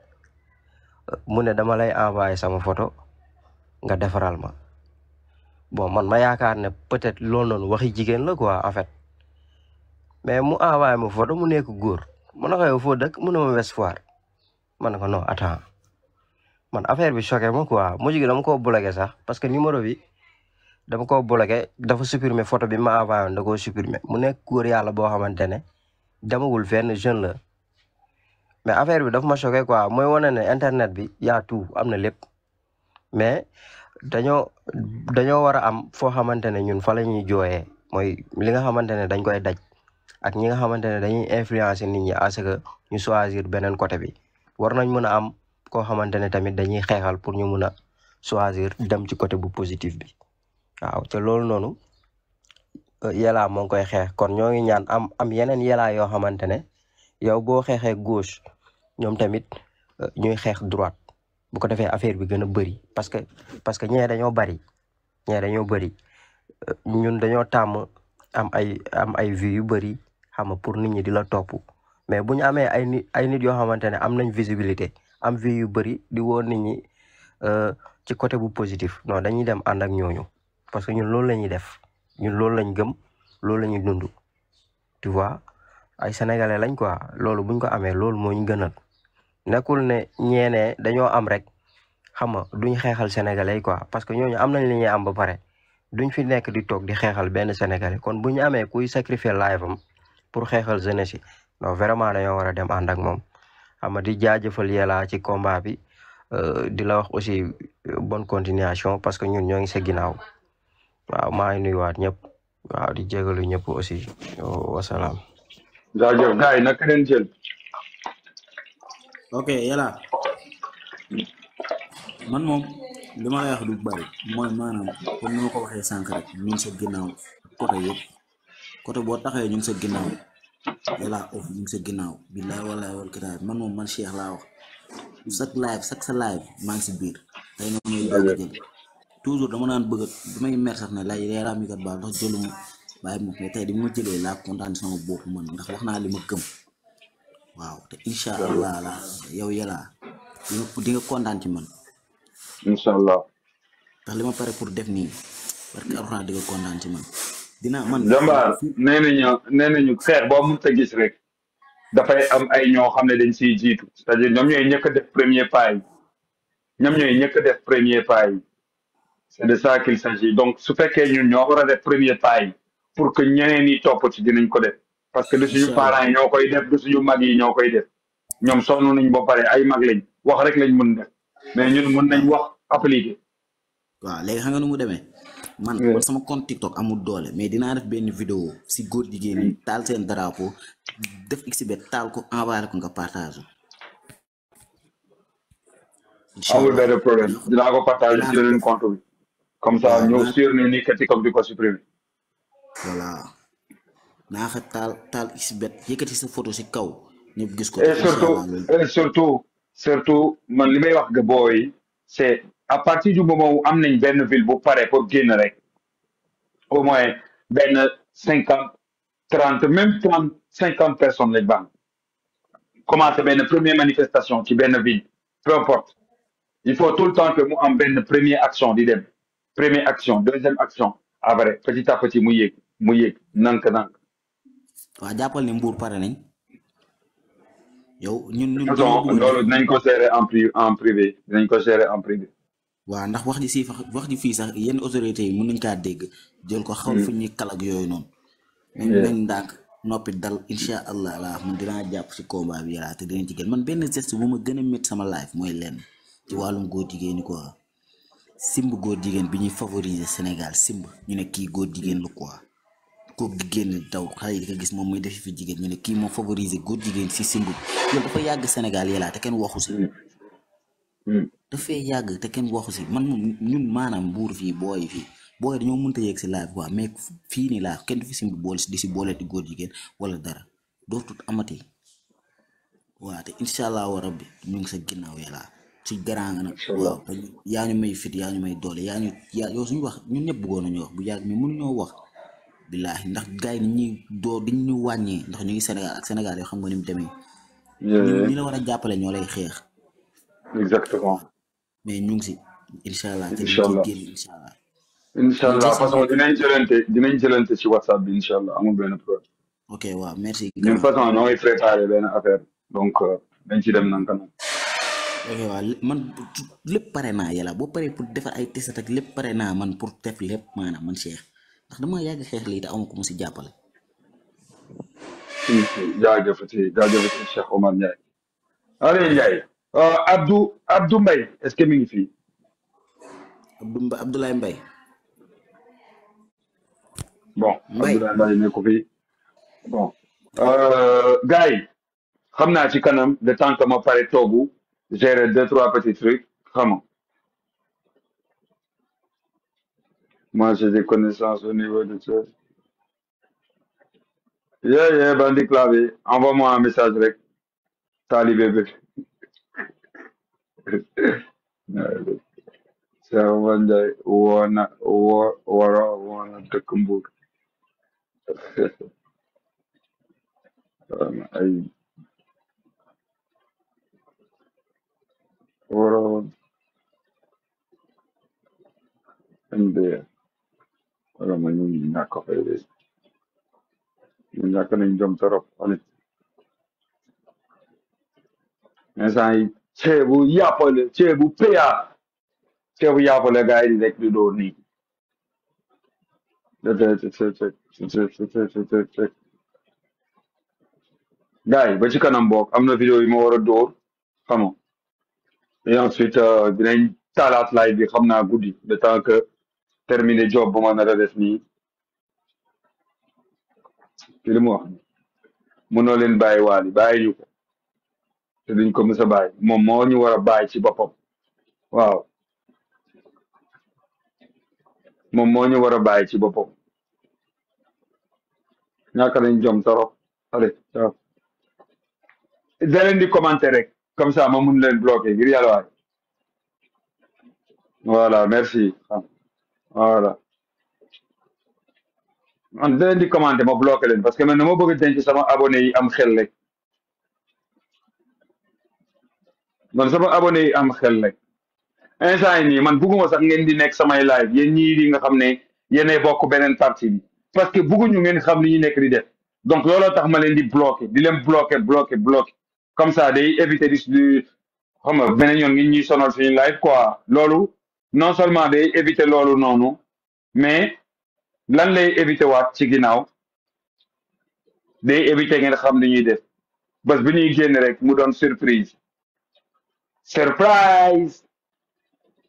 euh, mu ne dama lay envoyé sama photo nga defaral ma. bon man ma yaakaar ne peut-être loolu noonu waxi jigéen la quoi en fait mais mu envoyé mu photo mu nekk góor mu ne ko yow foo dëkk mu ne ma Ouest Foire ma ne ko non attends man affaire bi choqué ma quoi mujj gi dama ko bloqué sax parce que numéro bi dama koo bloqué dafa supprimer photo bi ma envoyé woon da koo supprimer mu nekk góor yàlla boo xamante ne demagul fenn jeune la mais affaire bi dafa ma choqué quoi mooy wane ne internet bi yaa tout am na lépp mais dañoo dañoo war a am foo xamante ne ñun fa la ñuy jooyee mooy li nga xamante ne dañ koy daj ak ñi nga xamante ne dañuy influencer nit ñi à que ñu choisir beneen côté bi war nañ mën a am koo xamante ne tamit dañuy xeexal pour ñu mën a choisir dem ci côté bu positif bi waaw te loolu noonu euh, yelaa moo ngi koy xeex kon ñoo ngi ñaan am am yeneen yelaa yoo xamante ne yow boo xeexee gauche ñoom tamit euh, ñuy xeex droite bu ko defee affaire bi gën a bëri parce que parce que ñee dañoo bëri ñee dañoo bëri euh, ñun dañoo tàmm am ay am ay vues yu bëri xam nga pour nit ñi di la topp mais bu ñu amee ay nit ay nit yoo xamante ne am nañ visibilité am vues yu bëri di woon nit ñi euh, ci côté bu positif no dañuy dem ànd ak ñooñu parce que ñun loolu la ñuy def ñun loolu lañ gëm loolu la ñuy dund tu vois ay sénégalais lañ quoi loolu buñ ko amee loolu moo ñu gënal. nekkul ne ñeenee dañoo am rek xam nga duñ xeexal sénégalais quoi parce que ñooñu am nañ li ñuy am ba pare duñ fi nekk di toog di xeexal benn sénégalais kon bu ñu amee kuy sacrifier live am pour xeexal jeunesse yi non vraiment dañoo war a dem ànd ak moom xam nga di jaajëfal yàlla ci combat bi euh, di la wax aussi euh, bonne continuation parce que ñun ñoo ngi sa ginnaaw waaw maa ngi nuyuwaat ñëpp waaw di jégalu ñëpp aussi wasalaam. ok yàlla man moom li ma koy wax du bari mooy maanaam comme waxee sànq rek ñu ngi sa ginnaaw côté yëpp côté boo taxawee ñu ngi sa ginnaaw yàlla of oh, ñu ngi sa ginnaaw billaay wallaay wal kitaab man moom man Cheikh laa wax chaque live chaque sa live maa ngi si biir tey na muy doog jël toujours dama naan bëgg damay mer sax ne lay leeraam yi kat baax ndax jëluma bàyyi ma mais tey di ma jëlee laa kontaan sama bopp man ndax wax naa li ma gëm waaw te incha allah la yow yàlla di nga kontaan ci man. incha allah. ndax li ma pare pour def nii parce que alxuraan di nga ci man. dina man jàmbaar nee nañu nee nañu xeex boo mënut a gis rek dafay am ay ñoo xam ne dañ siy jiitu c'est-à-dire ñoom ñooy ñëkk def premier pas yi ñoom ñooy ñëkk def premier pas yi c'est de ça qu'il s'agit donc su fekkee ñun ñoo war a def premier pas yi pour que ñeneen ñi topp ci dinañ ko def. parce que du suñu parents yi ñoo koy def du suñu mag yi ñoo koy def ñoom sonn nañ ba pare ay mag lañ wax rek lañ mën def mais ñun mën nañ wax appliquer. waaw léegi xam nga nu mu demee. man man sama compte TikTok amul doole mais dinaa def benn vidéo si góor jigéen ñi taal seen drapeau def xibet taal ko envoyé ko nga partage. incha allah amul problème dinaa ko partage si leen compte bi. comme ça ñëw sûr ni ni que TikTok di ko supprimer. voilà. naa fa tal xbet sa photo ci kaw surtout surtout surtout man limay c'est à partir du moment où am nañ une ville bu paré pour générer au moins 50, 30, même 50 personnes les baax commencé une première manifestation ci ben ville peu importe il faut tout le temps que nous am une première action première action deuxième action après ah, petit à petit mouillé, mouillé, nanke nanke. waaw jàppal ne Mbour pare nañ. yow ñun ñun ko gérer en pri en privé dinañ ko gérer en privé. waaw ndax wax ji fa wax ji fii sax yenn autorités yi mën nañ kaa dégg. jël ko xaw fu hmm. ñuy kalak yooyu noonu. nañ nañ ndànk noppi dal incha allah laa man dinaa jàpp si combat bi yàlla te dinañ ci man benn geste bu ma gën a métti sama life mooy lenn ci wàllum góor jigéen ñi quoi. simb góor jigéen bi ñuy favoriser Sénégal simb ñu ne kii góor jigéen lu quoi. kook di génn daw xale yi di gis moom muy defi fi jigéen ñu ne kii moo favoriser góor jigéen si simb loolu dafa yàgg senegal yelaa te kenn waxu si hmm. yàgg te kenn waxu si man ñun maanaam mbuur fii booy fii booy dañoo mënta yegg si live quoi mais fii nii laa kenn du fi simb di si booleeti góor jigéen wala dara dootut amati waaw te incha allahu rabbi ñu ngi sa ginnaaw yelaa ci garaan nga nag yaa ñu may fit yaa ñu may doole yaa ñu yaa yow suñu wax ñun ñëpp bëggoon nañu wax bu yàgg mais mënuñoo wax billaahi ndax gars yi dañuy doo dañ ñu wàññee ndax ñu ngi Sénégal ak Sénégal yoo xam nga ni mu demee. ñi la war a jàppale ñoo lay xeex. exactement. mais ñu ngi si incha allah. incha allah te génn incha allah. incha allah façon dinañ jëlante dinañ jëlante ci whatsapp bi incha allah amul benn problème. ok waaw merci. ñun façon préparé benn affaire donc euh, dañ ci dem nanka kanam. ok man lépp pare naa yàlla boo paree pour defar ay test ak lépp pare naa man pour def lépp maanaam man Cheikh. ndax dama ko hmm, Cheikh Omar allez euh, Abdou Abdou Mbaye est-ce que mi ngi Abdou Abdoulaye bon Abdoulaye Mbaye bon. Euh, gars yi le temps que ma pare gérer deux trois petits trucs Moi, j'ai des connaissances au niveau de ça. Yeah, yeah, bandit clavier. Envoie-moi un message, avec. Salut, bébé. en on a Voilà. Et bien. wala ma ñu ngi ñàkk fayde ñu ñàkk nañ jom torop xalit instant yi ceebu yàppale ceebu péya ceebu yàppale gars yi di rek di ba ci kanam boog am na vidéo yi ma war a dóor xam nga et ensuite dinañ talaat laay bi xam naa guddi de temps que termine job bu ma nar a def nii ci li mu wax leen bàyyi waali bàyyi ñu ko te duñ a bàyyi moom moo ñu war a bàyyi ci boppam waaw moom moo ñu war a bàyyi ci boppam ñaaka lañ jom torop allez ciao di commenter rek comme ça ma mun leen bloquer ngir yàlla waay merci voilà man da leen di commenter ma bloqué leen parce que man dama bëgg a denc sama abonné yi am xel rek man sama abonné yi am xel rek instant nii man bugguma sax ngeen di nekk samay live yéen ñii di nga xam ne yéenay bokk beneen parti bi parce que bugguñu ngeen xam li ñu nekk di def donc looloo tax ma leen di bloqué di leen bloqué bloqué bloqué comme ça i éviter di di xam nga beneen yoon ngi ñuy sonal suñu live quoi loolu non seulement de éviter loolu noonu mais lan lay éviter waat ci ginnaaw day éviter ngeen xam li ñuy def bés bu ñuy génn rek mu doon surprise surprise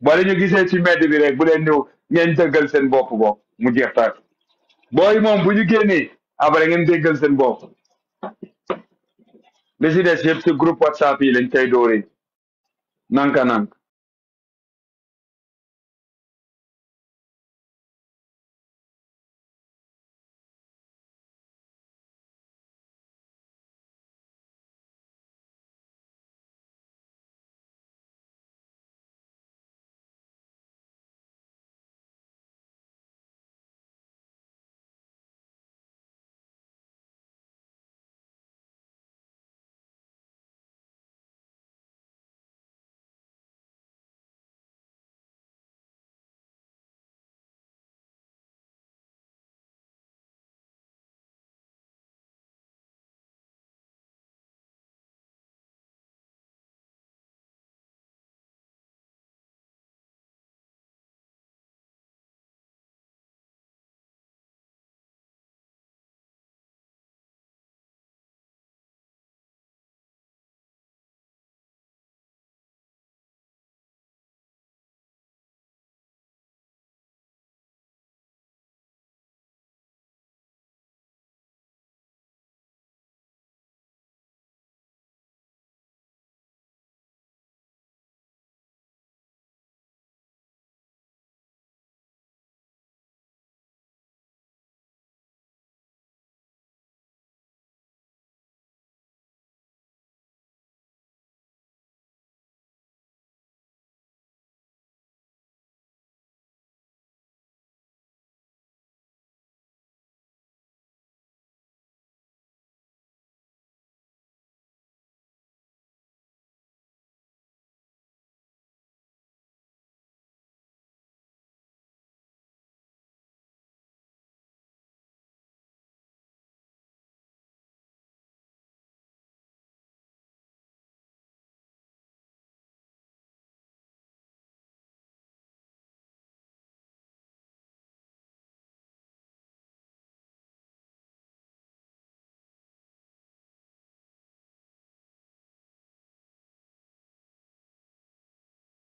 bala ñu gisee ci mbedd bi rek bu leen ñëw ngeen dëggal seen bopp bopp mu jeex booy moom bu ñu génnee abare ngeen déggal seen bopp li si des yëpp ci groupe whatsapp yi lañ koy dóoree nanka nank